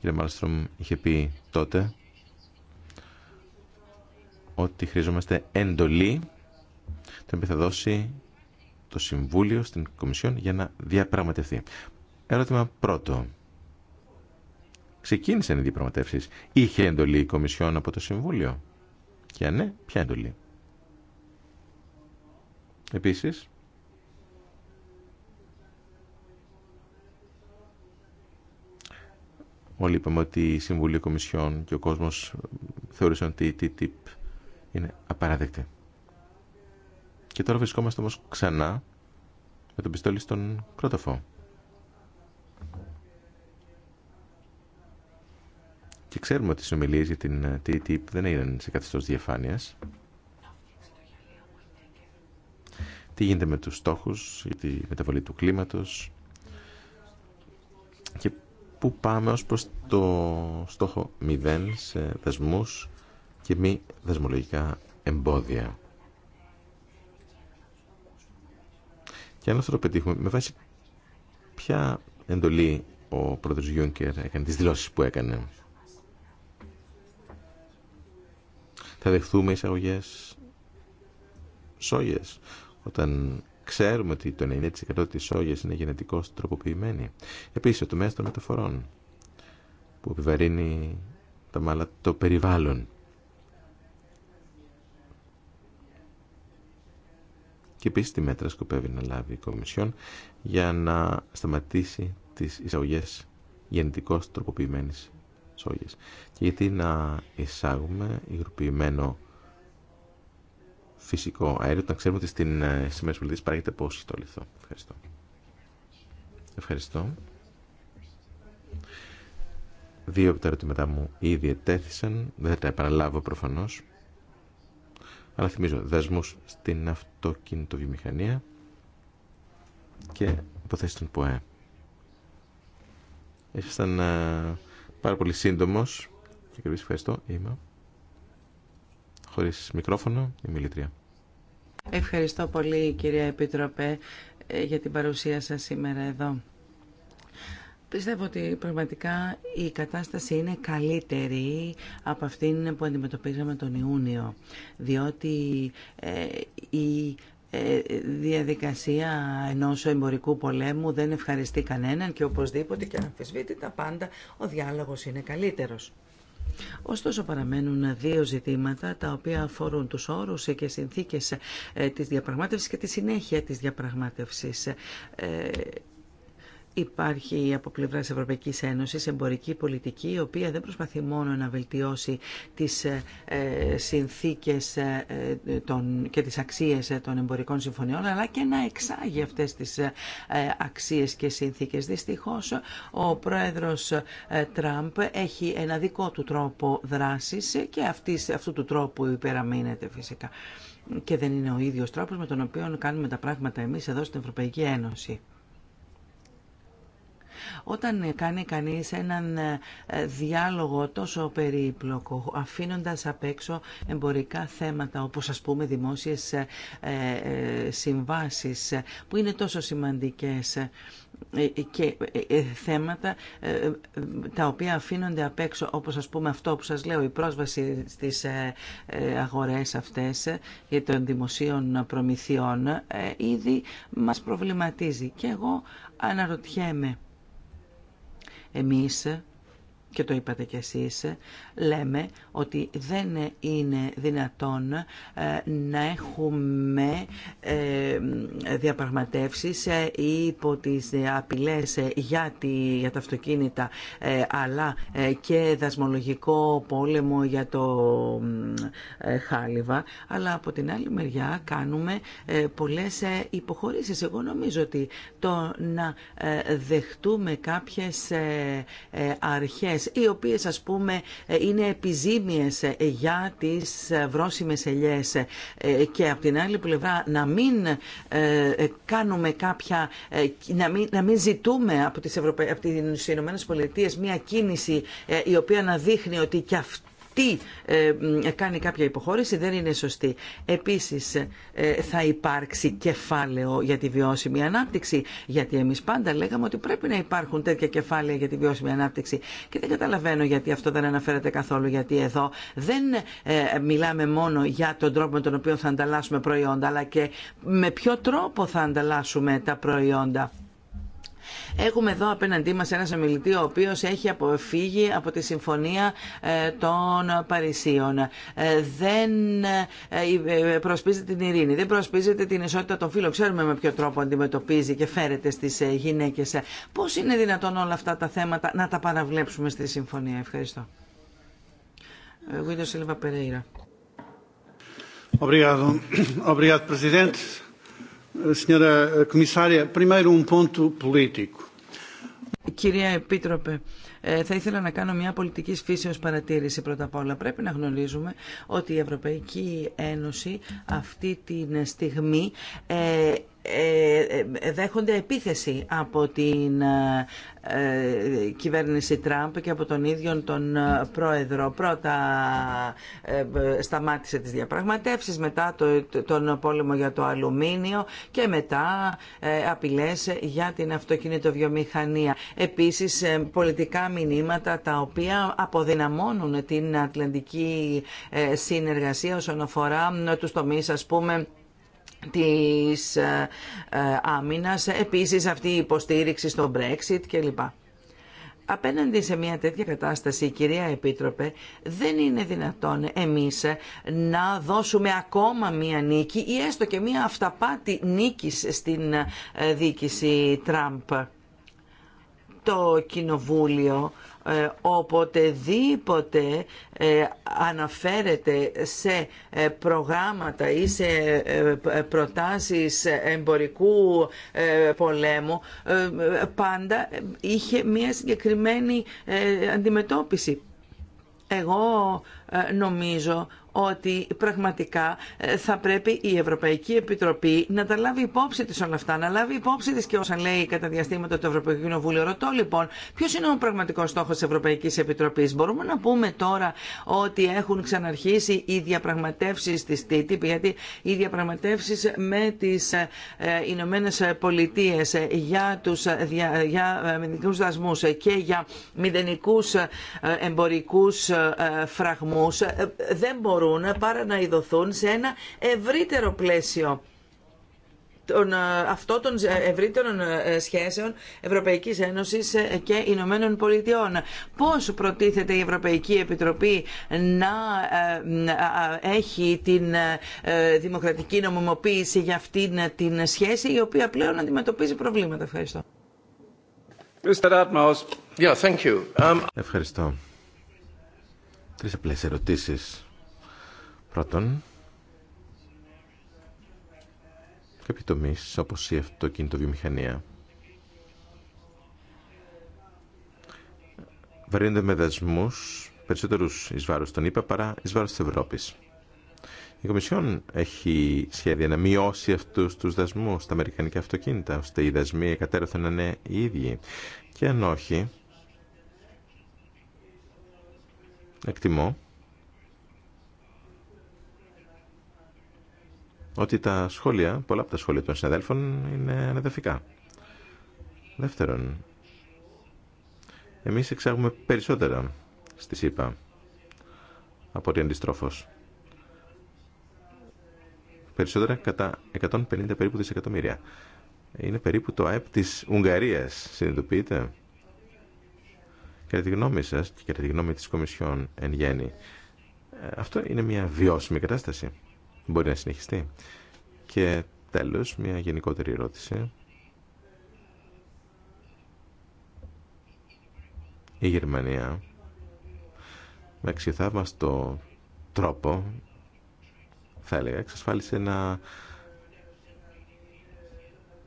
Κύριε Μάλστρομ είχε πει τότε ότι χρειαζόμαστε εντολή το οποία θα δώσει το Συμβούλιο στην Κομισιόν για να διαπραγματευτεί. Ερώτημα πρώτο. Ξεκίνησαν οι διαπραγματεύσεις. Είχε εντολή η Κομισιόν από το Συμβούλιο. Και αν ναι, ποια εντολή. Επίσης, Όλοι είπαμε ότι η Συμβουλή Κομισιόν και ο κόσμος θεωρήσαν ότι η TTIP είναι απαράδεκτη. Και τώρα βρισκόμαστε όμως ξανά με τον πιστόλι στον κρόταφο. Και ξέρουμε ότι οι συνομιλίες για την ε, TTIP δεν είναι σε καθεστώ διαφάνεια. Τι γίνεται με τους στόχους για τη μεταβολή του κλίματος και που πάμε ως προς το στόχο μηδέν σε δεσμούς και μη δεσμολογικά εμπόδια. Και αν αυτό το πετύχουμε, με βάση ποια εντολή ο πρόεδρος Γιούνκερ έκανε, τις δηλώσεις που έκανε. Θα δεχθούμε εισαγωγές σόγες όταν Ξέρουμε ότι το 90% της σόγιας είναι γενετικώς τροποποιημένη. Επίσης, ο τομέας των μεταφορών που επιβαρύνει τα μάλλα το περιβάλλον. Και επίση τη μέτρα σκοπεύει να λάβει η Κομισιόν για να σταματήσει τις εισαγωγές γενετικώς τροποποιημένης σόγιας. Και γιατί να εισάγουμε υγροποιημένο φυσικό αέριο, να ξέρουμε ότι στην ε, Ηνωμένε Πολιτείε παράγεται πώ το λιθό. Ευχαριστώ. Ευχαριστώ. Δύο από τα ερωτήματά μου ήδη ετέθησαν, δεν θα τα επαναλάβω προφανώ. Αλλά θυμίζω, δεσμού στην αυτοκινητοβιομηχανία και υποθέσει των ΠΟΕ. Ήσασταν ε, πάρα πολύ σύντομο. και ευχαριστώ, είμαι χωρίς μικρόφωνο, η μιλήτρια. Ευχαριστώ πολύ κυρία Επίτροπε ε, για την παρουσία σας σήμερα εδώ. Πιστεύω ότι πραγματικά η κατάσταση είναι καλύτερη από αυτήν που αντιμετωπίζαμε τον Ιούνιο, διότι ε, η ε, διαδικασία ενός εμπορικού πολέμου δεν ευχαριστεί κανέναν και οπωσδήποτε και αμφισβήτητα πάντα ο διάλογος είναι καλύτερος. Ωστόσο παραμένουν δύο ζητήματα τα οποία αφορούν τους όρους και συνθήκες ε, της διαπραγμάτευσης και τη συνέχεια της διαπραγμάτευσης. Ε, Υπάρχει από πλευράς Ευρωπαϊκής Ένωσης εμπορική πολιτική η οποία δεν προσπαθεί μόνο να βελτιώσει τις ε, συνθήκες ε, ε, και τις αξίες των εμπορικών συμφωνιών αλλά και να εξάγει αυτές τις αξίες και συνθήκες. Δυστυχώς ο πρόεδρος Τραμπ έχει ένα δικό του τρόπο δράσης και αυτού του τρόπου υπεραμείνεται φυσικά. Και δεν είναι ο ίδιος τρόπος με τον οποίο κάνουμε τα πράγματα εμείς εδώ στην Ευρωπαϊκή Ένωση. Όταν κάνει κανείς έναν ε, διάλογο τόσο περίπλοκο, αφήνοντας απ' έξω εμπορικά θέματα, όπως ας πούμε δημόσιες ε, ε, συμβάσεις, που είναι τόσο σημαντικές, και θέματα τα οποία αφήνονται απ' έξω όπως ας πούμε αυτό που σας λέω η πρόσβαση στις αγορές αυτές για των δημοσίων προμηθειών ήδη μας προβληματίζει και εγώ αναρωτιέμαι εμείς και το είπατε κι εσείς, λέμε ότι δεν είναι δυνατόν ε, να έχουμε ε, διαπραγματεύσεις ε, υπό τις απειλές για τα αυτοκίνητα αλλά και δασμολογικό πόλεμο για το χάλιβα, αλλά από την άλλη μεριά κάνουμε πολλές υποχωρήσεις. Εγώ νομίζω ότι το να δεχτούμε κάποιες αρχές οι οποίες ας πούμε ε, είναι επιζήμιες ε, για τις ε, βρόσιμες ελιές και από την άλλη πλευρά να μην κάνουμε κάποια, να μην, να μην ζητούμε από τις, Ευρωπα... από τις Ηνωμένες Πολιτείες μια κίνηση η οποία να δείχνει ότι και αυτό τι ε, κάνει κάποια υποχώρηση δεν είναι σωστή. Επίσης ε, θα υπάρξει κεφάλαιο για τη βιώσιμη ανάπτυξη, γιατί εμείς πάντα λέγαμε ότι πρέπει να υπάρχουν τέτοια κεφάλαια για τη βιώσιμη ανάπτυξη και δεν καταλαβαίνω γιατί αυτό δεν αναφέρεται καθόλου, γιατί εδώ δεν ε, μιλάμε μόνο για τον τρόπο με τον οποίο θα ανταλλάσσουμε προϊόντα, αλλά και με ποιο τρόπο θα ανταλλάσσουμε τα προϊόντα. Έχουμε εδώ απέναντί μας ένα ομιλητή ο οποίος έχει αποφύγει από τη Συμφωνία ε, των Παρισίων. Ε, δεν ε, προσπίζεται την ειρήνη, δεν προσπίζεται την ισότητα των φίλων. Ξέρουμε με ποιο τρόπο αντιμετωπίζει και φέρεται στις γυναίκες. Πώς είναι δυνατόν όλα αυτά τα θέματα να τα παραβλέψουμε στη Συμφωνία. Ευχαριστώ. Γουίδο Σίλβα Περέιρα. Obrigado, Presidente. Senhora Comissária, primeiro um ponto político. Κυρία Επίτροπε, ε, θα ήθελα να κάνω μια πολιτική φύσεως παρατήρηση πρώτα απ' όλα. Πρέπει να γνωρίζουμε ότι η Ευρωπαϊκή Ένωση αυτή τη στιγμή ε, ε, ε, δέχονται επίθεση από την ε, κυβέρνηση Τραμπ και από τον ίδιο τον πρόεδρο. Πρώτα σταμάτησε τις διαπραγματεύσεις, μετά τον πόλεμο για το αλουμίνιο και μετά απειλές για την αυτοκινητοβιομηχανία. Επίσης πολιτικά μηνύματα τα οποία αποδυναμώνουν την Ατλαντική συνεργασία όσον αφορά τους τομείς ας πούμε της ε, ε, άμυνας, επίσης αυτή η υποστήριξη στο Brexit κλπ. Απέναντι σε μια τέτοια κατάσταση, κυρία Επίτροπε, δεν είναι δυνατόν εμείς να δώσουμε ακόμα μια νίκη ή έστω και μια αυταπάτη νίκης στην ε, διοίκηση Τραμπ. Το Κοινοβούλιο ε, οποτεδήποτε ε, αναφέρεται σε ε, προγράμματα ή σε προτάσεις εμπορικού πολέμου πάντα είχε μια συγκεκριμένη αντιμετώπιση. Εγώ νομίζω ότι πραγματικά ε, θα πρέπει η Ευρωπαϊκή Επιτροπή να τα λάβει υπόψη τη όλα αυτά, να λάβει υπόψη τη και όσα λέει κατά διαστήματα το Ευρωπαϊκό Κοινοβούλιο. Ρωτώ λοιπόν, ποιο είναι ο πραγματικό στόχο τη Ευρωπαϊκή Επιτροπή. Μπορούμε να πούμε τώρα ότι έχουν ξαναρχίσει οι διαπραγματεύσει τη TTIP, γιατί οι διαπραγματεύσει με τι ε, Ηνωμένε Πολιτείε για του ε, για, μηδενικού δασμού και για μηδενικού εμπορικού φραγμού δεν μπορούν μπορούν παρά να ειδωθούν σε ένα ευρύτερο πλαίσιο των, ε, αυτό των ε, ευρύτερων ε, σχέσεων Ευρωπαϊκής Ένωσης και Ηνωμένων Πολιτειών. Πώς προτίθεται η Ευρωπαϊκή Επιτροπή να έχει την δημοκρατική νομιμοποίηση για αυτήν την σχέση η οποία πλέον αντιμετωπίζει προβλήματα. Ευχαριστώ. Um, Ευχαριστώ. Τρεις απλές ερωτήσεις. Πρώτον, κάποιοι τομεί όπω η αυτοκινητοβιομηχανία βαρύνονται με δασμού περισσότερου ει βάρο των ΗΠΑ παρά ει βάρο τη Ευρώπη. Η Κομισιόν έχει σχέδια να μειώσει αυτού του δασμού στα αμερικανικά αυτοκίνητα, ώστε οι δασμοί εκατέρωθαν να είναι οι ίδιοι. Και αν όχι, εκτιμώ ότι τα σχόλια, πολλά από τα σχόλια των συναδέλφων είναι ανεδαφικά. Δεύτερον, εμείς εξάγουμε περισσότερα στη ΣΥΠΑ από ότι αντιστρόφως. Περισσότερα κατά 150 περίπου δισεκατομμύρια. Είναι περίπου το ΑΕΠ της Ουγγαρίας, συνειδητοποιείτε. Κατά τη γνώμη σας και κατά τη γνώμη της Κομισιόν εν γέννη, ε, αυτό είναι μια βιώσιμη κατάσταση μπορεί να συνεχιστεί. Και τέλος, μια γενικότερη ερώτηση. Η Γερμανία με αξιοθαύμαστο τρόπο θα έλεγα εξασφάλισε ένα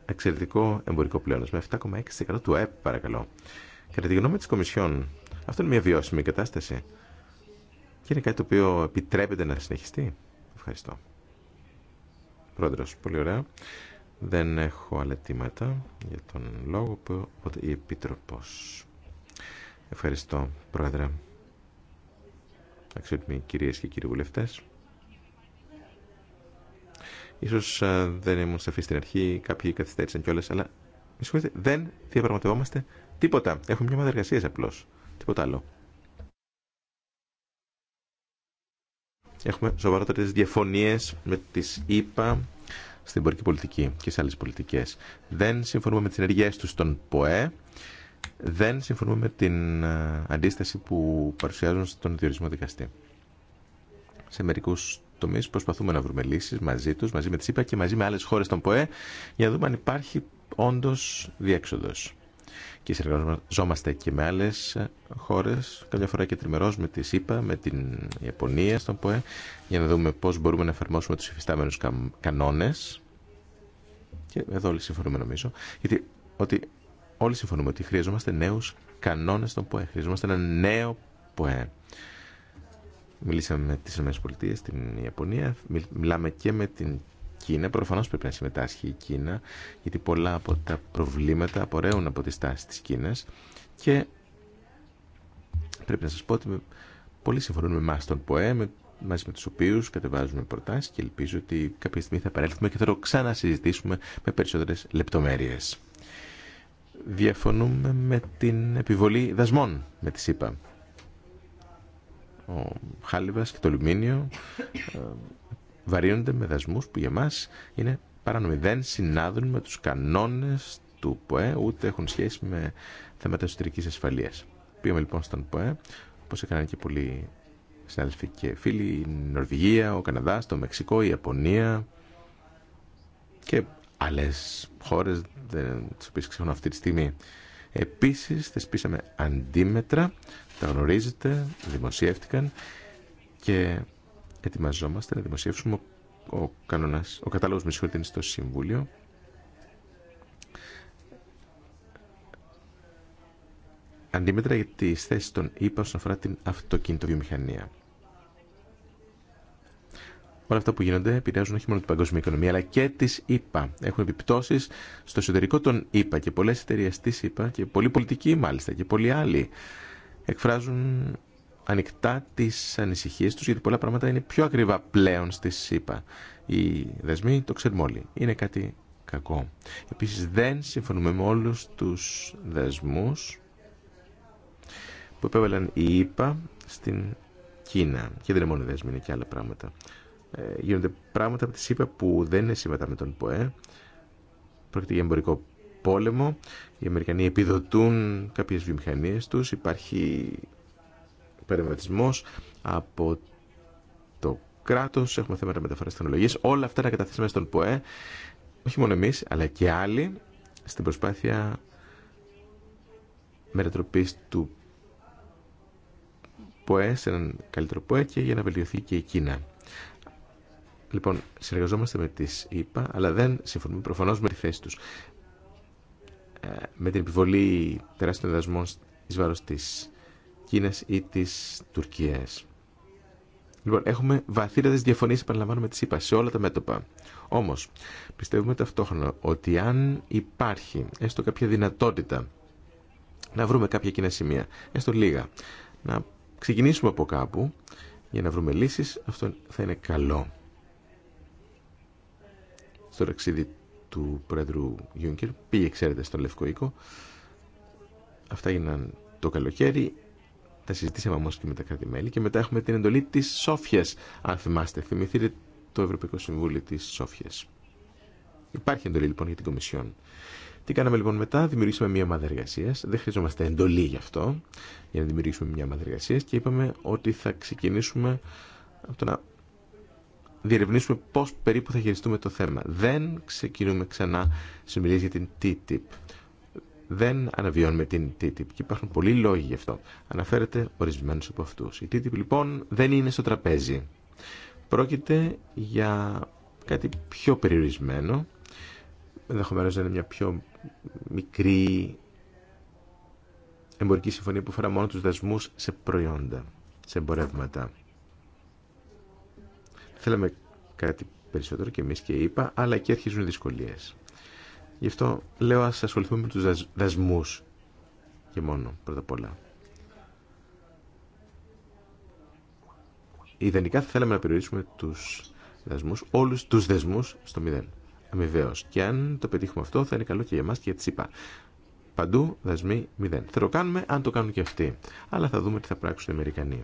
εξαιρετικό εμπορικό πλέον με 7,6% του ΕΠ, παρακαλώ. Κατά τη γνώμη της Κομισιόν αυτό είναι μια βιώσιμη κατάσταση και είναι κάτι το οποίο επιτρέπεται να συνεχιστεί. Ευχαριστώ. Πρόεδρος, πολύ ωραία. Δεν έχω άλλα για τον λόγο που η Επίτροπος. Ευχαριστώ, Πρόεδρε. Αξιότιμοι κυρίες και κύριοι βουλευτές. Ίσως δεν ήμουν σαφή στην αρχή, κάποιοι καθυστέρησαν κιόλας, αλλά με δεν διαπραγματευόμαστε τίποτα. Έχουμε μια ομάδα εργασία απλώς. Τίποτα άλλο. Έχουμε σοβαρότερες διαφωνίε με τις ΗΠΑ στην εμπορική πολιτική και σε άλλες πολιτικές. Δεν συμφωνούμε με τι ενεργειές τους στον ΠΟΕ. Δεν συμφωνούμε με την ε, αντίσταση που παρουσιάζουν στον διορισμό δικαστή. Σε μερικού τομεί προσπαθούμε να βρούμε λύσει μαζί τους, μαζί με τις ΗΠΑ και μαζί με άλλες χώρες στον ΠΟΕ για να δούμε αν υπάρχει όντω διέξοδος και συνεργαζόμαστε και με άλλε χώρες, καμιά φορά και τριμερό με τη ΣΥΠΑ, με την Ιαπωνία στον ΠΟΕ, για να δούμε πώς μπορούμε να εφαρμόσουμε τους υφιστάμενους κανόνες. Και εδώ όλοι συμφωνούμε νομίζω, γιατί ότι όλοι συμφωνούμε ότι χρειαζόμαστε νέους κανόνες στον ΠΟΕ, χρειαζόμαστε ένα νέο ΠΟΕ. Μιλήσαμε με τι ΗΠΑ, την Ιαπωνία, μιλάμε και με την Κίνα. Προφανώς πρέπει να συμμετάσχει η Κίνα, γιατί πολλά από τα προβλήματα απορρέουν από τη στάση της Κίνας και πρέπει να σας πω ότι πολλοί συμφωνούν με εμάς τον ΠΟΕ, με, μαζί με τους οποίους κατεβάζουμε προτάσεις και ελπίζω ότι κάποια στιγμή θα παρέλθουμε και θα το ξανασυζητήσουμε με περισσότερες λεπτομέρειες. Διαφωνούμε με την επιβολή δασμών με τη ΣΥΠΑ ο Χάλιβας και το λουμίνιο βαρύνονται με δασμούς που για μας είναι παράνομοι. Δεν συνάδουν με τους κανόνες του ΠΟΕ, ούτε έχουν σχέση με θέματα εσωτερική ασφαλείας. Πήγαμε λοιπόν στον ΠΟΕ, όπω έκαναν και πολλοί συνάδελφοι και φίλοι, η Νορβηγία, ο Καναδάς, το Μεξικό, η Ιαπωνία και άλλε χώρες, τι οποίε ξεχνώ αυτή τη στιγμή. Επίσης θεσπίσαμε αντίμετρα, τα γνωρίζετε, δημοσιεύτηκαν και ετοιμαζόμαστε να δημοσιεύσουμε ο, κανονάς, ο κατάλογος με είναι στο Συμβούλιο αντίμετρα για τις θέσεις των ΗΠΑ όσον αφορά την αυτοκινητοβιομηχανία. Όλα αυτά που γίνονται επηρεάζουν όχι μόνο την παγκόσμια οικονομία αλλά και τι ΙΠΑ Έχουν επιπτώσει στο εσωτερικό των ΙΠΑ και πολλέ εταιρείε τη και πολλοί πολιτικοί μάλιστα και πολλοί άλλοι εκφράζουν ανοιχτά τις ανησυχίες τους γιατί πολλά πράγματα είναι πιο ακριβά πλέον στη ΣΥΠΑ. Οι δεσμοί το ξέρουμε όλοι. Είναι κάτι κακό. Επίσης δεν συμφωνούμε με όλου τους δεσμούς που επέβαλαν η ΙΠΑ στην Κίνα. Και δεν είναι μόνο δεσμοί, είναι και άλλα πράγματα. Ε, γίνονται πράγματα από τη ΣΥΠΑ που δεν είναι σύμβατα με τον ΠΟΕ. Πρόκειται για εμπορικό πόλεμο. Οι Αμερικανοί επιδοτούν κάποιες βιομηχανίες τους. Υπάρχει περιβατισμός από το κράτος, έχουμε θέματα μεταφορά τεχνολογίας, όλα αυτά να καταθέσουμε στον ΠΟΕ, όχι μόνο εμείς, αλλά και άλλοι, στην προσπάθεια μετατροπής του ΠΟΕ σε έναν καλύτερο ΠΟΕ και για να βελτιωθεί και η Κίνα. Λοιπόν, συνεργαζόμαστε με τις ΗΠΑ, αλλά δεν συμφωνούμε προφανώς με τη θέση τους. Ε, με την επιβολή τεράστιων δασμών εις βάρος της Κίνας ή της Τουρκίας. Λοιπόν, έχουμε διαφωνίε, διαφωνίες, επαναλαμβάνουμε τι είπα, σε όλα τα μέτωπα. Όμω, πιστεύουμε ταυτόχρονα ότι αν υπάρχει έστω κάποια δυνατότητα να βρούμε κάποια κοινά σημεία, έστω λίγα, να ξεκινήσουμε από κάπου για να βρούμε λύσει. αυτό θα είναι καλό. Στο ταξίδι του πρόεδρου Γιούνκερ πήγε, ξέρετε, στο Λευκό Οίκο. Αυτά έγιναν το καλοκαίρι. Τα συζητήσαμε όμω και με τα κρατη και μετά έχουμε την εντολή τη Σόφια. Αν θυμάστε, θυμηθείτε το Ευρωπαϊκό Συμβούλιο τη Σόφια. Υπάρχει εντολή λοιπόν για την Κομισιόν. Τι κάναμε λοιπόν μετά, δημιουργήσαμε μια ομάδα εργασία. Δεν χρειαζόμαστε εντολή γι' αυτό, για να δημιουργήσουμε μια ομάδα εργασία και είπαμε ότι θα ξεκινήσουμε από το να διερευνήσουμε πώ περίπου θα χειριστούμε το θέμα. Δεν ξεκινούμε ξανά συνομιλίε για την TTIP δεν αναβιώνουμε την TTIP και υπάρχουν πολλοί λόγοι γι' αυτό. Αναφέρεται ορισμένους από αυτούς. Η TTIP λοιπόν δεν είναι στο τραπέζι. Πρόκειται για κάτι πιο περιορισμένο, ενδεχομένω να είναι μια πιο μικρή εμπορική συμφωνία που φέρα μόνο τους δασμούς σε προϊόντα, σε εμπορεύματα. Θέλαμε κάτι περισσότερο και εμείς και είπα, αλλά και αρχίζουν οι δυσκολίες. Γι' αυτό λέω ας ασχοληθούμε με τους δεσμούς και μόνο πρώτα απ' όλα. Ιδανικά θα θέλαμε να περιορίσουμε τους δεσμούς, όλους τους δεσμούς στο μηδέν. Αμοιβαίως. Και αν το πετύχουμε αυτό θα είναι καλό και για εμάς και για τις είπα. Παντού δασμοί μηδέν. Θα το κάνουμε αν το κάνουν και αυτοί. Αλλά θα δούμε τι θα πράξουν οι Αμερικανοί.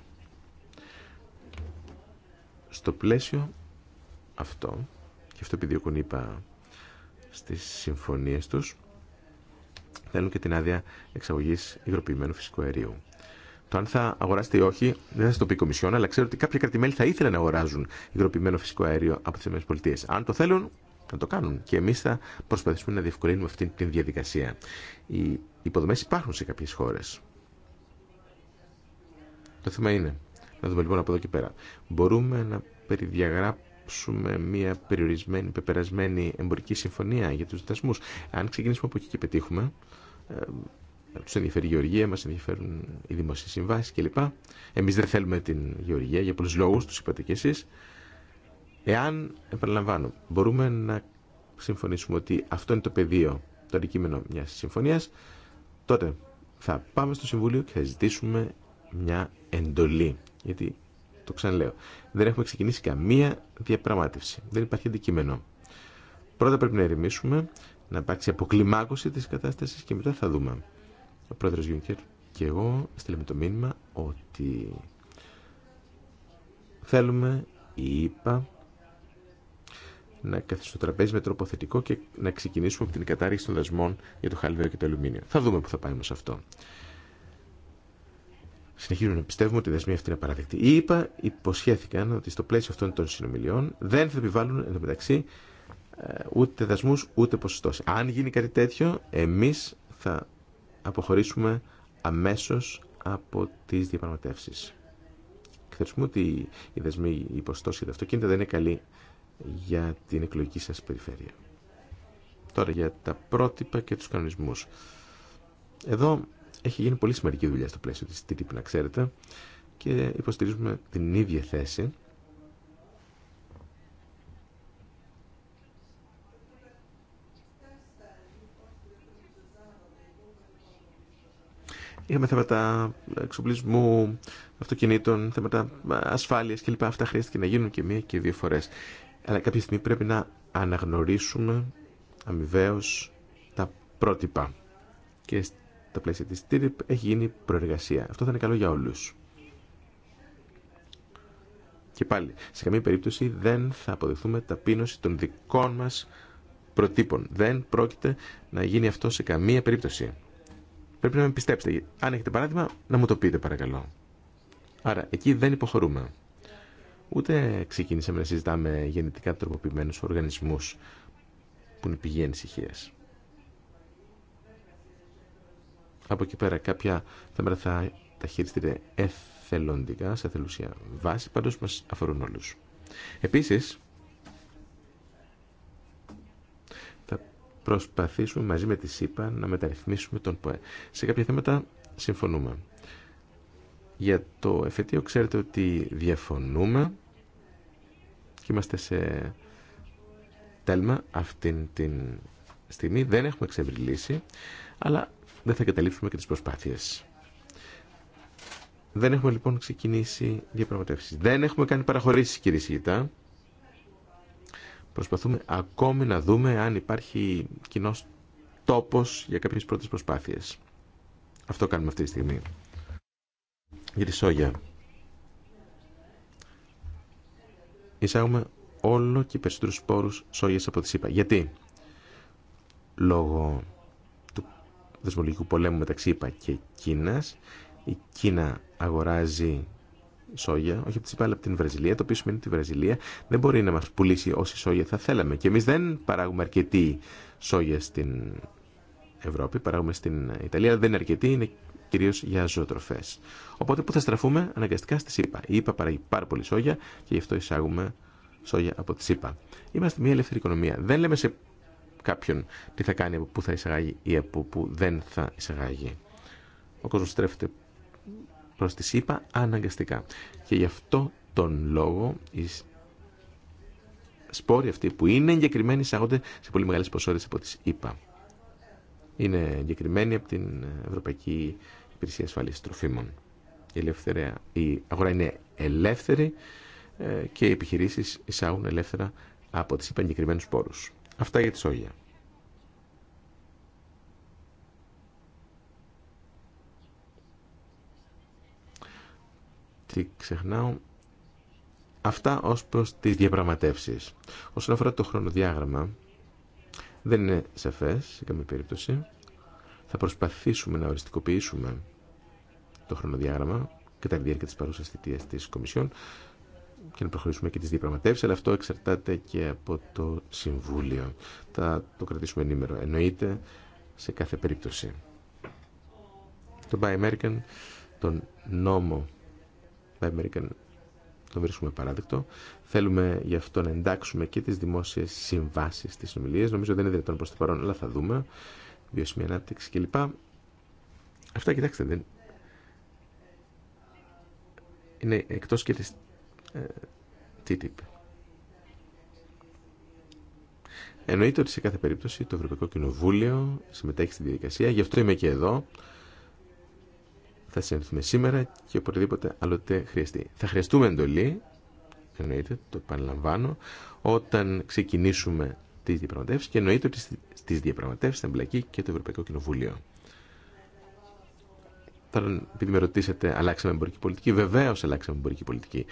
Στο πλαίσιο αυτό, και αυτό ο είπα στις συμφωνίες τους θέλουν και την άδεια εξαγωγής υγροποιημένου φυσικού αερίου. Το αν θα αγοράσετε ή όχι, δεν θα σα το πει η Κομισιόν, αλλά ξέρω ότι κάποια κρατημέλη θα ήθελαν να αγοράζουν υγροποιημένο φυσικό αέριο από τι ΗΠΑ. Αν το θέλουν, να το κάνουν. Και εμεί θα προσπαθήσουμε να διευκολύνουμε αυτή τη διαδικασία. Οι υποδομέ υπάρχουν σε κάποιε χώρε. Το θέμα είναι, να δούμε λοιπόν από εδώ και πέρα, μπορούμε να περιδιαγράψουμε υπογράψουμε μια περιορισμένη, πεπερασμένη εμπορική συμφωνία για τους δασμούς. Αν ξεκινήσουμε από εκεί και πετύχουμε, ε, του ενδιαφέρει η γεωργία, μα ενδιαφέρουν οι δημοσίες συμβάσει κλπ. Εμεί δεν θέλουμε την γεωργία για πολλούς λόγους, του είπατε κι εσεί. Εάν, επαναλαμβάνω, μπορούμε να συμφωνήσουμε ότι αυτό είναι το πεδίο, το αντικείμενο μιας συμφωνίας, τότε θα πάμε στο Συμβούλιο και θα ζητήσουμε μια εντολή. Γιατί το ξαναλέω. Δεν έχουμε ξεκινήσει καμία διαπραγμάτευση. Δεν υπάρχει αντικείμενο. Πρώτα πρέπει να ερεμήσουμε, να υπάρξει αποκλιμάκωση τη κατάσταση και μετά θα δούμε. Ο πρόεδρο Γιούνκερ και εγώ στείλαμε το μήνυμα ότι θέλουμε η ΕΠΑ να καθίσει στο τραπέζι με τρόπο θετικό και να ξεκινήσουμε από την κατάργηση των δασμών για το χάλιβα και το αλουμίνιο. Θα δούμε που θα πάει όμω αυτό. Συνεχίζουμε να πιστεύουμε ότι η δεσμή αυτή είναι παραδεκτοί. Οι ΙΠΑ υποσχέθηκαν ότι στο πλαίσιο αυτών των συνομιλιών δεν θα επιβάλλουν εν μεταξύ ε, ούτε δασμού ούτε ποσοστό. Αν γίνει κάτι τέτοιο, εμεί θα αποχωρήσουμε αμέσω από τι διαπραγματεύσει. Και ότι οι δεσμοί, η ποσοστό για τα αυτοκίνητα δεν είναι καλή για την εκλογική σα περιφέρεια. Τώρα για τα πρότυπα και του κανονισμού. Εδώ έχει γίνει πολύ σημαντική δουλειά στο πλαίσιο της TTIP, να ξέρετε, και υποστηρίζουμε την ίδια θέση. Είχαμε θέματα εξοπλισμού, αυτοκινήτων, θέματα ασφάλειας κλπ. Αυτά χρειάστηκε να γίνουν και μία και δύο φορές. Αλλά κάποια στιγμή πρέπει να αναγνωρίσουμε αμοιβαίως τα πρότυπα και τα πλαίσια της TTIP έχει γίνει προεργασία. Αυτό θα είναι καλό για όλους. Και πάλι, σε καμία περίπτωση δεν θα αποδεχθούμε ταπείνωση των δικών μας προτύπων. Δεν πρόκειται να γίνει αυτό σε καμία περίπτωση. Πρέπει να με πιστέψετε. Αν έχετε παράδειγμα, να μου το πείτε παρακαλώ. Άρα, εκεί δεν υποχωρούμε. Ούτε ξεκίνησαμε να συζητάμε γενετικά τροποποιημένους οργανισμούς που είναι πηγή ανησυχίας. Από εκεί πέρα κάποια θέματα θα τα χειριστείτε εθελοντικά, σε θελουσία βάση, πάντως μας αφορούν όλους. Επίσης, θα προσπαθήσουμε μαζί με τη ΣΥΠΑ να μεταρρυθμίσουμε τον ΠΟΕ. Σε κάποια θέματα συμφωνούμε. Για το εφετείο ξέρετε ότι διαφωνούμε και είμαστε σε τέλμα αυτήν την στιγμή. Δεν έχουμε ξεβριλήσει, αλλά δεν θα καταλήψουμε και τις προσπάθειες. Δεν έχουμε λοιπόν ξεκινήσει διαπραγματεύσεις. Δεν έχουμε κάνει παραχωρήσεις κύριε Σιγητά. Προσπαθούμε ακόμη να δούμε αν υπάρχει κοινό τόπος για κάποιες πρώτες προσπάθειες. Αυτό κάνουμε αυτή τη στιγμή. Για τη σόγια. Εισάγουμε όλο και περισσότερους σπόρους σόγιας από τη ΣΥΠΑ. Γιατί? Λόγω δοσμολογικού πολέμου μεταξύ ΙΠΑ και Κίνας. Η Κίνα αγοράζει σόγια, όχι από τη ΣΥΠΑ αλλά από την Βραζιλία, το οποίο σημαίνει ότι η Βραζιλία δεν μπορεί να μας πουλήσει όση σόγια θα θέλαμε. Και εμείς δεν παράγουμε αρκετή σόγια στην Ευρώπη, παράγουμε στην Ιταλία, αλλά δεν είναι αρκετή, είναι κυρίω για ζωοτροφέ. Οπότε που θα στραφούμε αναγκαστικά στη ΣΥΠΑ. Η ΙΠΑ παράγει πάρα πολύ σόγια και γι' αυτό εισάγουμε σόγια από τη ΣΥΠΑ. Είμαστε μια ελεύθερη οικονομία. Δεν λέμε σε κάποιον τι θα κάνει, από πού θα εισαγάγει ή από πού δεν θα εισαγάγει. Ο κόσμος στρέφεται προς τη ΣΥΠΑ αναγκαστικά. Και γι' αυτό τον λόγο οι σπόροι αυτοί που είναι εγκεκριμένοι εισάγονται σε πολύ μεγάλες ποσότητες από τις ΕΠΑ. Είναι εγκεκριμένοι από την Ευρωπαϊκή Υπηρεσία Ασφαλής Τροφίμων. Η, αγορά είναι ελεύθερη ε, και οι επιχειρήσεις εισάγουν ελεύθερα από τις υπενγκεκριμένους πόρους. Αυτά για τη σόγια. Τι ξεχνάω. Αυτά ως προς τις διαπραγματεύσεις. Όσον αφορά το χρονοδιάγραμμα, δεν είναι σαφές σε καμία περίπτωση. Θα προσπαθήσουμε να οριστικοποιήσουμε το χρονοδιάγραμμα κατά τη διάρκεια της παρούσας θητείας της Κομισιόν και να προχωρήσουμε και τις διαπραγματεύσεις, αλλά αυτό εξαρτάται και από το Συμβούλιο. Θα το κρατήσουμε ενήμερο. Εννοείται σε κάθε περίπτωση. Το Buy American, τον νόμο Buy American, το βρίσκουμε παράδεκτο. Θέλουμε γι' αυτό να εντάξουμε και τις δημόσιες συμβάσεις στις ομιλίας. Νομίζω δεν είναι δυνατόν προς το παρόν, αλλά θα δούμε. Βιώσιμη ανάπτυξη κλπ. Αυτά κοιτάξτε, δεν... είναι εκτός και της ε, εννοείται ότι σε κάθε περίπτωση το Ευρωπαϊκό Κοινοβούλιο συμμετέχει στη διαδικασία, γι' αυτό είμαι και εδώ. Θα συνεχίσουμε σήμερα και οποτεδήποτε άλλοτε χρειαστεί. Θα χρειαστούμε εντολή, εννοείται, το επαναλαμβάνω, όταν ξεκινήσουμε τι διαπραγματεύσει και εννοείται ότι στις διαπραγματεύσει θα εμπλακεί και το Ευρωπαϊκό Κοινοβούλιο. Τώρα, επειδή με ρωτήσετε, αλλάξαμε εμπορική πολιτική. Βεβαίω, αλλάξαμε εμπορική πολιτική.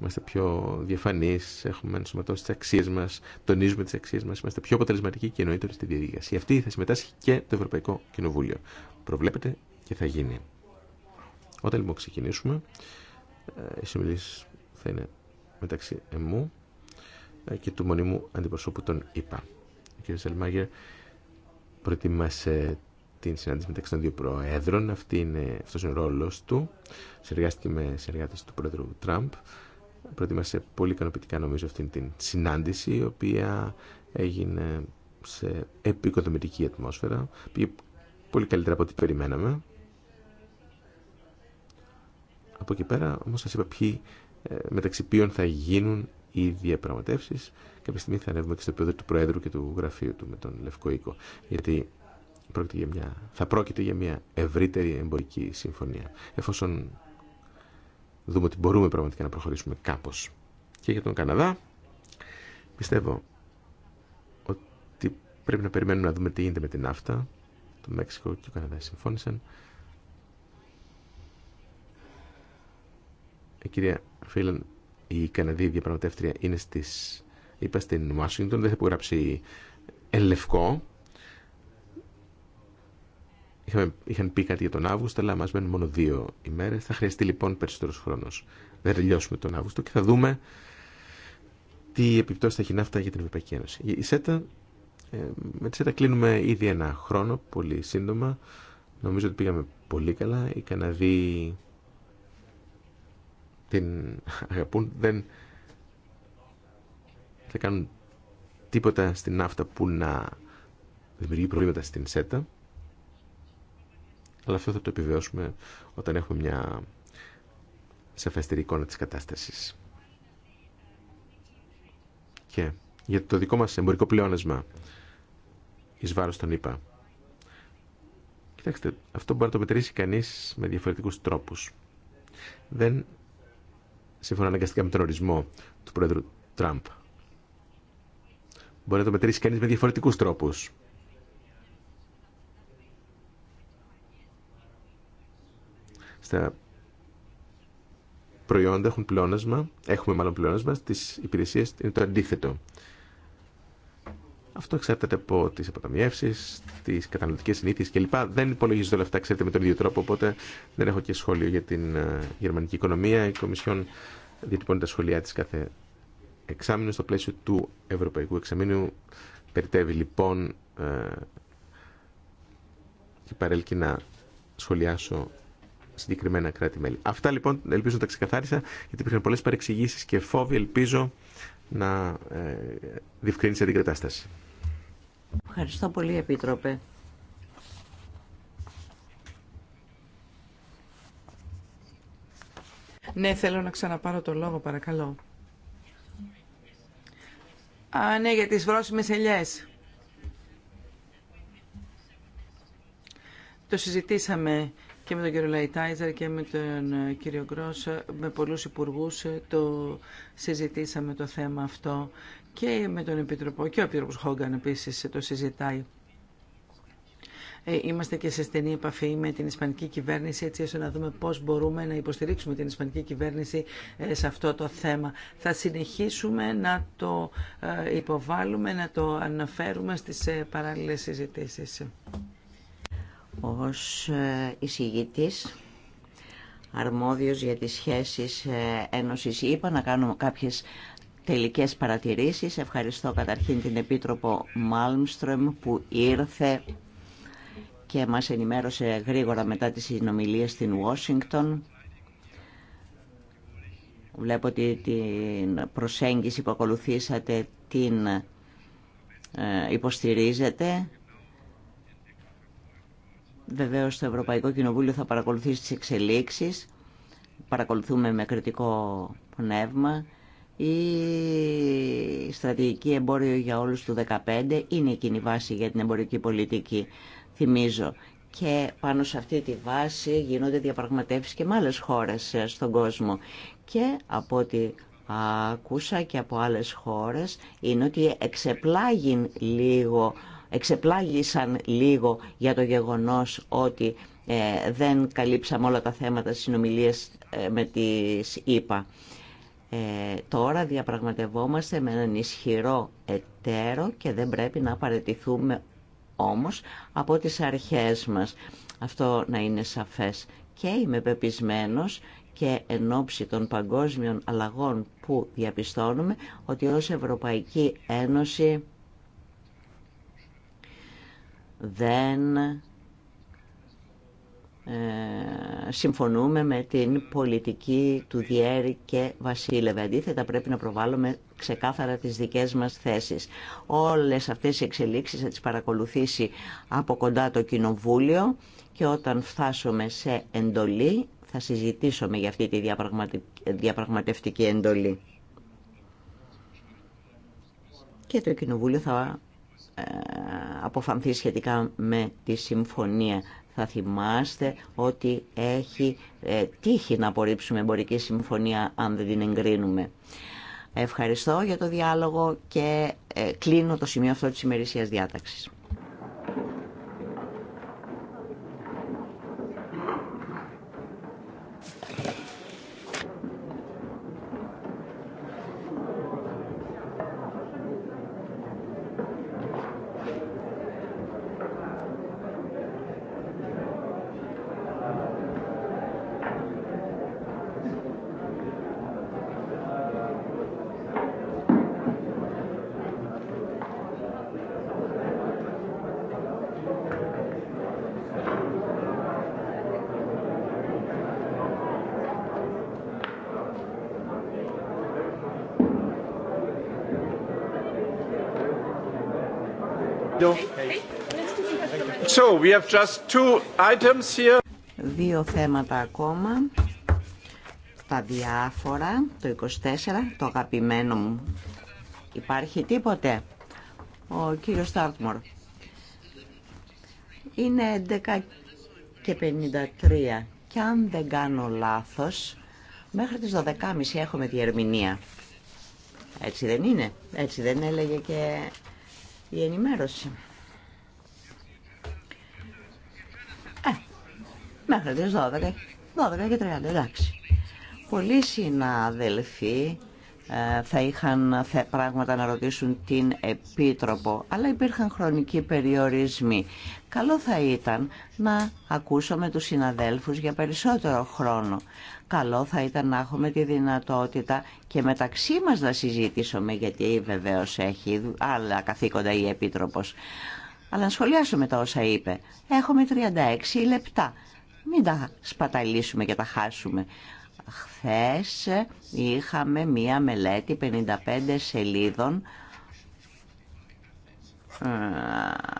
Είμαστε πιο διαφανεί, έχουμε ενσωματώσει τι αξίε μα, τονίζουμε τι αξίε μα, είμαστε πιο αποτελεσματικοί και εννοείται στη διαδικασία. Αυτή θα συμμετάσχει και το Ευρωπαϊκό Κοινοβούλιο. Προβλέπετε και θα γίνει. Όταν λοιπόν ξεκινήσουμε, ε, οι συνομιλήσει θα είναι μεταξύ εμού ε, και του μονίμου αντιπροσώπου των είπα. Ο κ. Σελμάγερ προετοίμασε την συνάντηση μεταξύ των δύο προέδρων. Αυτή είναι, αυτός είναι ο ρόλος του. Συνεργάστηκε με συνεργάτες του πρόεδρου Τραμπ. Προετοίμασε πολύ ικανοποιητικά νομίζω αυτή την συνάντηση, η οποία έγινε σε επικοδομητική ατμόσφαιρα. Πήγε πολύ καλύτερα από ό,τι περιμέναμε. Από εκεί πέρα όμως σας είπα ποιοι ε, μεταξύ ποιων θα γίνουν οι διαπραγματεύσει. Κάποια στιγμή θα ανέβουμε και στο επίπεδο του Προέδρου και του Γραφείου του με τον Λευκό Οίκο. Πρόκειται για μια, θα πρόκειται για μια ευρύτερη εμπορική συμφωνία. Εφόσον δούμε ότι μπορούμε πραγματικά να προχωρήσουμε κάπως. Και για τον Καναδά, πιστεύω ότι πρέπει να περιμένουμε να δούμε τι γίνεται με την ναύτα. Το Μέξικο και ο Καναδά συμφώνησαν. Η ε, κυρία Φίλαν, η Καναδή διαπραγματεύτρια είναι στις... Είπα στην Ουάσιγκτον, δεν θα υπογράψει ελευκό Είχαμε, είχαν πει κάτι για τον Αύγουστο, αλλά μα μένουν μόνο δύο ημέρε. Θα χρειαστεί λοιπόν περισσότερο χρόνο. δεν τελειώσουμε τον Αύγουστο και θα δούμε τι επιπτώσει θα έχει ναύτα για την Ευρωπαϊκή Ένωση. Η ΣΕΤΑ, ε, με τη ΣΕΤΑ κλείνουμε ήδη ένα χρόνο, πολύ σύντομα. Νομίζω ότι πήγαμε πολύ καλά. Οι Καναδοί την αγαπούν. Δεν θα κάνουν τίποτα στην ναύτα που να δημιουργεί προβλήματα στην ΣΕΤΑ αλλά αυτό θα το επιβεβαιώσουμε όταν έχουμε μια σαφέστερη εικόνα της κατάστασης. Και για το δικό μας εμπορικό πλεόνασμα εις βάρος τον είπα. Κοιτάξτε, αυτό μπορεί να το μετρήσει κανείς με διαφορετικούς τρόπους. Δεν σύμφωνα αναγκαστικά με τον ορισμό του πρόεδρου Τραμπ. Μπορεί να το μετρήσει κανείς με διαφορετικούς τρόπους. στα προϊόντα έχουν πλεόνασμα, έχουμε μάλλον πλεόνασμα, στις υπηρεσίες είναι το αντίθετο. Αυτό εξαρτάται από τι αποταμιεύσει, τι καταναλωτικέ συνήθειε κλπ. Δεν υπολογίζονται όλα αυτά, ξέρετε, με τον ίδιο τρόπο. Οπότε δεν έχω και σχόλιο για την ε, γερμανική οικονομία. Η Κομισιόν διατυπώνει τα σχόλιά τη κάθε εξάμεινο στο πλαίσιο του Ευρωπαϊκού Εξαμήνου. Περιτεύει λοιπόν ε, και παρέλκει να σχολιάσω συγκεκριμένα κράτη-μέλη. Αυτά λοιπόν ελπίζω να τα ξεκαθάρισα, γιατί υπήρχαν πολλέ παρεξηγήσει και φόβοι. Ελπίζω να ε, διευκρίνησα την κατάσταση. Ευχαριστώ πολύ, Επίτροπε. Ναι, θέλω να ξαναπάρω το λόγο, παρακαλώ. Α, ναι, για τις βρώσιμες ελιές. Το συζητήσαμε και με τον κύριο Λαϊτάιζερ και με τον ε, κύριο Γκρός, ε, με πολλούς υπουργούς ε, το συζητήσαμε το θέμα αυτό και με τον Επιτροπό και ο Επιτροπός Χόγκαν επίσης το συζητάει. Είμαστε και σε στενή επαφή με την Ισπανική κυβέρνηση έτσι ώστε να δούμε πώς μπορούμε να υποστηρίξουμε την Ισπανική κυβέρνηση σε αυτό το θέμα. Θα συνεχίσουμε να το υποβάλουμε, να το αναφέρουμε στις παράλληλες συζητήσεις ως ε, εισηγητής αρμόδιος για τις σχέσεις ε, Ένωσης είπα να κάνω κάποιες τελικές παρατηρήσεις. Ευχαριστώ καταρχήν την Επίτροπο Μάλμστρομ που ήρθε και μας ενημέρωσε γρήγορα μετά τις συνομιλίες στην Ουάσιγκτον. Βλέπω ότι την προσέγγιση που ακολουθήσατε την ε, υποστηρίζετε Βεβαίω το Ευρωπαϊκό Κοινοβούλιο θα παρακολουθήσει τις εξελίξεις. Παρακολουθούμε με κριτικό πνεύμα. Η στρατηγική εμπόριο για όλους του 2015 είναι η κοινή βάση για την εμπορική πολιτική, θυμίζω. Και πάνω σε αυτή τη βάση γίνονται διαπραγματεύσεις και με άλλες χώρες ε, στον κόσμο. Και από ό,τι ακούσα και από άλλες χώρες είναι ότι εξεπλάγει λίγο εξεπλάγησαν λίγο για το γεγονός ότι ε, δεν καλύψαμε όλα τα θέματα στις συνομιλίες ε, με τις ΗΠΑ. Ε, τώρα διαπραγματευόμαστε με έναν ισχυρό εταίρο και δεν πρέπει να παραιτηθούμε όμως από τις αρχές μας. Αυτό να είναι σαφές. Και είμαι πεπισμένος και εν ώψη των παγκόσμιων αλλαγών που διαπιστώνουμε ότι ως Ευρωπαϊκή Ένωση δεν ε, συμφωνούμε με την πολιτική του Διέρη και Βασίλευε. Αντίθετα πρέπει να προβάλλουμε ξεκάθαρα τις δικές μας θέσεις. Όλες αυτές οι εξελίξεις θα τις παρακολουθήσει από κοντά το Κοινοβούλιο και όταν φτάσουμε σε εντολή θα συζητήσουμε για αυτή τη διαπραγματευτική εντολή. Και το Κοινοβούλιο θα αποφανθεί σχετικά με τη συμφωνία. Θα θυμάστε ότι έχει ε, τύχει να απορρίψουμε εμπορική συμφωνία αν δεν την εγκρίνουμε. Ευχαριστώ για το διάλογο και ε, κλείνω το σημείο αυτό της ημερησίας διάταξης. Δύο θέματα ακόμα. Τα διάφορα, το 24, το αγαπημένο μου. Υπάρχει τίποτε. Ο κύριος Στάρτμορ. Είναι 11 και 53 και αν δεν κάνω λάθος, μέχρι τις 12.30 έχουμε διερμηνία. Έτσι δεν είναι. Έτσι δεν έλεγε και η ενημέρωση. μέχρι τις 12, 12 και 30, εντάξει. Πολλοί συναδελφοί ε, θα είχαν πράγματα να ρωτήσουν την Επίτροπο, αλλά υπήρχαν χρονικοί περιορισμοί. Καλό θα ήταν να ακούσουμε τους συναδέλφους για περισσότερο χρόνο. Καλό θα ήταν να έχουμε τη δυνατότητα και μεταξύ μας να συζητήσουμε, γιατί βεβαίως έχει άλλα καθήκοντα η Επίτροπος. Αλλά να σχολιάσουμε τα όσα είπε. Έχουμε 36 λεπτά. Μην τα σπαταλήσουμε και τα χάσουμε. Χθες είχαμε μία μελέτη 55 σελίδων ε,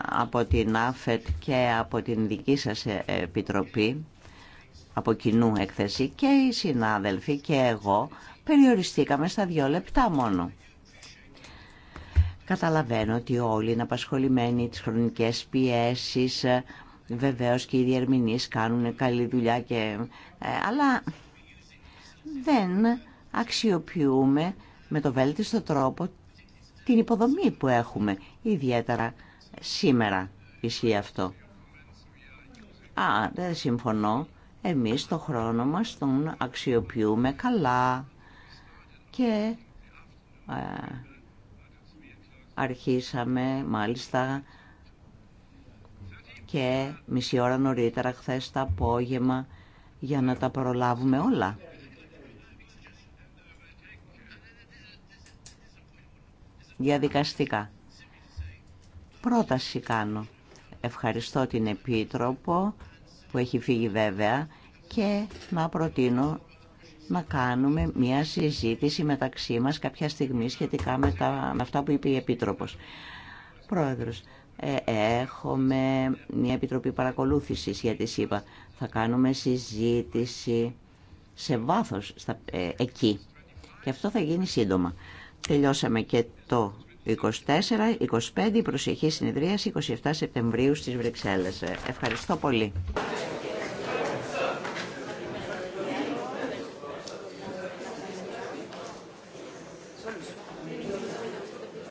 από την ΑΦΕΤ και από την δική σας ε, επιτροπή από κοινού έκθεση και οι συνάδελφοι και εγώ περιοριστήκαμε στα δύο λεπτά μόνο. Καταλαβαίνω ότι όλοι είναι απασχολημένοι τις χρονικές πιέσεις Βεβαίως και οι διερμηνείς κάνουν καλή δουλειά και... Ε, αλλά δεν αξιοποιούμε με το βέλτιστο τρόπο την υποδομή που έχουμε. Ιδιαίτερα σήμερα ισχύει αυτό. Α, δεν συμφωνώ. Εμείς το χρόνο μας τον αξιοποιούμε καλά και ε, αρχίσαμε μάλιστα και μισή ώρα νωρίτερα χθε το απόγευμα για να τα προλάβουμε όλα. Διαδικαστικά. Πρόταση κάνω. Ευχαριστώ την Επίτροπο που έχει φύγει βέβαια και να προτείνω να κάνουμε μια συζήτηση μεταξύ μας κάποια στιγμή σχετικά με, τα, με αυτά που είπε η Επίτροπος. Πρόεδρος, ε, έχουμε μια επιτροπή παρακολούθησης για τη ΣΥΠΑ. Θα κάνουμε συζήτηση σε βάθος στα, ε, εκεί. Και αυτό θα γίνει σύντομα. Τελειώσαμε και το 24-25 προσεχή συνεδρίαση 27 Σεπτεμβρίου στις Βρυξέλλες. Ε, ευχαριστώ πολύ.